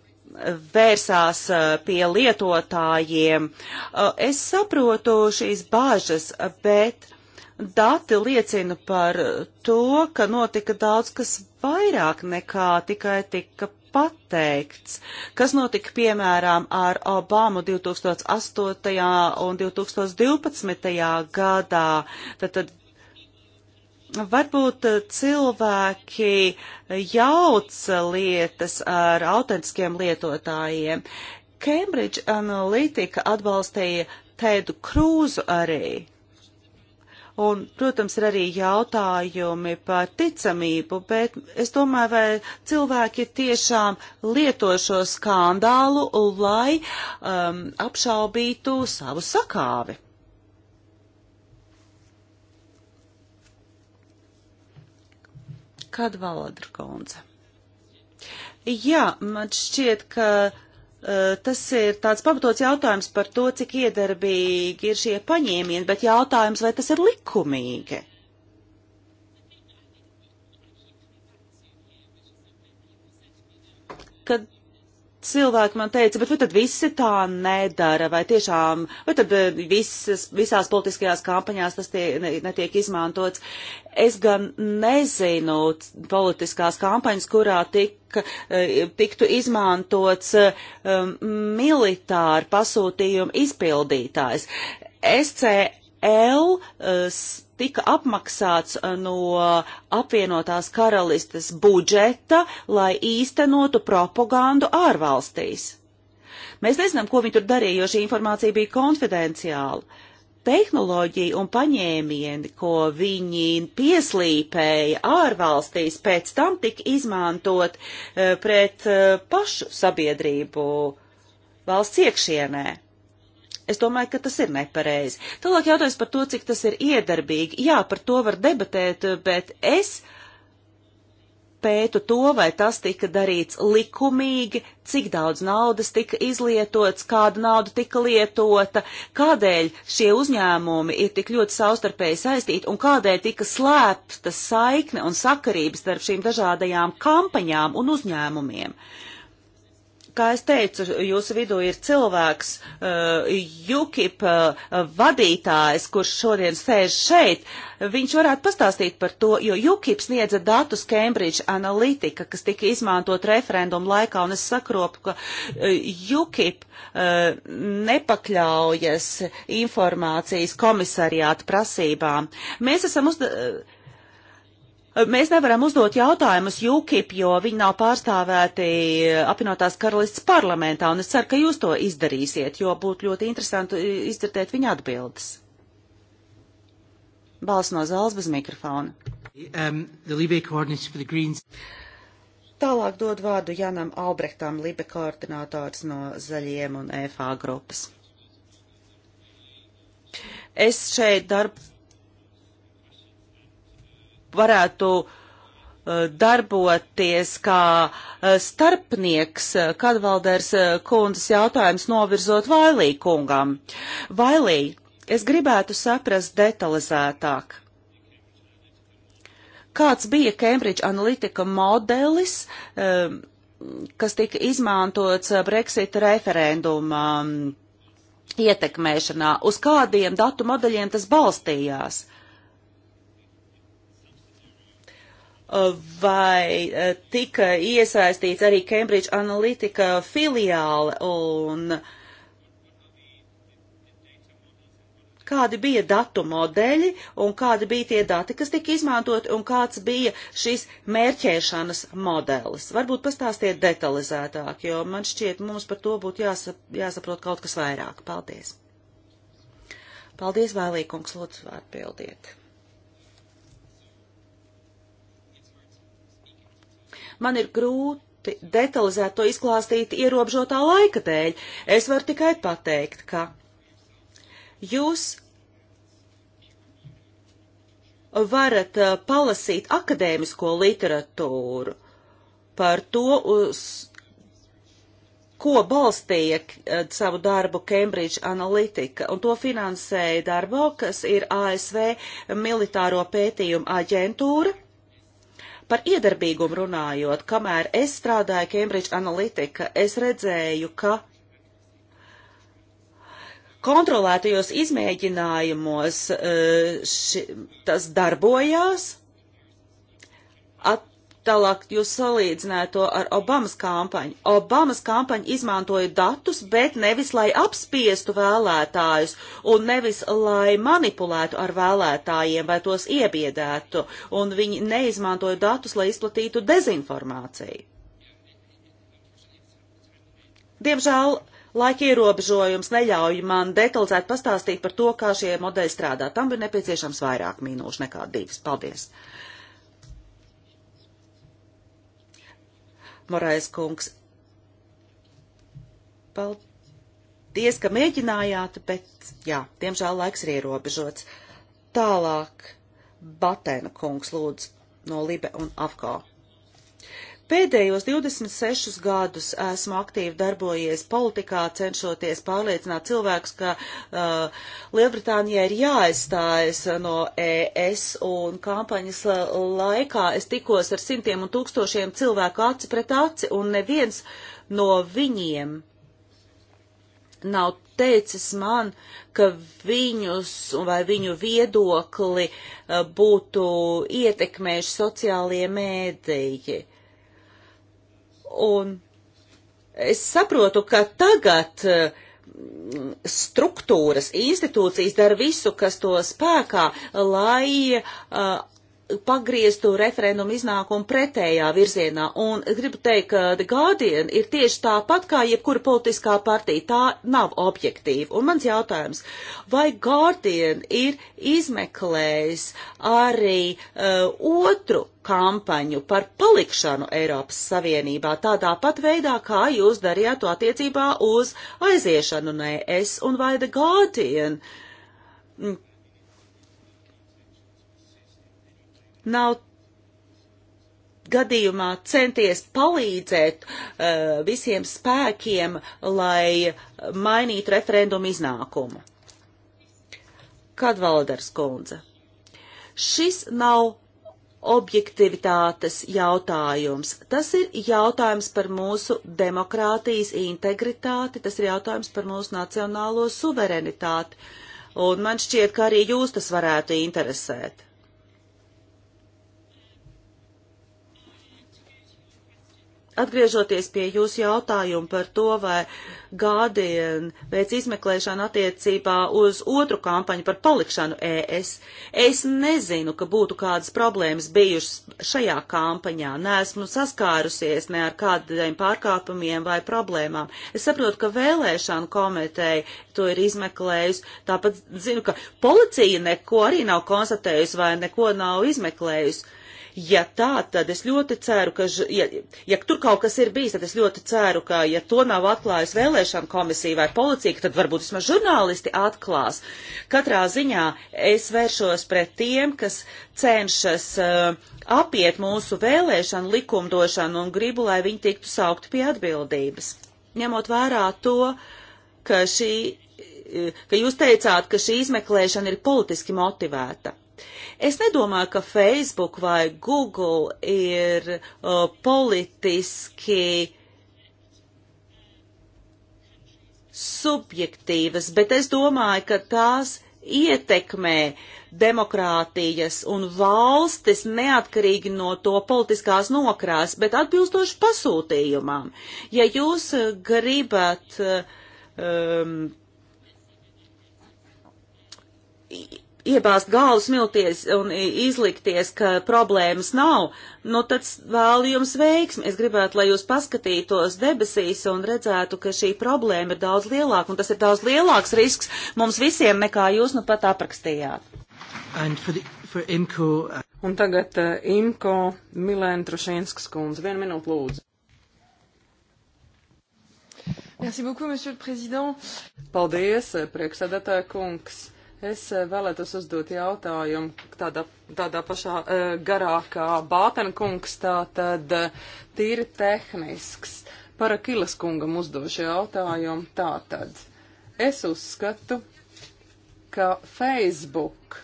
vērsās eh, pie lietotājiem. Eh, es saprotu šīs bāžas, bet dati liecina par to, ka notika daudz kas vairāk nekā tikai tika pateikts, kas notika piemēram ar Obamu 2008. un 2012. gadā. Tad, tad Varbūt eh, cilvēki jauc lietas ar autentiskiem lietotājiem. Cambridge Analytica atbalstīja Tēdu Krūzu arī. Un, protams, ir arī jautājumi par ticamību, bet es domāju, vai cilvēki tiešām lieto šo skandālu, lai um, apšaubītu savu sakāvi. Kad valodra kundze? Jā, man šķiet, ka e, tas ir tāds pamatots jautājums par to, cik iedarbīgi ir šie paņēmieni, bet jautājums, vai tas ir likumīgi? Kad cilvēki man teica, bet vai tad visi tā nedara, vai tiešām, vai tad eh, visas, visās politiskajās kampaņās tas tie, netiek izmantots. Es gan nezinu politiskās kampaņas, kurā tik, eh, tiktu izmantots um, militāri pasūtījumu izpildītājs. SCL uh, tika apmaksāts uh, no apvienotās karalistes budžeta, lai īstenotu propagandu ārvalstīs. Mēs nezinām, ko viņi tur darīja, jo šī informācija bija konfidenciāla. Tehnoloģija un paņēmieni, ko viņi pieslīpēja ārvalstīs, pēc tam tika izmantot uh, pret uh, pašu sabiedrību valsts iekšienē. Es domāju, ka tas ir nepareizi. Tālāk jautājums par to, cik tas ir iedarbīgi. Jā, par to var debatēt, bet es pētu to, vai tas tika darīts likumīgi, cik daudz naudas tika izlietots, kāda nauda tika lietota, kādēļ šie uzņēmumi ir tik ļoti saustarpēji saistīti un kādēļ tika slēpta saikne un sakarības starp šīm dažādajām kampaņām un uzņēmumiem. Uh, Kā es teicu, jūsu vidū ir cilvēks, uh, UKIP uh, vadītājs, kurš šodien sēž šeit. Viņš varētu pastāstīt par to, jo UKIP sniedza datus Cambridge Analytica, kas tika izmantot referendumu laikā, un es sakropu, ka uh, UKIP uh, nepakļaujas informācijas komisariāta prasībām. Mēs esam uzda Mēs nevaram uzdot jautājumus UKIP, jo viņi nav pārstāvēti apvienotās karalists parlamentā, un es ceru, ka jūs to izdarīsiet, jo būtu ļoti interesanti izdzirdēt viņa atbildes. Balsts no zāles bez mikrofona. Um, Tālāk dod vārdu Janam Albrehtam, Libe koordinātors no Zaļiem un EFA grupas. Es šeit darbu varētu eh, darboties kā eh, starpnieks eh, Kadvalders kundzes jautājums novirzot Vailī kungam. Vailī, es gribētu saprast detalizētāk. Kāds bija Cambridge Analytica modelis, kas tika izmantots Brexit referendumā mm, ietekmēšanā? Uz kādiem datu modeļiem tas balstījās? vai eh, tika iesaistīts arī Cambridge Analytica filiāle un kādi bija datu modeļi un kādi bija tie dati, kas tika izmantot un kāds bija šis mērķēšanas modelis. Varbūt pastāstiet detalizētāk, jo man šķiet mums par to būtu jāsa, jāsaprot kaut kas vairāk. Paldies! Paldies, Vēlīkungs, lūdzu, atbildiet! man ir grūti detalizēt to izklāstīt ierobežotā laika dēļ. Es varu tikai pateikt, ka jūs varat uh, palasīt akadēmisko literatūru par to, uz ko balstīja uh, savu darbu Cambridge Analytica, un to finansēja darbo, kas ir ASV militāro pētījumu aģentūra, Par iedarbīgumu runājot, kamēr es strādāju Cambridge Analytica, es redzēju, ka kontrolētajos izmēģinājumos eh, ši, tas darbojās, Tālāk jūs salīdzināt to ar Obamas kampaņu. Obamas kampaņa izmantoja datus, bet nevis lai apspiestu vēlētājus un nevis lai manipulētu ar vēlētājiem vai tos iebiedētu, un viņi neizmantoja datus, lai izplatītu dezinformāciju. Diemžēl laika ierobežojums neļauj man detalizēt pastāstīt par to, kā šie modeļi strādā. Tam ir nepieciešams vairāk minūšu nekā divas. Paldies! Morais kungs. Paldies, ka mēģinājāt, bet, jā, diemžēl laiks ir ierobežots. Tālāk, Batēna kungs lūdzu no Libe un Afgāna. Pēdējos 26 gadus esmu aktīvi darbojies politikā, cenšoties pārliecināt cilvēkus, ka uh, Lielbritānija ir jāaizstājas no ES, un kampaņas laikā es tikos ar simtiem un tūkstošiem cilvēku aci pret aci, un neviens no viņiem nav teicis man, ka viņus vai viņu viedokli uh, būtu ietekmējuši sociālie mēdīji. Un es saprotu, ka tagad eh, struktūras, institūcijas dara visu, kas to spēkā, lai uh, eh, pagrieztu referendumu iznākumu pretējā virzienā. Un gribu teikt, ka The Guardian ir tieši tāpat kā jebkura politiskā partija. Tā nav objektīva. Un mans jautājums, vai Guardian ir izmeklējis arī uh, otru kampaņu par palikšanu Eiropas Savienībā tādā pat veidā, kā jūs darījāt to attiecībā uz aiziešanu no ES un vai The Guardian. Mm. Nav gadījumā centies palīdzēt uh, visiem spēkiem, lai mainītu referendumu iznākumu. Kad Valders kundze? Šis nav objektivitātes jautājums. Tas ir jautājums par mūsu demokrātijas integritāti, tas ir jautājums par mūsu nacionālo suverenitāti. Un man šķiet, ka arī jūs tas varētu interesēt. Atgriežoties pie jūsu jautājuma par to, vai Guardian veic izmeklēšanu attiecībā uz otru kampaņu par palikšanu ES, es nezinu, ka būtu kādas problēmas bijušas šajā kampaņā. Nesmu saskārusies ne ar kādiem pārkāpumiem vai problēmām. Es saprotu, ka vēlēšanu komiteja to ir izmeklējusi. Tāpat zinu, ka policija neko arī nav konstatējusi vai neko nav izmeklējusi. Ja tā, tad es ļoti ceru, ka, ž, ja, ja tur kaut kas ir bijis, tad es ļoti ceru, ka, ja to nav atklājusi vēlēšana komisija vai policija, tad varbūt vismaz žurnālisti atklās. Katrā ziņā es vēršos pret tiem, kas cenšas uh, apiet mūsu vēlēšanu likumdošanu un gribu, lai viņi tiktu saukti pie atbildības. Ņemot vērā to, ka šī uh, ka jūs teicāt, ka šī izmeklēšana ir politiski motivēta. Es nedomāju, ka Facebook vai Google ir uh, politiski subjektīvas, bet es domāju, ka tās ietekmē demokrātijas un valstis neatkarīgi no to politiskās nokrās, bet atbilstoši pasūtījumam. Ja jūs uh, gribat uh, um, iebāzt galvu smilties un izlikties, ka problēmas nav, nu tad vēlu jums veiksmi. Es gribētu, lai jūs paskatītos debesīs un redzētu, ka šī problēma ir daudz lielāka, un tas ir daudz lielāks risks mums visiem, nekā jūs nu pat aprakstījāt. For the, for IMCO, uh... Un tagad uh, Imko Milēna Trošenskas kundze. Vienu minūtu lūdzu. Merci beaucoup, monsieur le président. Paldies, uh, priekšsēdētāja kungs. Es eh, vēlētos uzdot jautājumu tādā, tādā pašā e, garā kā Bātenkungs, tātad eh, tīri tehnisks. Parakilas kungam uzdošu jautājumu tātad. Es uzskatu, ka Facebook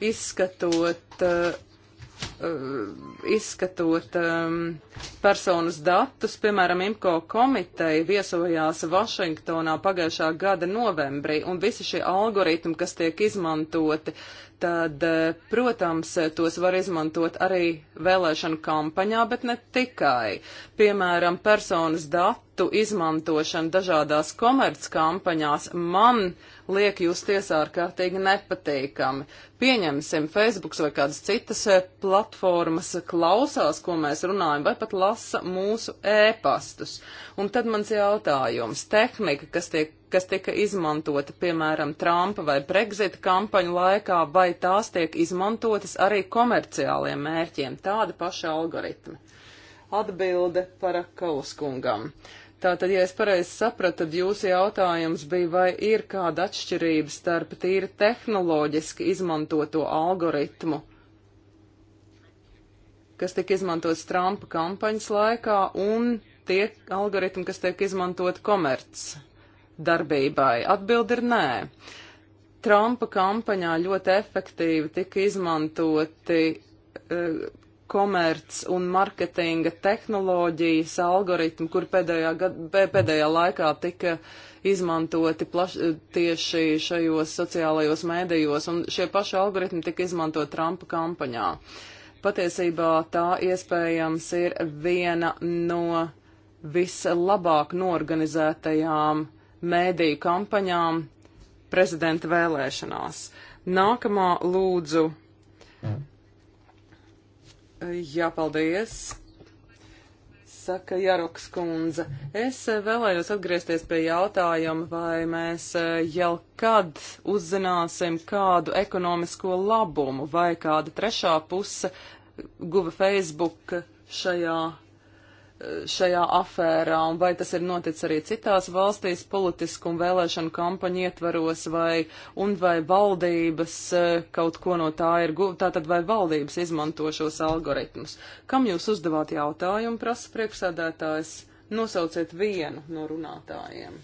izskatot uh, Uh, izskatot um, personas datus, piemēram, IMCO komiteja viesojās Vašingtonā pagājušā gada novembrī, un visi šie algoritmi, kas tiek izmantoti, tad, uh, protams, tos var izmantot arī vēlēšanu kampaņā, bet ne tikai. Piemēram, personas datu izmantošana dažādās komerckampaņās man uh, liek justies ārkārtīgi nepatīkami. Pieņemsim, Facebooks vai kādas citas eh, platformas klausās, ko mēs runājam, vai pat lasa mūsu ēpastus. Un tad mans jautājums - tehnika, kas, tiek, kas tika izmantota, piemēram, Trumpa vai Brexita kampaņu laikā, vai tās tiek izmantotas arī komerciāliem mērķiem, tādi paši algoritmi. Atbilde Parakaus kungam. Uh, Tātad, ja es pareizi sapratu, tad jūsu jautājums bija, vai ir kāda atšķirība starp tīri tehnoloģiski izmantoto algoritmu, kas tiek izmantots Trumpa kampaņas laikā, un tie algoritmi, kas tiek izmantot komerc darbībai. Atbildi ir nē. Trumpa kampaņā ļoti efektīvi tika izmantoti uh, komerc un marketinga tehnoloģijas algoritmi, kur pēdējā, gad, pēdējā laikā tika izmantoti plaš, tieši šajos sociālajos mēdījos, un šie paši algoritmi tika izmantot Trumpa kampaņā. Patiesībā tā iespējams ir viena no vislabāk norganizētajām mēdīju kampaņām prezidenta vēlēšanās. Nākamā lūdzu. Mm. Jā, paldies! Saka Jaroks kundze. Es eh, vēlējos atgriezties pie jautājuma, vai mēs eh, jau kad uzzināsim kādu ekonomisko labumu vai kāda trešā puse guva Facebook šajā šajā afērā, un vai tas ir noticis arī citās valstīs politisku un vēlēšanu kampaņu ietvaros, vai, un vai valdības e, kaut ko no tā ir guvta, tātad vai valdības izmanto šos algoritmus. Kam jūs uzdevāt jautājumu, prasa priekšsēdētājs, nosauciet vienu no runātājiem.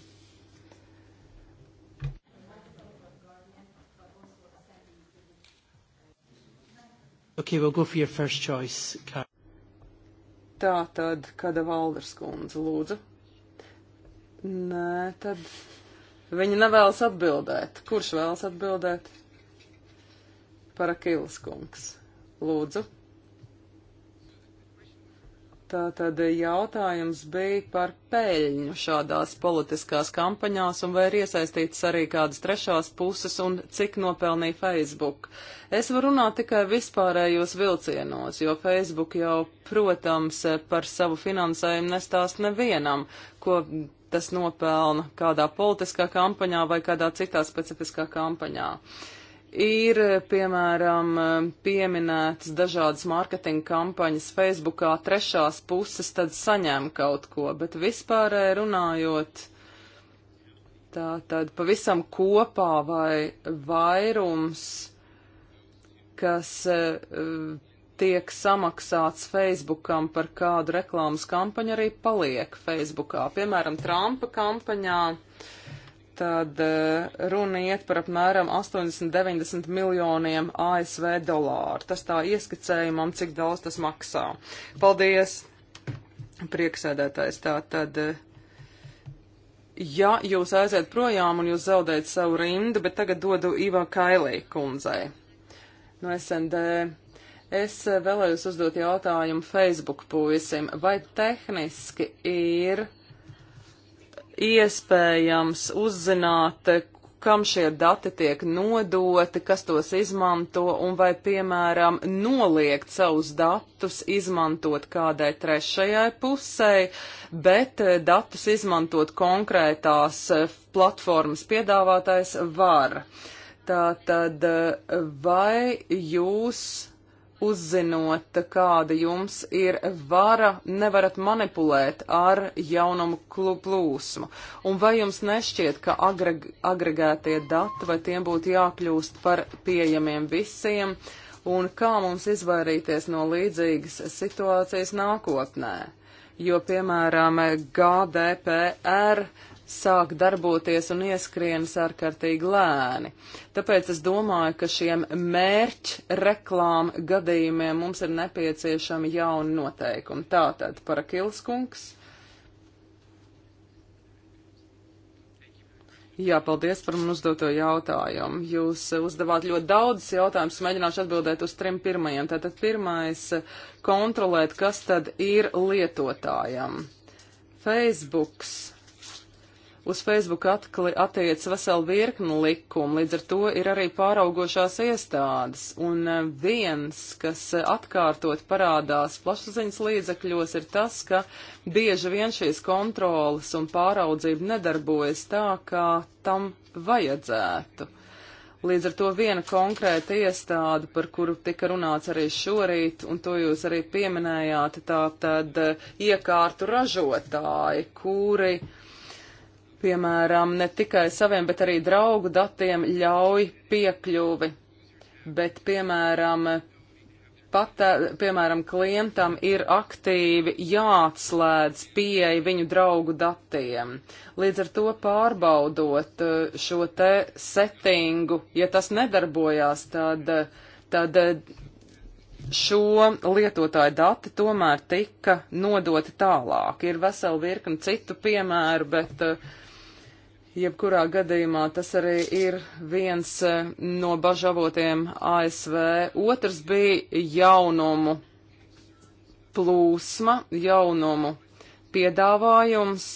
Okay, we'll go for your first choice, Karen. Tā tad, kad Valders kundze lūdzu. Nē, tad viņa nevēlas atbildēt. Kurš vēlas atbildēt? Parakīlas kungs. Lūdzu. Tātad jautājums bija par peļņu šādās politiskās kampaņās un vai ir iesaistīts arī kādas trešās puses un cik nopelnīja Facebook. Es varu runāt tikai vispārējos vilcienos, jo Facebook jau, protams, par savu finansējumu nestāst nevienam, ko tas nopelna kādā politiskā kampaņā vai kādā citā specifiskā kampaņā. Uh, Ir, piemēram, pieminētas dažādas mārketinga kampaņas Facebookā, trešās puses tad saņem kaut ko, bet vispār runājot, tā tad pavisam kopā vai vairums, kas e, tiek samaksāts Facebookam par kādu reklāmas kampaņu, arī paliek Facebookā. Piemēram, Trumpa kampaņā. Uh, tad eh, runa iet par apmēram 80-90 miljoniem ASV dolāru. Tas tā ieskicējumam, cik daudz tas maksā. Paldies, prieksēdētājs. Tā tad, eh, ja jūs aiziet projām un jūs zaudējat savu rindu, bet tagad dodu Ivā Kailī kundzei no SND. Es eh, vēlējos uzdot jautājumu Facebook puisim, vai tehniski ir iespējams uzzināt, kam šie dati tiek nodoti, kas tos izmanto un vai, piemēram, noliegt savus datus izmantot kādai trešajai pusē, bet datus izmantot konkrētās platformas piedāvātais var. Tātad, vai jūs uzzinot, kāda jums ir vara, nevarat manipulēt ar jaunumu plūsmu? Un vai jums nešķiet, ka agreg agregētie dati vai tiem būtu jākļūst par pieejamiem visiem? Un kā mums izvairīties no līdzīgas situācijas nākotnē? Jo, piemēram, GDPR sāk darboties un ieskrienas ārkārtīgi lēni. Tāpēc es domāju, ka šiem mērķ reklāmu gadījumiem mums ir nepieciešami jauni noteikumi. Tātad, Parakils kungs. Jā, paldies par man uzdoto jautājumu. Jūs uzdevāt ļoti daudz jautājumus, mēģināšu atbildēt uz trim pirmajiem. Tātad pirmais - kontrolēt, kas tad ir lietotājam. Facebooks Uz Facebook atkli attiec vesela virkna likuma, līdz ar to ir arī pāraugošās iestādes. Un e, viens, kas e, atkārtot parādās plašsaziņas līdzekļos, ir tas, ka bieži vien šīs kontrolas un pāraudzība nedarbojas tā, kā tam vajadzētu. Līdz ar to viena konkrēta iestāde, par kuru tika runāts arī šorīt, un to jūs arī pieminējāt, tā tad e, iekārtu ražotāji, kuri piemēram, ne tikai saviem, bet arī draugu datiem ļauj piekļuvi. Bet, piemēram, patē, piemēram, klientam ir aktīvi jāatslēdz pieeja viņu draugu datiem. Līdz ar to pārbaudot eh, šo te settingu, ja tas nedarbojās, tad, tad šo lietotāju dati tomēr tika nodoti tālāk. Ir vesela virkni citu piemēru, bet uh, Jebkurā gadījumā tas arī ir viens eh, no bažavotiem ASV. Otrs bija jaunumu plūsma, jaunumu piedāvājums.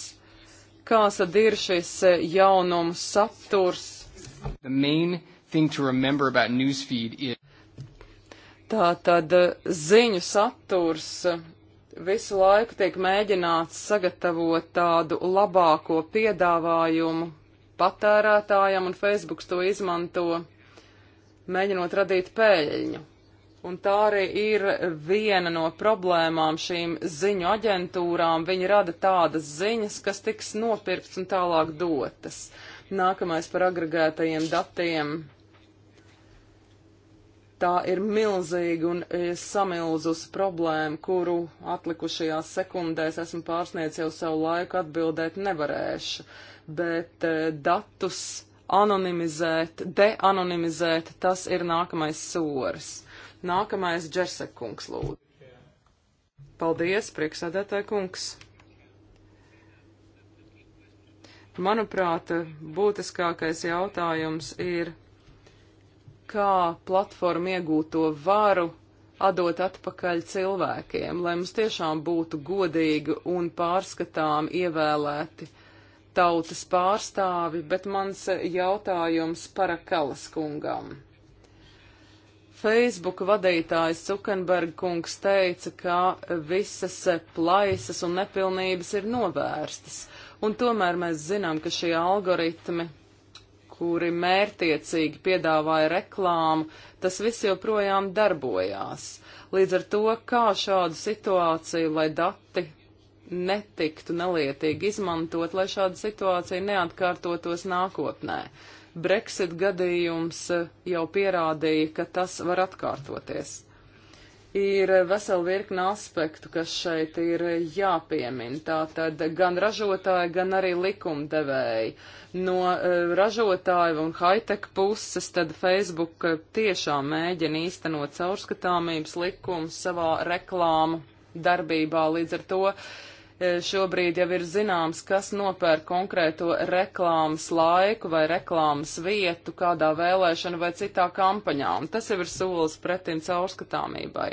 Kāds tad ir šis eh, jaunumu saturs? Is... Tā tad eh, ziņu saturs visu laiku tiek mēģināts sagatavot tādu labāko piedāvājumu patērētājam, un Facebook to izmanto, mēģinot radīt pēļņu. Un tā arī ir viena no problēmām šīm ziņu aģentūrām. Viņi rada tādas ziņas, kas tiks nopirktas un tālāk dotas. Nākamais par agregētajiem datiem. Tā ir milzīga un e, samilzusi problēma, kuru atlikušajās sekundēs esmu pārsniedz jau savu laiku atbildēt nevarēšu, bet e, datus anonimizēt, deanonimizēt, tas ir nākamais soris. Nākamais Džersekungs lūdzu. Paldies, priekšsēdētāji kungs. Manuprāt, būtiskākais jautājums ir kā platforma iegūto varu atdot atpakaļ cilvēkiem, lai mums tiešām būtu godīgi un pārskatām ievēlēti tautas pārstāvi, bet mans jautājums parakalas kungam. Facebook vadītājs Zukenberg kungs teica, ka visas plaisas un nepilnības ir novērstas, un tomēr mēs zinām, ka šie algoritmi kuri mērtiecīgi piedāvāja reklāmu, tas viss joprojām darbojās. Līdz ar to, kā šādu situāciju, lai dati netiktu nelietīgi izmantot, lai šāda situācija neatkārtotos nākotnē. Brexit gadījums jau pierādīja, ka tas var atkārtoties ir vesela virkna aspektu, kas šeit ir jāpiemina. Tātad gan ražotāji, gan arī likumdevēji. No uh, ražotāju un high-tech puses tad Facebook tiešām mēģina īstenot caurskatāmības likumu savā reklāmu darbībā. Līdz ar to E, šobrīd jau ir zināms, kas nopērk konkrēto reklāmas laiku vai reklāmas vietu kādā vēlēšana vai citā kampaņā, un tas jau ir solis pretim caurskatāmībai.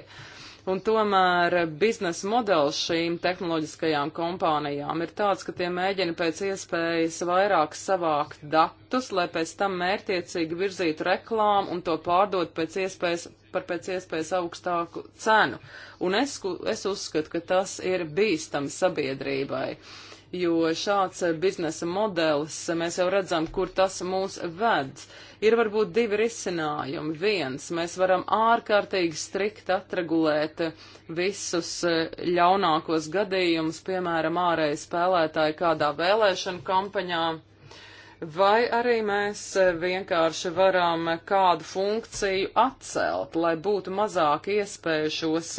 Un tomēr biznesa modelis šīm tehnoloģiskajām kompānijām ir tāds, ka tie mēģina pēc iespējas vairāk savākt datus, lai pēc tam mērtiecīgi virzītu reklāmu un to pārdot pēc iespējas par pēc iespējas augstāku cenu. Un es, es uzskatu, ka tas ir bīstami sabiedrībai, jo šāds biznesa modelis, mēs jau redzam, kur tas mūs ved. Ir varbūt divi risinājumi. Viens, mēs varam ārkārtīgi strikt atregulēt visus eh, ļaunākos gadījumus, piemēram, ārēji spēlētāji kādā vēlēšana kampaņā vai arī mēs vienkārši varam kādu funkciju atcelt, lai būtu mazāk iespēju šos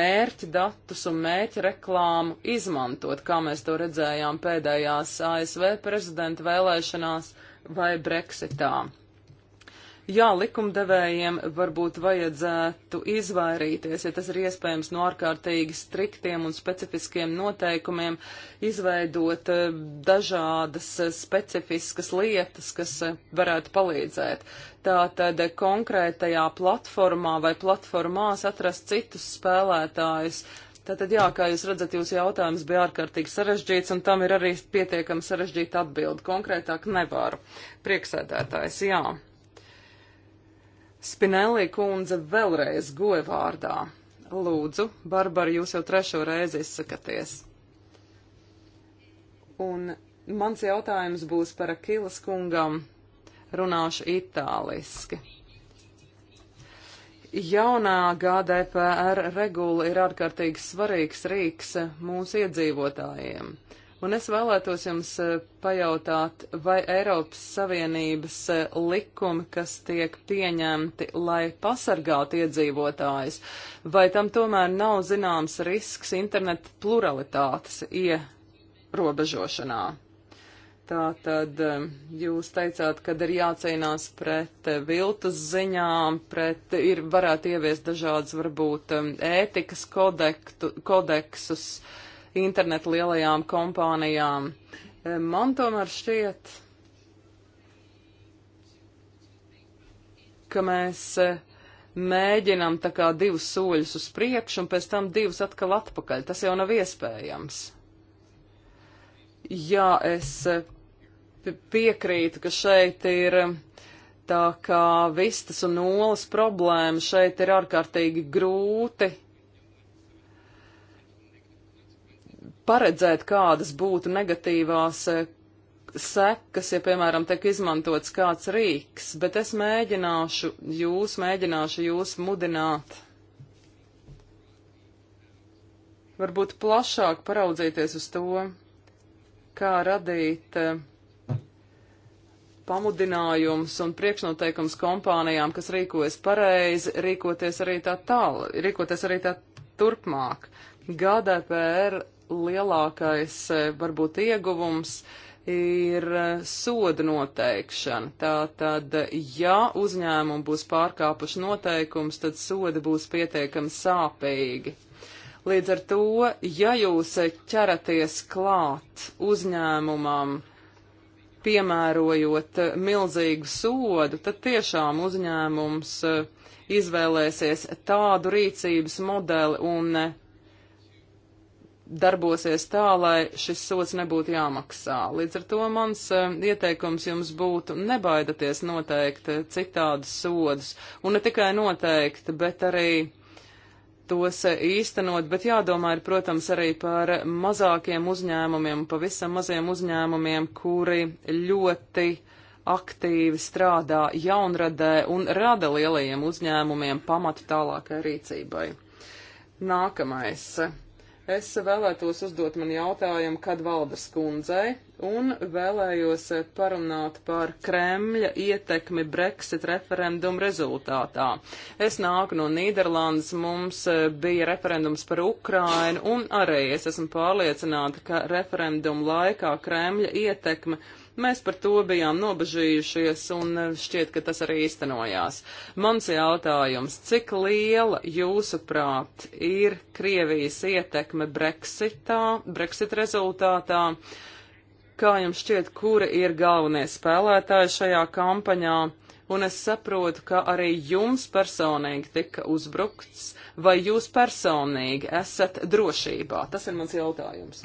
mērķi datus un mērķi reklāmu izmantot, kā mēs to redzējām pēdējās ASV prezidenta vēlēšanās vai Brexitā. Jā, likumdevējiem varbūt vajadzētu izvairīties, ja tas ir iespējams no ārkārtīgi striktiem un specifiskiem noteikumiem, izveidot eh, dažādas eh, specifiskas lietas, kas eh, varētu palīdzēt. Tātad konkrētajā platformā vai platformās atrast citus spēlētājus, Tātad, jā, kā jūs redzat, jūsu jautājums bija ārkārtīgi sarežģīts, un tam ir arī pietiekami sarežģīta atbilde. Konkrētāk nevaru. Prieksēdētājs, jā. Spinelli kundze vēlreiz goja vārdā. Lūdzu, Barbara, jūs jau trešo reizi izsakaties. Un mans jautājums būs par Akilas kungam. Runāšu itāliski. Jaunā GDPR regula ir ārkārtīgi svarīgs rīks mūsu iedzīvotājiem. Un es vēlētos jums eh, pajautāt, vai Eiropas Savienības eh, likumi, kas tiek pieņemti, lai pasargātu iedzīvotājus, vai tam tomēr nav zināms risks internet pluralitātes ierobežošanā? Tā tad eh, jūs teicāt, ka ir jācīnās pret viltus ziņām, pret ir varētu ieviest dažādas varbūt ētikas kodektu, kodeksus. Uh, internetu lielajām kompānijām. Eh, man tomēr šķiet, ka mēs eh, mēģinam tā kā divus soļus uz priekšu un pēc tam divus atkal atpakaļ. Tas jau nav iespējams. Jā, es eh, piekrītu, ka šeit ir tā kā vistas un olas problēma, šeit ir ārkārtīgi grūti paredzēt, kādas būtu negatīvās e, sekas, ja, piemēram, tiek izmantots kāds rīks, bet es mēģināšu jūs, mēģināšu jūs mudināt. Varbūt plašāk paraudzīties uz to, kā radīt e, pamudinājums un priekšnoteikums kompānijām, kas rīkojas pareizi, rīkoties arī tā tālu, rīkoties arī tā turpmāk. GDPR lielākais e, varbūt ieguvums ir e, soda noteikšana. Tātad, ja uzņēmumi būs pārkāpuši noteikums, tad soda būs pietiekami sāpīgi. Līdz ar to, ja jūs e, ķeraties klāt uzņēmumam, piemērojot milzīgu sodu, tad tiešām uzņēmums izvēlēsies tādu rīcības modeli un darbosies tā, lai šis sots nebūtu jāmaksā. Līdz ar to mans uh, ieteikums jums būtu nebaidaties noteikt e, citādus sodus, un ne tikai noteikt, bet arī tos e, īstenot, bet jādomā ir, protams, arī par mazākiem uzņēmumiem, pavisam maziem uzņēmumiem, kuri ļoti aktīvi strādā jaunradē un rada lielajiem uzņēmumiem pamatu tālākai rīcībai. Nākamais Es vēlētos uzdot man jautājumu, kad valdas kundzei, un vēlējos eh, parunāt par Kremļa ietekmi Brexit referendumu rezultātā. Es nāku no Nīderlandes, mums eh, bija referendums par Ukrainu, un arī es esmu pārliecināta, ka referendumu laikā Kremļa ietekme Mēs par to bijām nobežījušies un eh, šķiet, ka tas arī īstenojās. Mans jautājums, cik liela jūsuprāt ir Krievijas ietekme Brexitā, Brexit rezultātā? Kā jums šķiet, kura ir galvenie spēlētāji šajā kampaņā? un es saprotu, ka arī jums personīgi tika uzbrukts, vai jūs personīgi esat drošībā? Tas ir mans jautājums.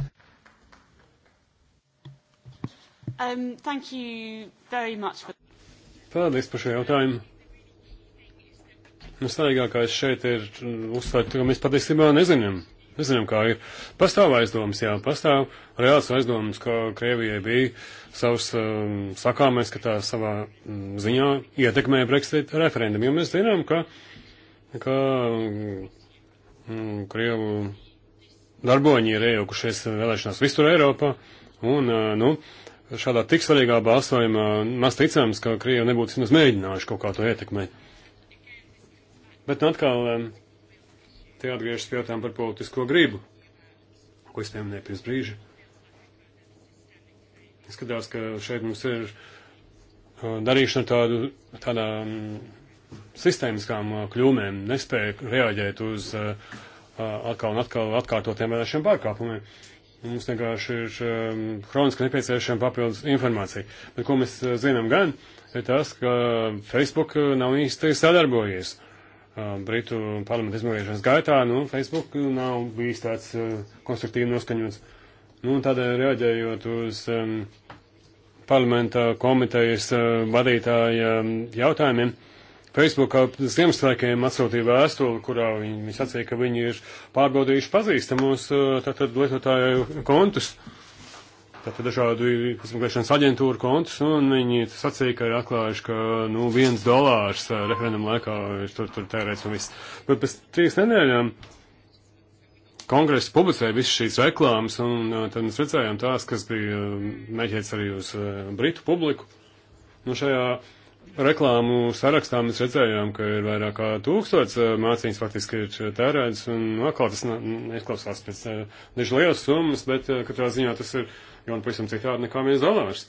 Um, thank you very much for... Paldies par šo jautājumu. Nu, svarīgākais šeit ir mm, uzsvērt, ka mēs patiesībā nezinām. Nezinām, kā ir. Pastāv aizdomas, jā, pastāv reāls aizdomas, ka Krievijai bija savs um, sakāmais, ka tā savā um, ziņā ietekmē Brexit referendumu. Jo mēs zinām, ka, ka um, Krievu darboņi ir iejaukušies vēlēšanās visur Eiropā. Un, uh, nu, šādā tik svarīgā balsojumā maz ticams, ka Krievi nebūtu vismaz mēģinājuši kaut kā to ietekmēt. Bet atkal te atgriežas pie jautājuma par politisko gribu, ko es pieminēju pirms brīža. Izskatās, ka šeit mums ir darīšana tādu, tādām sistēmiskām kļūmēm, nespēja reaģēt uz atkal un atkal atkārtotiem vēlēšiem pārkāpumiem. Uh, Mums vienkārši ir um, ehm, hroniski nepieciešama papildus informācija. Bet ko mēs uh, zinām gan, ir tas, ka Facebook eh, nav īsti sadarbojies. Uh, Britu parlamentu izmeklēšanas gaitā, nu, Facebook nav bijis tāds uh, konstruktīvi noskaņots. Nu, tādēļ reaģējot uz um, parlamenta komitejas uh, vadītāja um, jautājumiem. Uh, Facebookā Ziemassvētkiem atsūtīja vēstuli, kurā viņi, viņi sacīja, ka viņi ir pārbaudījuši pazīstamos uh, tātad lietotāju kontus, tātad dažādu izmeklēšanas aģentūru kontus, un viņi sacīja, ka ir atklājuši, ka, nu, viens dolārs uh, referendum laikā ir tur, tur tērēts un viss. Bet pēc trīs nedēļām kongress publicēja visas šīs reklāmas, un uh, tad mēs redzējām tās, kas bija mēģināts arī uz Britu publiku. Nu, šajā reklāmu sarakstā mēs redzējām, ka ir vairāk kā tūkstots eh, mācījums faktiski ir tērēts, un atkal tas neizklausās pēc eh, dažas lielas summas, bet eh, katrā ziņā tas ir jau nu, un pavisam citādi nekā viens dolārs.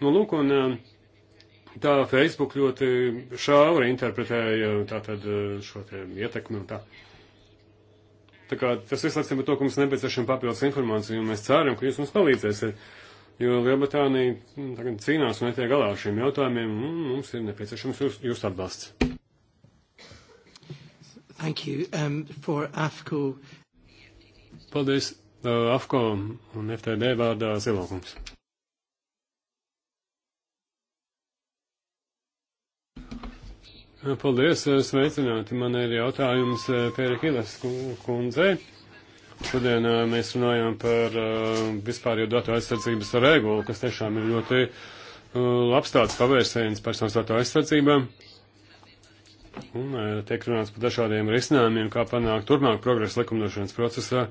Nu, lūk, un tā Facebook ļoti šauri interpretēja tātad šo te ietekmi un tā. Tā kā tas viss liecina par to, ka mums nepieciešama papildus informācija, un mēs ceram, ka jūs mums palīdzēsiet jo Lielbritānija mm, tagad cīnās un netiek galā ar šiem jautājumiem. Mums ir nepieciešams jūs, jūs atbalsts. Thank you um, for AFCO. Paldies uh, AFCO un FTD vārdā Zilokums. Paldies, sveicināti. Man ir jautājums uh, Pērikilas kundzei. Ku Šodien mēs runājām par vispārējo datu aizsardzības regulu, kas tiešām ir ļoti labs tāds pavērsiens personas datu aizsardzībām. Un tiek runāts par dažādiem risinājumiem, kā panākt turpmāk progresu likumdošanas procesā,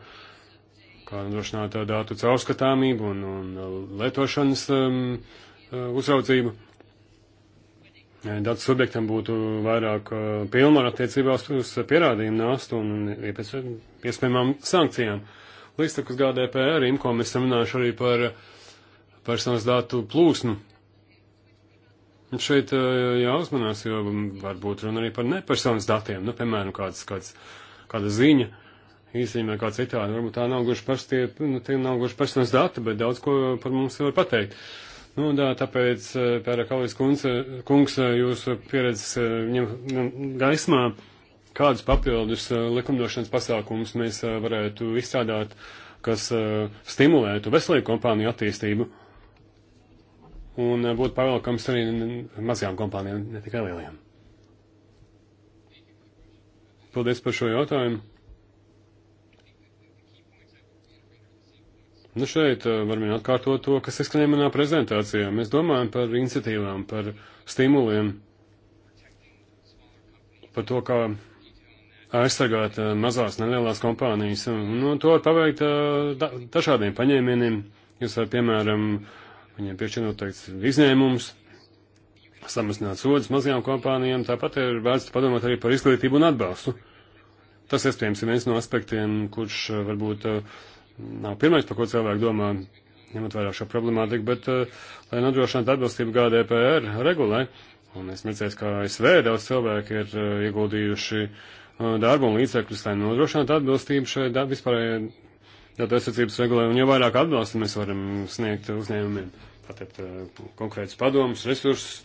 kā nodrošināt datu caurskatāmību un, un lietošanas um, uzraudzību. Datu subjektam būtu vairāk pilnvaru attiecībās uz pierādījumu nāstu un iespējamām sankcijām. Līdztekus GDPR imko mēs runājuši arī par personas datu plūsmu. Un šeit jāuzmanās, jo varbūt runa arī par nepersonas datiem. Nu, piemēram, kāds, kāds, kāda ziņa īstenībā kā citādi. Varbūt tā nav gluži pers, tie, nu, tie nav gluži personas dati, bet daudz ko par mums var pateikt. Uh, Nu, tā, tāpēc, pērā Kalvis kungs, kungs, jūsu pieredzes ņem nu, gaismā, kādus papildus likumdošanas pasākumus mēs varētu izstrādāt, kas stimulētu veselīgu kompāniju attīstību un būtu pavēlkams arī mazajām kompānijām, ne tikai lielajām. Paldies par šo jautājumu. Nu šeit eh, varam atkārtot to, kas izskanēja manā prezentācijā. Mēs domājam par iniciatīvām, par stimuliem, par to, kā aizsargāt eh, mazās nelielās kompānijas. Nu, to var paveikt eh, dažādiem paņēmieniem. Jūs varat, piemēram, viņiem piešķirot teikt izņēmumus, samazināt sodus mazajām kompānijām. Tāpat ir vērts padomāt arī par izglītību un atbalstu. Tas, iespējams, ir viens no aspektiem, kurš varbūt uh, nav pirmais, par ko cilvēki domā, ņemot vērā šo problemātiku, bet, eh, lai nodrošinātu atbilstību GDPR regulē, un es mērķēju, ka SV daudz cilvēki ir eh, ieguldījuši eh, darbu un līdzekļus, lai nodrošinātu atbilstību šai da vispārējai datu aizsardzības regulē, un jo vairāk atbalstu mēs varam sniegt uzņēmumiem, tātad konkrētus padomus, resursus,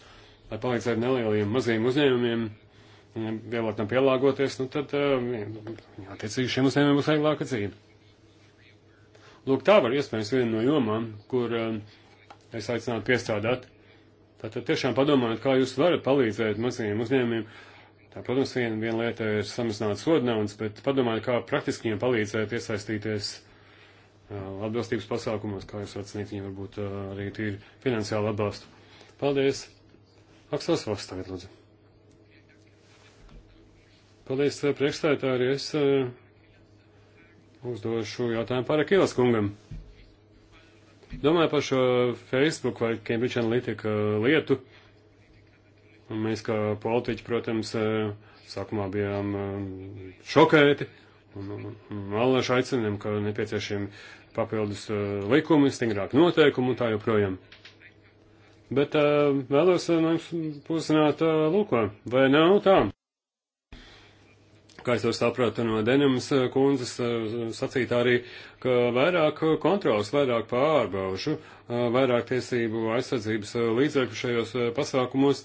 lai palīdzētu nelieliem maziem uzņēmumiem vieglāk tam pielāgoties, nu tad, attiecīgi, šiem uzņēmumiem būs vieglāka dzīve. Lūk, tā var iespējams viena no jomām, kur um, es aicinātu piestrādāt. Tātad tiešām padomājiet, kā jūs varat palīdzēt mazajiem uzņēmumiem. Tā, protams, viena, viena lieta ir samazināt sodnaudas, bet padomājiet, kā praktiski viņiem palīdzēt iesaistīties uh, atbilstības pasākumos, kā jūs varat sniegt viņiem varbūt uh, arī tīri finansiālu atbalstu. Paldies! Aksels Voss tagad, lūdzu. Paldies, uh, priekšstādātāji, arī es. Uh, Uzdošu jautājumu par Akilas kungam. Domāju par šo Facebook vai Cambridge Analytica uh, lietu. Un mēs kā politiķi, protams, uh, sākumā bijām uh, šokēti un, un, un allaši aicinām, ka nepieciešami papildus likumi, stingrāk noteikumi un tā joprojām. Bet vēlos no jums pusināt lūko, vai nav tā? kā es to sapratu no Denemas eh, kundzes eh, sacītā arī, ka vairāk kontrols, vairāk pārbaušu, eh, vairāk tiesību aizsardzības līdzekļu šajos pasākumos.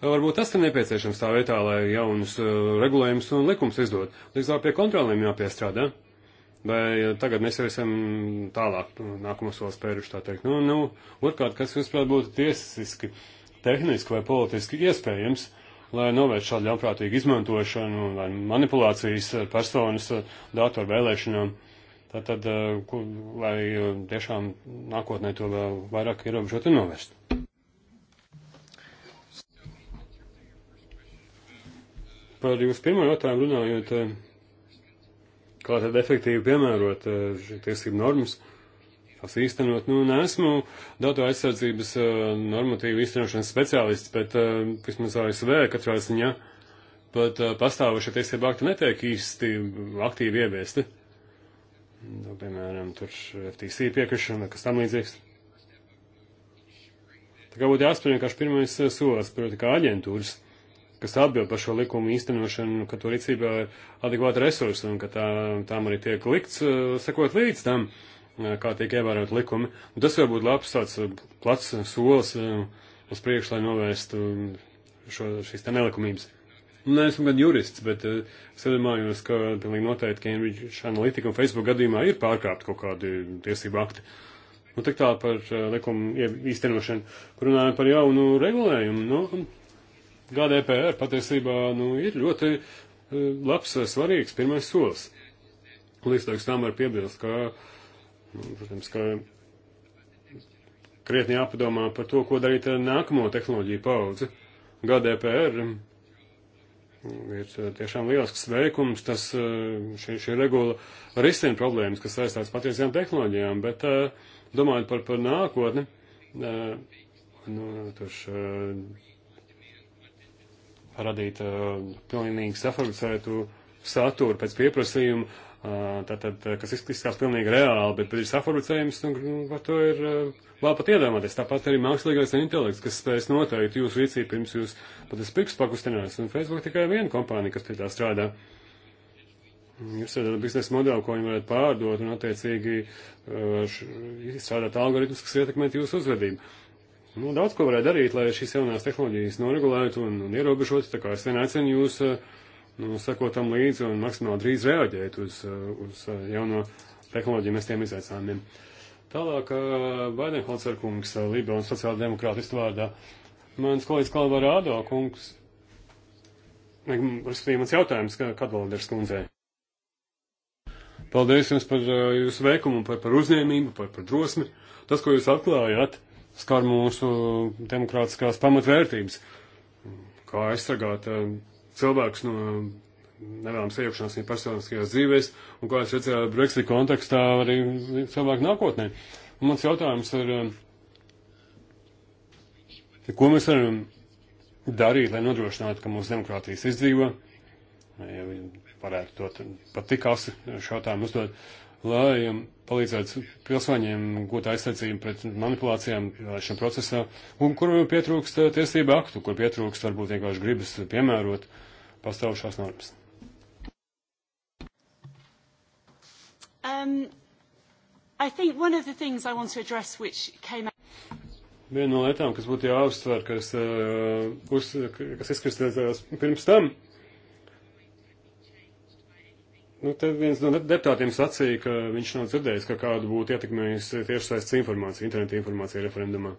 Varbūt tas ir nepieciešams tā vietā, lai jaunus regulējumus un likums izdod. Līdz ar pie kontrolēm jāpiestrādā. Vai tagad mēs jau esam tālāk nākamos solis spēruši, tā teikt. Nu, nu, otrkārt, kas, jūsuprāt, būtu tiesiski, tehniski vai politiski iespējams? Uh, lai novērstu šādu ļaunprātīgu izmantošanu vai manipulācijas ar eh, personas eh, datoru vēlēšanām. Tātad, eh, lai tiešām nākotnē to vēl vairāk ierobežot un novērst. Par jūsu pirmo jautājumu runājot, kā tad efektīvi piemērot tiesību normas tās īstenot. Nu, nesmu datu aizsardzības uh, normatīvu īstenošanas speciālists, bet uh, vismaz ASV katrā ziņā pat uh, pastāvošie tiesība akti netiek īsti aktīvi ieviesti. Nu, piemēram, tur FTC piekrišana, kas tam līdzīgs. Tā kā būtu jāspēr vienkārši pirmais solis, proti, kā aģentūras, kas atbild par šo likumu īstenošanu, ka to rīcībā ir adekvāti resursi un ka tā, tām arī tiek likts, sekot līdz tam, Eh, kā tiek ievērot likumi. Un tas var būt labs tāds eh, plats solis eh, uz priekšu, lai novērstu mm, šo, šīs te nelikumības. Nē, nu, esmu gan jurists, bet es domāju, ka pilnīgi noteikti Cambridge Analytica un Facebook gadījumā ir pārkāpta kaut kādi tiesību akti. Un nu, tik tā par likumu īstenošanu, kur runājam par jaunu regulējumu. Nu, GDPR patiesībā nu, ir ļoti labs, svarīgs pirmais solis. Līdz tam var piebilst, ka uh, Nu, protams, ka krietni jāpadomā par to, ko darīt ar nākamo tehnoloģiju paudzi. GDPR ir uh, tiešām lielisks veikums, tas uh, šī, šī regula risina problēmas, kas saistās patiesajām tehnoloģijām, bet uh, domājot par, par nākotni, nu, tuš, radīt pilnīgi safabricētu saturu pēc pieprasījuma, tātad, kas izskatās pilnīgi reāli, bet, bet ir saforucējums, un nu, nu, par to ir vēl pat iedomāties. Tāpat arī mākslīgais intelekts, kas spējas noteikt jūsu rīcību, pirms jūs pat es pirks pakustinās, un Facebook tikai viena kompānija, kas pie tā strādā. Jūs redzat biznesa modeli, ko viņi varētu pārdot, un attiecīgi izstrādāt algoritmus, kas ietekmētu jūsu uzvedību. Nu, daudz ko varētu darīt, lai šīs jaunās tehnoloģijas noregulētu un, un ierobežotu, tā kā es vien aicinu jūs uh, nu, sekotam līdzi un maksimāli drīz reaģēt uz, uh, uz uh, jauno tehnoloģiju mestiem izaicinājumiem. Tālāk, uh, Baidenholzer kungs, Libe un sociāldemokrātistu vārdā. Mans kolēģis Kalvarādo kungs, rakstīja mans jautājums, kā, kad valdērs kundzē. Paldies jums par jūsu veikumu, par, par uzņēmību, par, par drosmi. Tas, ko jūs atklājāt, skar mūsu demokrātiskās pamatvērtības. Kā aizsargāt uh, cilvēkus no nevēlams iejaukšanās viņa personiskajās dzīvēs, un kā es redzēju Brexit kontekstā arī cilvēku nākotnē. Un mans jautājums ir, eh, ko mēs varam darīt, lai nodrošinātu, ka mūsu demokrātijas izdzīvo, ja varētu to pat tik asi šautājumu uzdot, lai um, palīdzētu pilsoņiem gūt aizsardzību pret manipulācijām šajā procesā, un kur pietrūkst uh, tiesību aktu, kur pietrūkst varbūt vienkārši gribas piemērot pastāvošās normas. Um, address, came... Viena no lietām, kas būtu jāuztver, kas, uh, uz, kas izkristalizējās pirms tam, Nu, te viens no deputātiem sacīja, ka viņš nav dzirdējis, ka kādu būtu ietekmējusi tiešsaistes informācija, interneta informācija referendumā.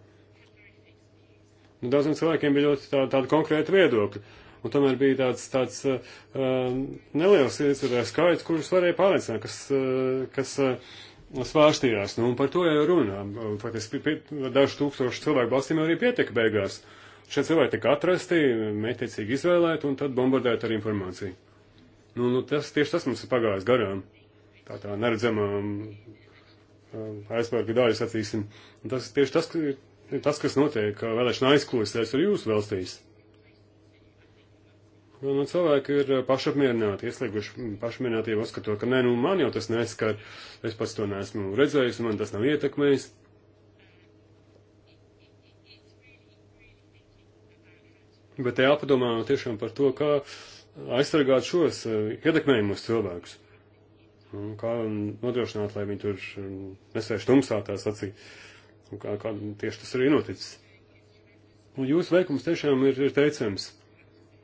Nu, daudziem cilvēkiem bija ļoti tā, tāda konkrēta viedokļa. Un tomēr bija tāds, tāds uh, um, neliels iedzīvotājs skaits, kurus varēja pārliecināt, kas, uh, kas uh, svārstījās. Nu, un par to jau runā. Faktiski dažu tūkstošu cilvēku balstīm arī pietika beigās. Šie cilvēki tika atrasti, mētiecīgi izvēlēti un tad bombardēti ar informāciju. Nu, nu, tas tieši tas mums ir pagājis garām. Tā tā neredzamā um, um, aizsvarga daļa, sacīsim. Un tas tieši tas, tas, kas notiek vēlēšana aizkulisēs ar jūsu valstīs. Nu, nu, cilvēki ir uh, pašapmierināti, ieslieguši pašapmierinātību, uzskatot, ka nē, nu, man jau tas neskar, es pats to neesmu redzējis, man tas nav ietekmējis. Bet te jāpadomā tiešām par to, kā aizsargāt šos eh, ietekmējumus cilvēkus? Un kā nodrošināt, lai viņi tur mm, nesēž tumsā tā sacī? Un kā, kā tieši tas arī noticis? Un jūsu veikums tiešām ir, ir teicams.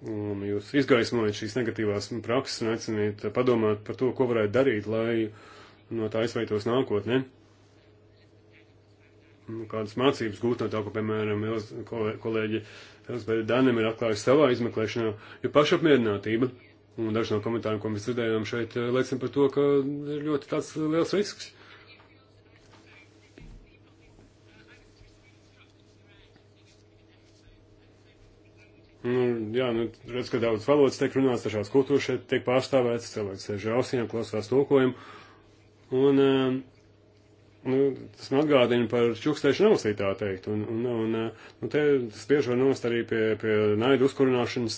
Un jūs izgaismojat šīs negatīvās prakses un aiciniet padomāt par to, ko varētu darīt, lai no tā izveidos nākotne. Nu, kādas mācības gūt no tā, ko, piemēram, Elz, kolēģi Elzbēda Danem ir atklājusi savā izmeklēšanā, jo pašapmierinātība, un daži no komentāriem, ko mēs dzirdējām šeit, eh, liecina par to, ka ir ļoti tāds liels risks. Nu, jā, nu, redz, ka daudz valodas tiek runāts, dažās kultūras šeit tiek pārstāvētas, cilvēks sēž ausīm, klausās tulkojumu, un uh, Nu, tas man atgādina par čukstēšanu ausī, tā teikt. Un, un, un nu, te tas bieži var novest arī pie, pie naidu uzkurināšanas.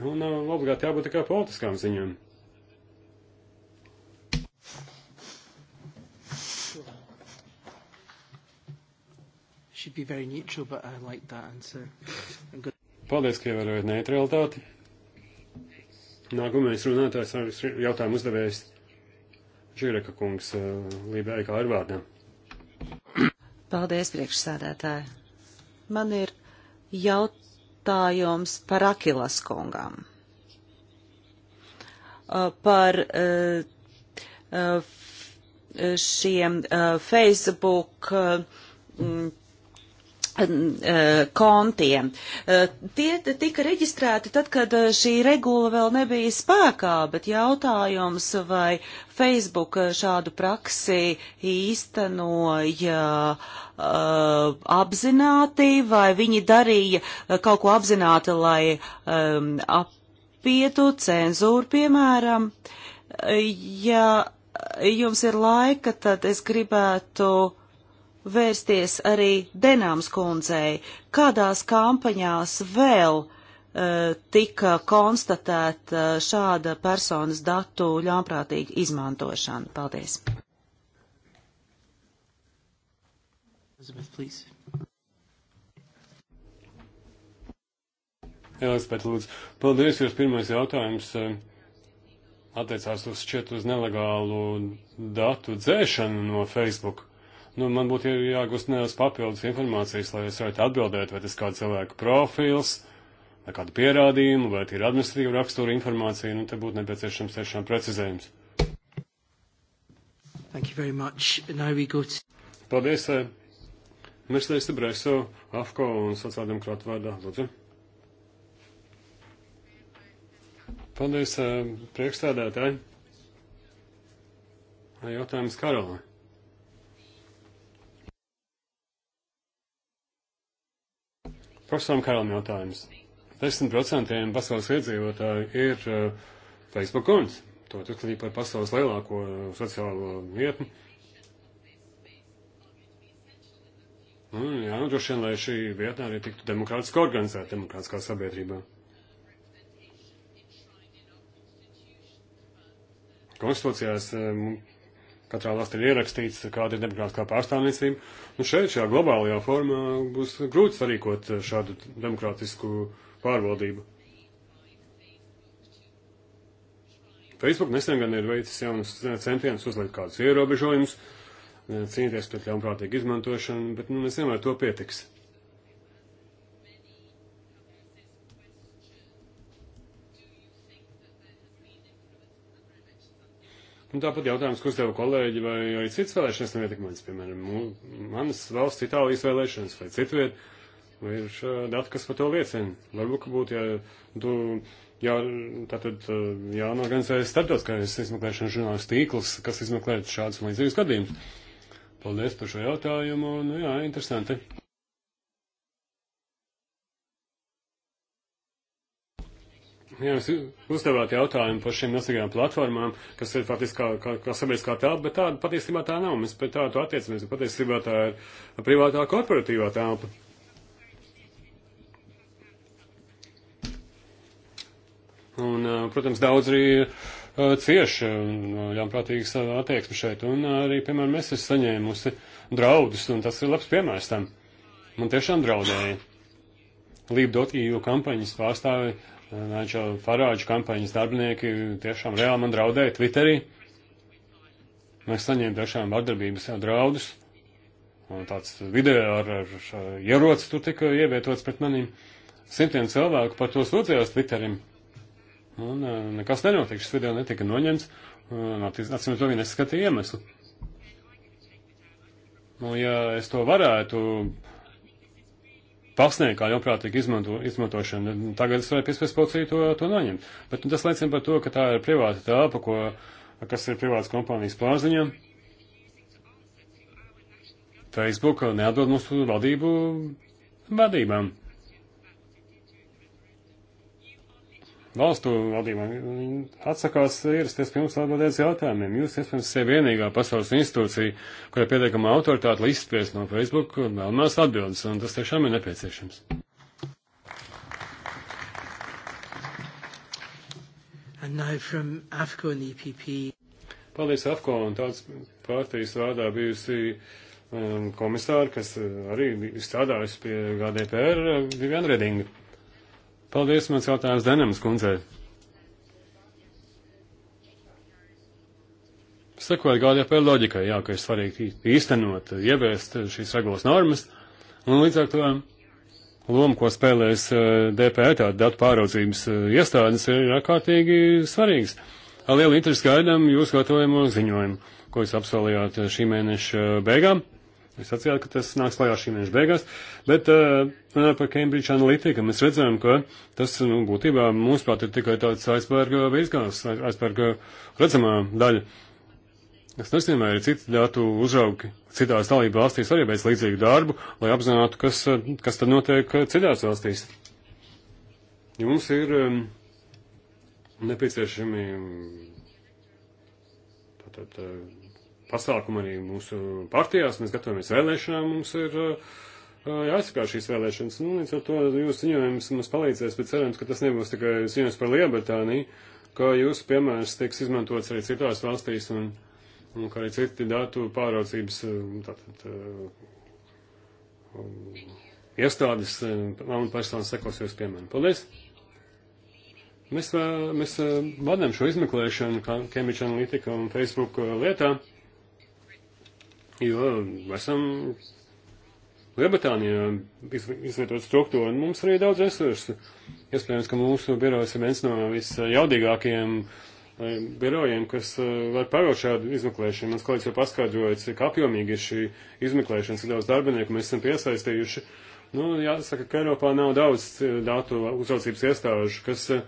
Nu, un nav uh, obligāti jābūt tikai politiskām ziņām. Should be very neutral, but I like that answer. Paldies, ka ievērojat neutralitāti. Nākamais runātājs ar jautājumu uzdevējs. Žireka kungs, Lībijai kā ir vārdā. Paldies, priekšsēdētāji. Man ir jautājums par Akilas kungām. Eh, par eh, eh, šiem Facebook kontiem. Tie tika reģistrēti tad, kad eh, šī regula vēl nebija spēkā, bet jautājums, vai Facebook eh, šādu praksi īstenoja eh, apzināti, vai viņi darīja kaut ko apzināti, lai ehm, apietu cenzūru, piemēram. Ja jums ir laika, tad es gribētu vērsties arī Denāms kundzei, kādās kampaņās vēl uh, tika konstatēta eh, šāda personas datu ļaunprātīga izmantošana. Paldies! Elizabet, lūdzu, paldies, jūs pirmais jautājums eh, attiecās uz šķiet uz nelegālu datu dzēšanu no Facebook. Nu, man būtu jāgūst nedaudz papildus informācijas, lai es varētu atbildēt, vai tas kāda cilvēka profils, vai kāda pierādījuma, vai ir administratīva rakstura informācija, nu, te būtu nepieciešams tiešām precizējums. Thank you very much. Now we go to... Paldies. Eh, Mercedes Breso, AFCO un sociāldemokrāta vārdā. Lūdzu. Paldies, eh, priekšstādētāji. Jautājums Karolai. Profesoram Karalam jautājums. 10% pasaules iedzīvotāji ir uh, Facebook konts. To uzskatīja par pasaules lielāko uh, sociālo vietni. Nu, jā, nu, droši vien, lai šī vietnē arī tiktu demokrātiski organizēta demokrātiskā sabiedrībā. Konstitūcijās um, katrā valstī ir ierakstīts, kāda ir demokrātiskā pārstāvniecība. Un nu, šeit, šajā globālajā formā, būs grūti sarīkot šādu demokrātisku pārvaldību. Facebook nesen gan ir veicis jaunus eh, centienus uzlikt kādus ierobežojumus, eh, cīnīties pret ļaunprātīgu izmantošanu, bet nu, mēs vienmēr to pietiks. Un nu, tāpat jautājums, ko uzdeva kolēģi vai arī cits vēlēšanas nav ietekmēts, piemēram, manas valsts Itālijas vēlēšanas vai citviet, vai ir dati, kas par to liecina. Varbūt, ka būtu, ja tu, jā, tātad jānorganizē starptautiskais izmeklēšanas žurnāls tīkls, kas izmeklē šādus un līdzīgus gadījumus. Paldies par šo jautājumu, nu jā, interesanti. Jā, jūs uzdevāt jautājumu par šīm nesagrām platformām, kas ir faktiski kā, kā, kā sabiedriskā telpa, bet tāda patiesībā tā nav. Mēs pret tādu attiecamies, ka patiesībā tā ir privātā korporatīvā telpa. Un, protams, daudz arī cieši ļaunprātīgas attieksmes šeit. Un arī, piemēram, es esmu saņēmusi draudus, un tas ir labs piemērs tam. Man tiešām draudēja. Lībdot EU kampaņas pārstāvi Nigel Farage kampaņas darbinieki tiešām reāli man draudēja Twitterī. Mēs saņēmām tiešām vardarbības draudus. Un tāds video ar, ar ieroci tur tika ievietots pret manīm. Simtiem cilvēku par to sūdzējās Twitterim. Un e, nekas nenotika, šis video netika noņemts. Atcīm to viņi neskatīja iemeslu. Nu, ja es to varētu pasniegā ļaunprātīga izmanto, izmantošana. Tagad es varēju piespiest policiju to, to noņemt. Bet tas liecina par to, ka tā ir privāta telpa, ko, kas ir privātas kompānijas plāziņā. Facebook neatbild mūsu valdību vadībām. valstu valdībām atsakās ierasties pie mums atbildēt jautājumiem. Jūs, iespējams, esat vienīgā pasaules institūcija, kurai pietiekama autoritāte, lai izspiest no Facebook vēlamās atbildes, un tas tiešām ir nepieciešams. Afko e Paldies, Afko, un tāds pārtīs vārdā bijusi um, komisāra, kas uh, arī strādājusi pie GDPR, uh, Vivian Redinga. Paldies, mans jautājums Denams kundzei. Sekot GDP loģikai, jā, ka ir svarīgi īstenot, ieviest šīs regulas normas, un līdz ar to loma, ko spēlēs eh, DPE, tāda datu pāraudzības eh, iestādes, ir ārkārtīgi svarīgs. Ar lielu interesi gaidām jūs gatavojamo ziņojumu, ko jūs apsolījāt eh, šī mēneša beigām. Jūs atsījāt, ka tas nāks klajā šī mēneša beigās, bet uh, runājot uh, par Cambridge Analytica, mēs redzējām, ka tas, nu, būtībā, mūsuprāt, ir tikai tāds aizpērga beizgās, uh, aizpērga uh, redzamā daļa. Es nezinu, vai ir citi datu uzraugi citās dalību valstīs arī veic līdzīgu darbu, lai apzinātu, kas, kas tad notiek citās valstīs. Ja mums ir um, nepieciešami tātad. Uh, pasākumu arī mūsu partijās, mēs gatavojamies vēlēšanām, mums ir uh, uh, jāizsakā šīs vēlēšanas. Nu, līdz ar to jūsu ziņojums mums palīdzēs, bet cerams, ka tas nebūs tikai ziņojums par Lielbritāniju, ka jūsu piemērs tiks izmantots arī citās valstīs un, un kā arī citi datu pāraudzības uh, tātad, um, iestādes un personas sekos jūsu piemēram. Paldies! Mēs, mēs vadām šo izmeklēšanu Cambridge Analytica un Facebook lietā jo esam Lielbritānijā izvietot struktūru, un mums arī daudz resursu. Iespējams, ka mūsu birojas ir viens no visjaudīgākajiem eh, birojiem, kas eh, var pārot šādu izmeklēšanu. Mans kolēģis jau paskaidroja, cik apjomīgi ir šī izmeklēšana, cik daudz darbinieku mēs esam piesaistījuši. Nu, jāsaka, ka Eiropā nav daudz eh, datu uzraucības iestāžu, kas uh,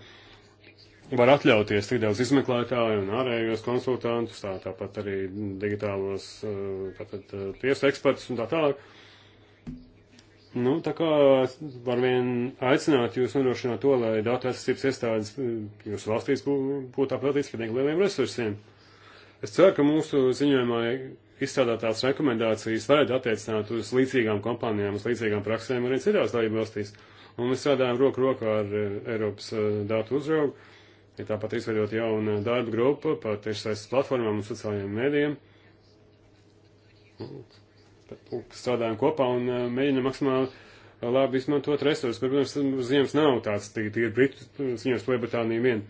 var atļauties tik daudz izmeklētāju un ārējos konsultantus, tā, tāpat arī digitālos eh, tātad, eh, tiesu ekspertus un tā tālāk. Nu, tā kā var vien aicināt jūs nodrošināt to, lai datu aizsardzības iestādes eh, jūsu valstīs būtu apratīts par nelieliem resursiem. Es ceru, ka mūsu ziņojumā izstrādātās rekomendācijas varētu attiecināt uz līdzīgām kompānijām, uz līdzīgām praksēm arī citās dalību valstīs. Un mēs strādājam roku rokā ar Eiropas datu uzraugu Ir tāpat izveidot jaunu darba grupu par tiešsaistes platformām un sociālajiem mēdījiem. Strādājam kopā un eh, mēģinam maksimāli eh, labi izmantot resursus. Protams, ziņas nav tāds, ir Britu ziņas Lielbritānija vien.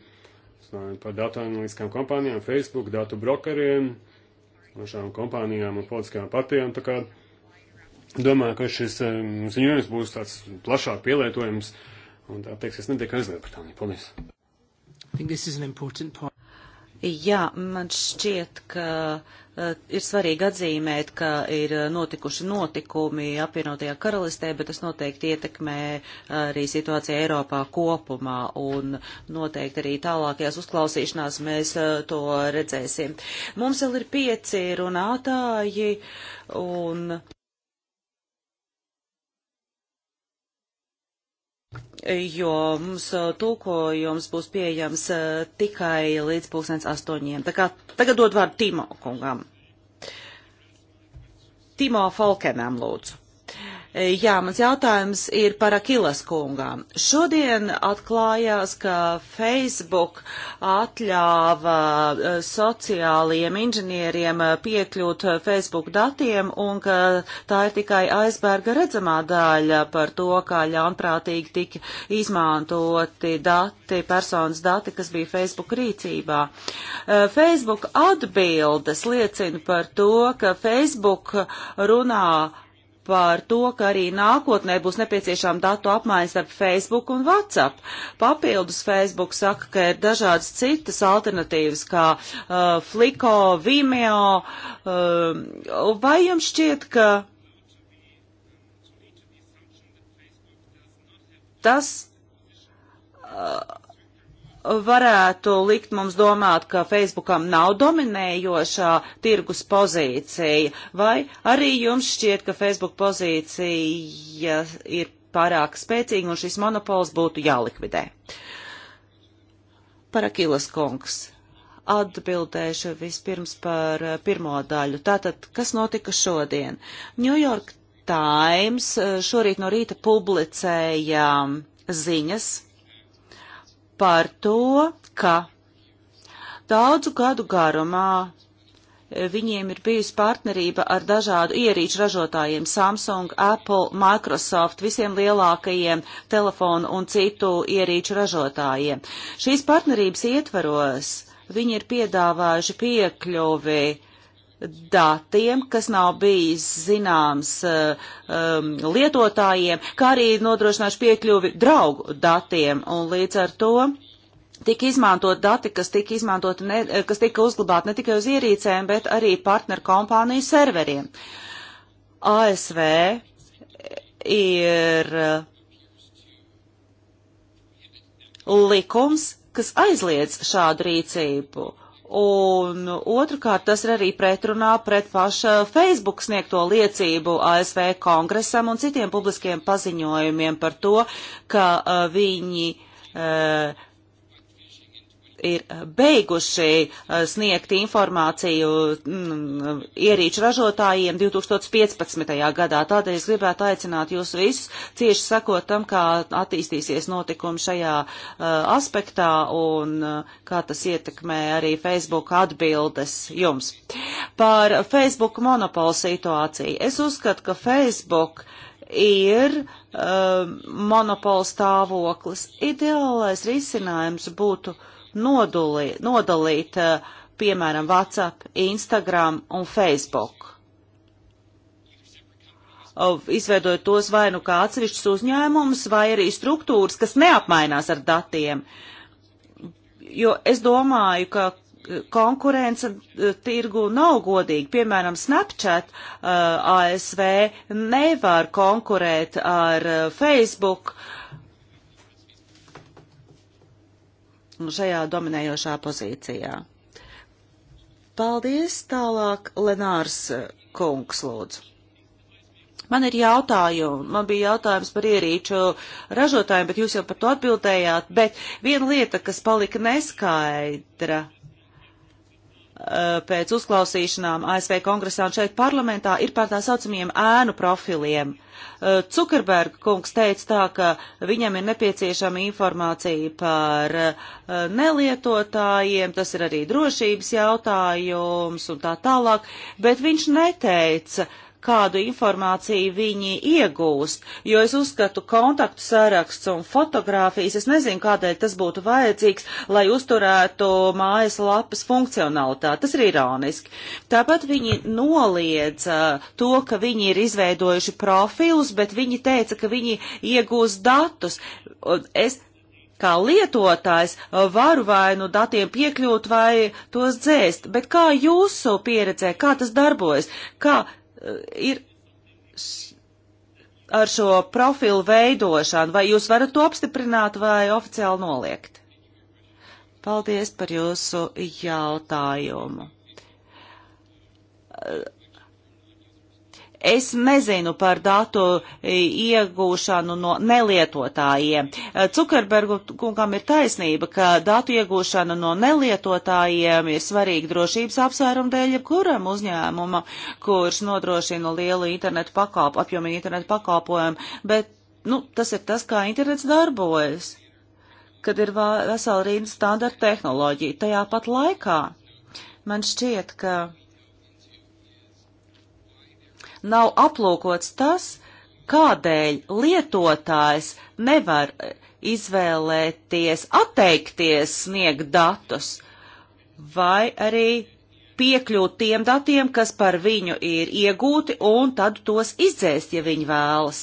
Runājam par datu analītiskām kompānijām, Facebook, datu brokeriem, šām kompānijām un politiskajām partijām. Tā kā domāju, ka šis eh, ziņojums būs tāds plašāk pielietojams un attieksies ne tikai uz Lielbritāniju. Paldies! Jā, man šķiet, ka uh, ir svarīgi atzīmēt, ka ir notikuši notikumi apvienotajā karalistē, bet tas noteikti ietekmē arī situāciju Eiropā kopumā un noteikti arī tālākajās uzklausīšanās mēs uh, to redzēsim. Mums vēl ir pieci runātāji un. jo mums tulkojums būs pieejams tikai līdz pusdienas astoņiem. Tā kā tagad dod vārdu Timo kungam. Timo Falkenam lūdzu. E, jā, mans jautājums ir par Akilas kungām. Šodien atklājās, ka Facebook atļāva e, sociālajiem inženieriem e, piekļūt Facebook datiem un ka tā ir tikai aizberga redzamā daļa par to, kā ļaunprātīgi tika izmantoti dati, personas dati, kas bija Facebook rīcībā. Facebook atbildes liecina par to, ka Facebook runā par to, ka arī nākotnē būs nepieciešama datu apmaiņa starp Facebook un WhatsApp. Papildus Facebook saka, ka ir dažādas citas alternatīvas, kā uh, Flickr, Vimeo. Uh, vai jums šķiet, ka tas. Uh, varētu likt mums domāt, ka Facebookam nav dominējošā tirgus pozīcija, vai arī jums šķiet, ka Facebook pozīcija ir pārāk spēcīga un šis monopols būtu jālikvidē? Parakilas kungs. Atbildēšu vispirms par eh, pirmo daļu. Tātad, kas notika šodien? New York Times eh, šorīt no rīta publicēja mm, ziņas par to, ka daudzu gadu garumā e, viņiem ir bijusi partnerība ar dažādu ierīču ražotājiem - Samsung, Apple, Microsoft, visiem lielākajiem telefonu un citu ierīču ražotājiem. Šīs partnerības ietvaros viņi ir piedāvājuši piekļuvi datiem, kas nav bijis zināms uh, um, lietotājiem, kā arī nodrošināšu piekļuvi draugu datiem. Un līdz ar to tika izmantot dati, kas tika, izmantot ne, eh, kas tika uzglabāti ne tikai uz ierīcēm, bet arī partneru kompāniju serveriem. ASV ir eh, likums, kas aizliedz šādu rīcību. Un otrkārt, tas ir arī pretrunā pret paša Facebook sniegto liecību ASV kongresam un citiem publiskiem paziņojumiem par to, ka uh, viņi uh, ir eh, beiguši eh, sniegt informāciju mm, ierīču ražotājiem 2015. gadā. Tādēļ es gribētu aicināt jūs visus cieši sakot tam, kā attīstīsies notikumi šajā eh, aspektā un kā tas ietekmē arī Facebook atbildes jums. Par Facebook monopolu situāciju. Es uzskatu, ka Facebook ir um, monopola stāvoklis. Ideālais risinājums būtu uh, nodulī, nodalīt, eh, piemēram, WhatsApp, Instagram un Facebook izveidojot tos vai nu kā atsevišķus uzņēmumus, vai arī struktūras, kas neapmainās ar datiem. Jo es domāju, ka eh, konkurence eh, tirgu nav godīga. Piemēram, Snapchat uh, ASV nevar konkurēt ar Facebook, Nu, šajā dominējošā pozīcijā. Paldies tālāk, Lenārs eh, Kungs, lūdzu. Man ir jautājumi, man bija jautājums par ierīču ražotājiem, bet jūs jau par to atbildējāt, bet viena lieta, kas palika neskaidra, Eh, pēc uzklausīšanām ASV kongresā un šeit parlamentā ir par tā saucamiem ēnu profiliem. Eh, Cukerberga kungs teica tā, ka viņam ir nepieciešama informācija par eh, nelietotājiem, tas ir arī drošības jautājums un tā tālāk, bet viņš neteica, uh, kādu informāciju viņi iegūst, jo es uzskatu kontaktu saraksts un fotogrāfijas, es nezinu, kādēļ tas būtu vajadzīgs, lai uzturētu mājas lapas funkcionalitāti. Tas ir ironiski. Tāpat viņi noliedz uh, to, ka viņi ir izveidojuši profilus, bet viņi teica, ka viņi iegūs datus. Es kā lietotājs varu vai nu datiem piekļūt vai tos dzēst, bet kā jūsu pieredzē, kā tas darbojas, kā ir ar šo profilu veidošanu, vai jūs varat to apstiprināt vai oficiāli noliegt? Paldies par jūsu jautājumu Es nezinu par datu e, iegūšanu no nelietotājiem. E, Cukerbergu kungam ir taisnība, ka datu iegūšana no nelietotājiem ir svarīga drošības apsvērumu dēļ jebkuram uzņēmumam, kurš nodrošina lielu internetu pakalpu, apjomīgu internetu pakalpojumu, bet, nu, tas ir tas, kā internets darbojas, kad ir vesela rīna standarta tehnoloģija. Tajā pat laikā man šķiet, ka nav aplūkots tas, kādēļ lietotājs nevar eh, izvēlēties atteikties sniegt datus vai arī piekļūt tiem datiem, kas par viņu ir iegūti un tad tos izdzēst, ja viņi vēlas.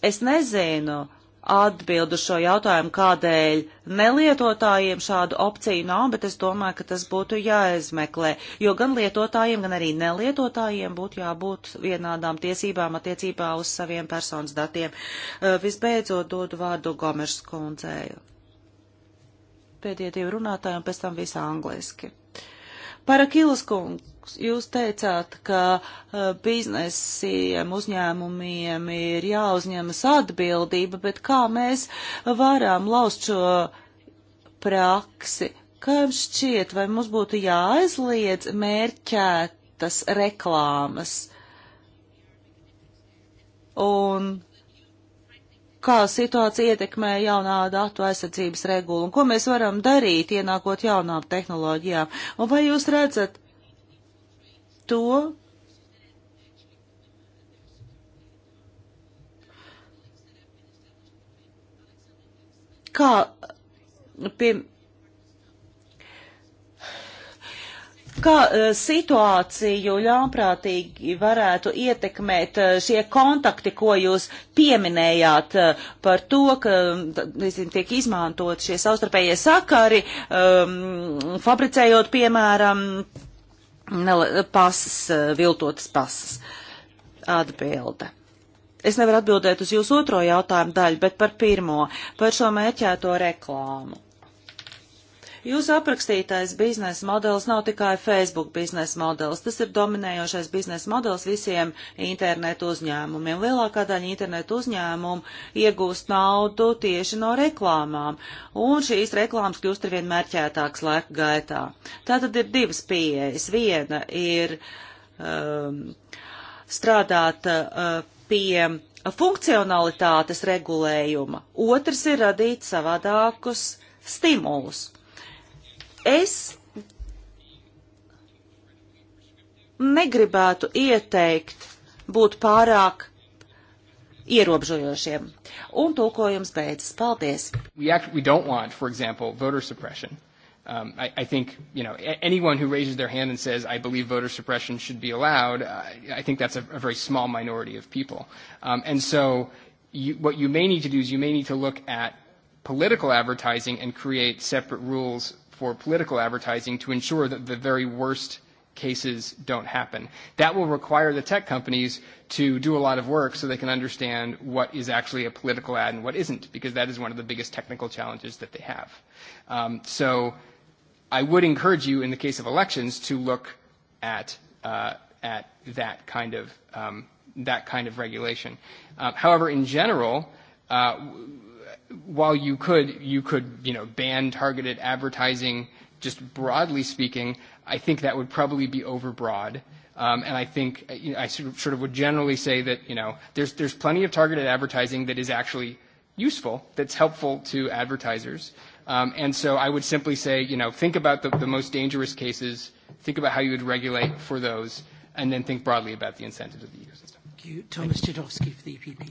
Es nezinu, uh, atbildu šo jautājumu, kādēļ nelietotājiem šādu opciju nav, bet es domāju, ka tas būtu jāizmeklē, jo gan lietotājiem, gan arī nelietotājiem būtu jābūt vienādām tiesībām attiecībā uz saviem personas datiem. Visbeidzot, dodu vārdu Gomešs kundzei. Pēdējie divi runātāji un pēc tam visi angliski. Parakilas kungs kungs, jūs teicāt, ka uh, biznesiem, uzņēmumiem ir jāuzņemas atbildība, bet kā mēs varam laust šo praksi? Kā jums šķiet, vai mums būtu jāaizliedz mērķētas reklāmas? Un kā situācija ietekmē jaunā datu aizsardzības regulu un ko mēs varam darīt, ienākot jaunām tehnoloģijām. Un vai jūs redzat to, kā pie. Kā eh, situāciju ļāprātīgi varētu ietekmēt eh, šie kontakti, ko jūs pieminējāt eh, par to, ka nezinu, tiek izmantot šie savstarpējie sakari, um, fabricējot, piemēram, uh, pasas, eh, viltotas pasas. Atbilde. Es nevaru atbildēt uz jūsu otro jautājumu daļu, bet par pirmo, par šo mērķēto reklāmu. Jūsu aprakstītais biznesa modelis nav tikai Facebook biznesa modelis, tas ir dominējošais biznesa modelis visiem internetu uzņēmumiem. Lielākā daļa internetu uzņēmumu iegūst naudu tieši no reklāmām, un šīs reklāmas kļūst arvien mērķētāks laika gaitā. Tā tad ir divas pieejas. Viena ir um, strādāt uh, pie funkcionalitātes regulējuma, otrs ir radīt savādākus stimulus. Es negribētu ieteikt būt pārāk ierobežojošiem. Un tulkojums beidzas. Paldies. We act, we don't want, for example, voter suppression. Um, I, I think you know anyone who raises their hand and says, "I believe voter suppression should be allowed," I, I think that's a, a very small minority of people. Um, and so, you, what you may need to do is you may need to look at political advertising and create separate rules for political advertising to ensure that the very worst cases don't happen. That will require the tech companies to do a lot of work so they can understand what is actually a political ad and what isn't, because that is one of the biggest technical challenges that they have. Um, so I would encourage you, in the case of elections, to look at uh, at that kind of um, that kind of regulation. Uh, however, in general, uh, while you could, you could, you know, ban targeted advertising, just broadly speaking, I think that would probably be overbroad. Um, and I think you know, I sort of, sort of would generally say that you know there's there's plenty of targeted advertising that is actually useful, that's helpful to advertisers. Um, and so I would simply say, you know, think about the, the most dangerous cases, think about how you would regulate for those, and then think broadly about the incentives of the ecosystem. Thank you. Thomas Chudovsky for the EPP.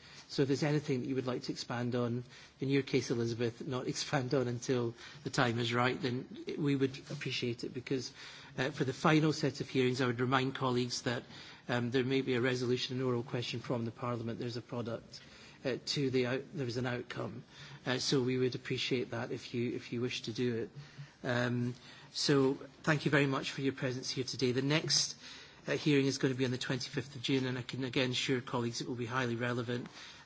So if there's anything that you would like to expand on, in your case, Elizabeth, not expand on until the time is right, then we would appreciate it because uh, for the final set of hearings, I would remind colleagues that um, there may be a resolution, an oral question from the Parliament. There's a product uh, to the out, there is an outcome. Uh, so we would appreciate that if you, if you wish to do it. Um, so thank you very much for your presence here today. The next uh, hearing is going to be on the 25th of June, and I can again assure colleagues it will be highly relevant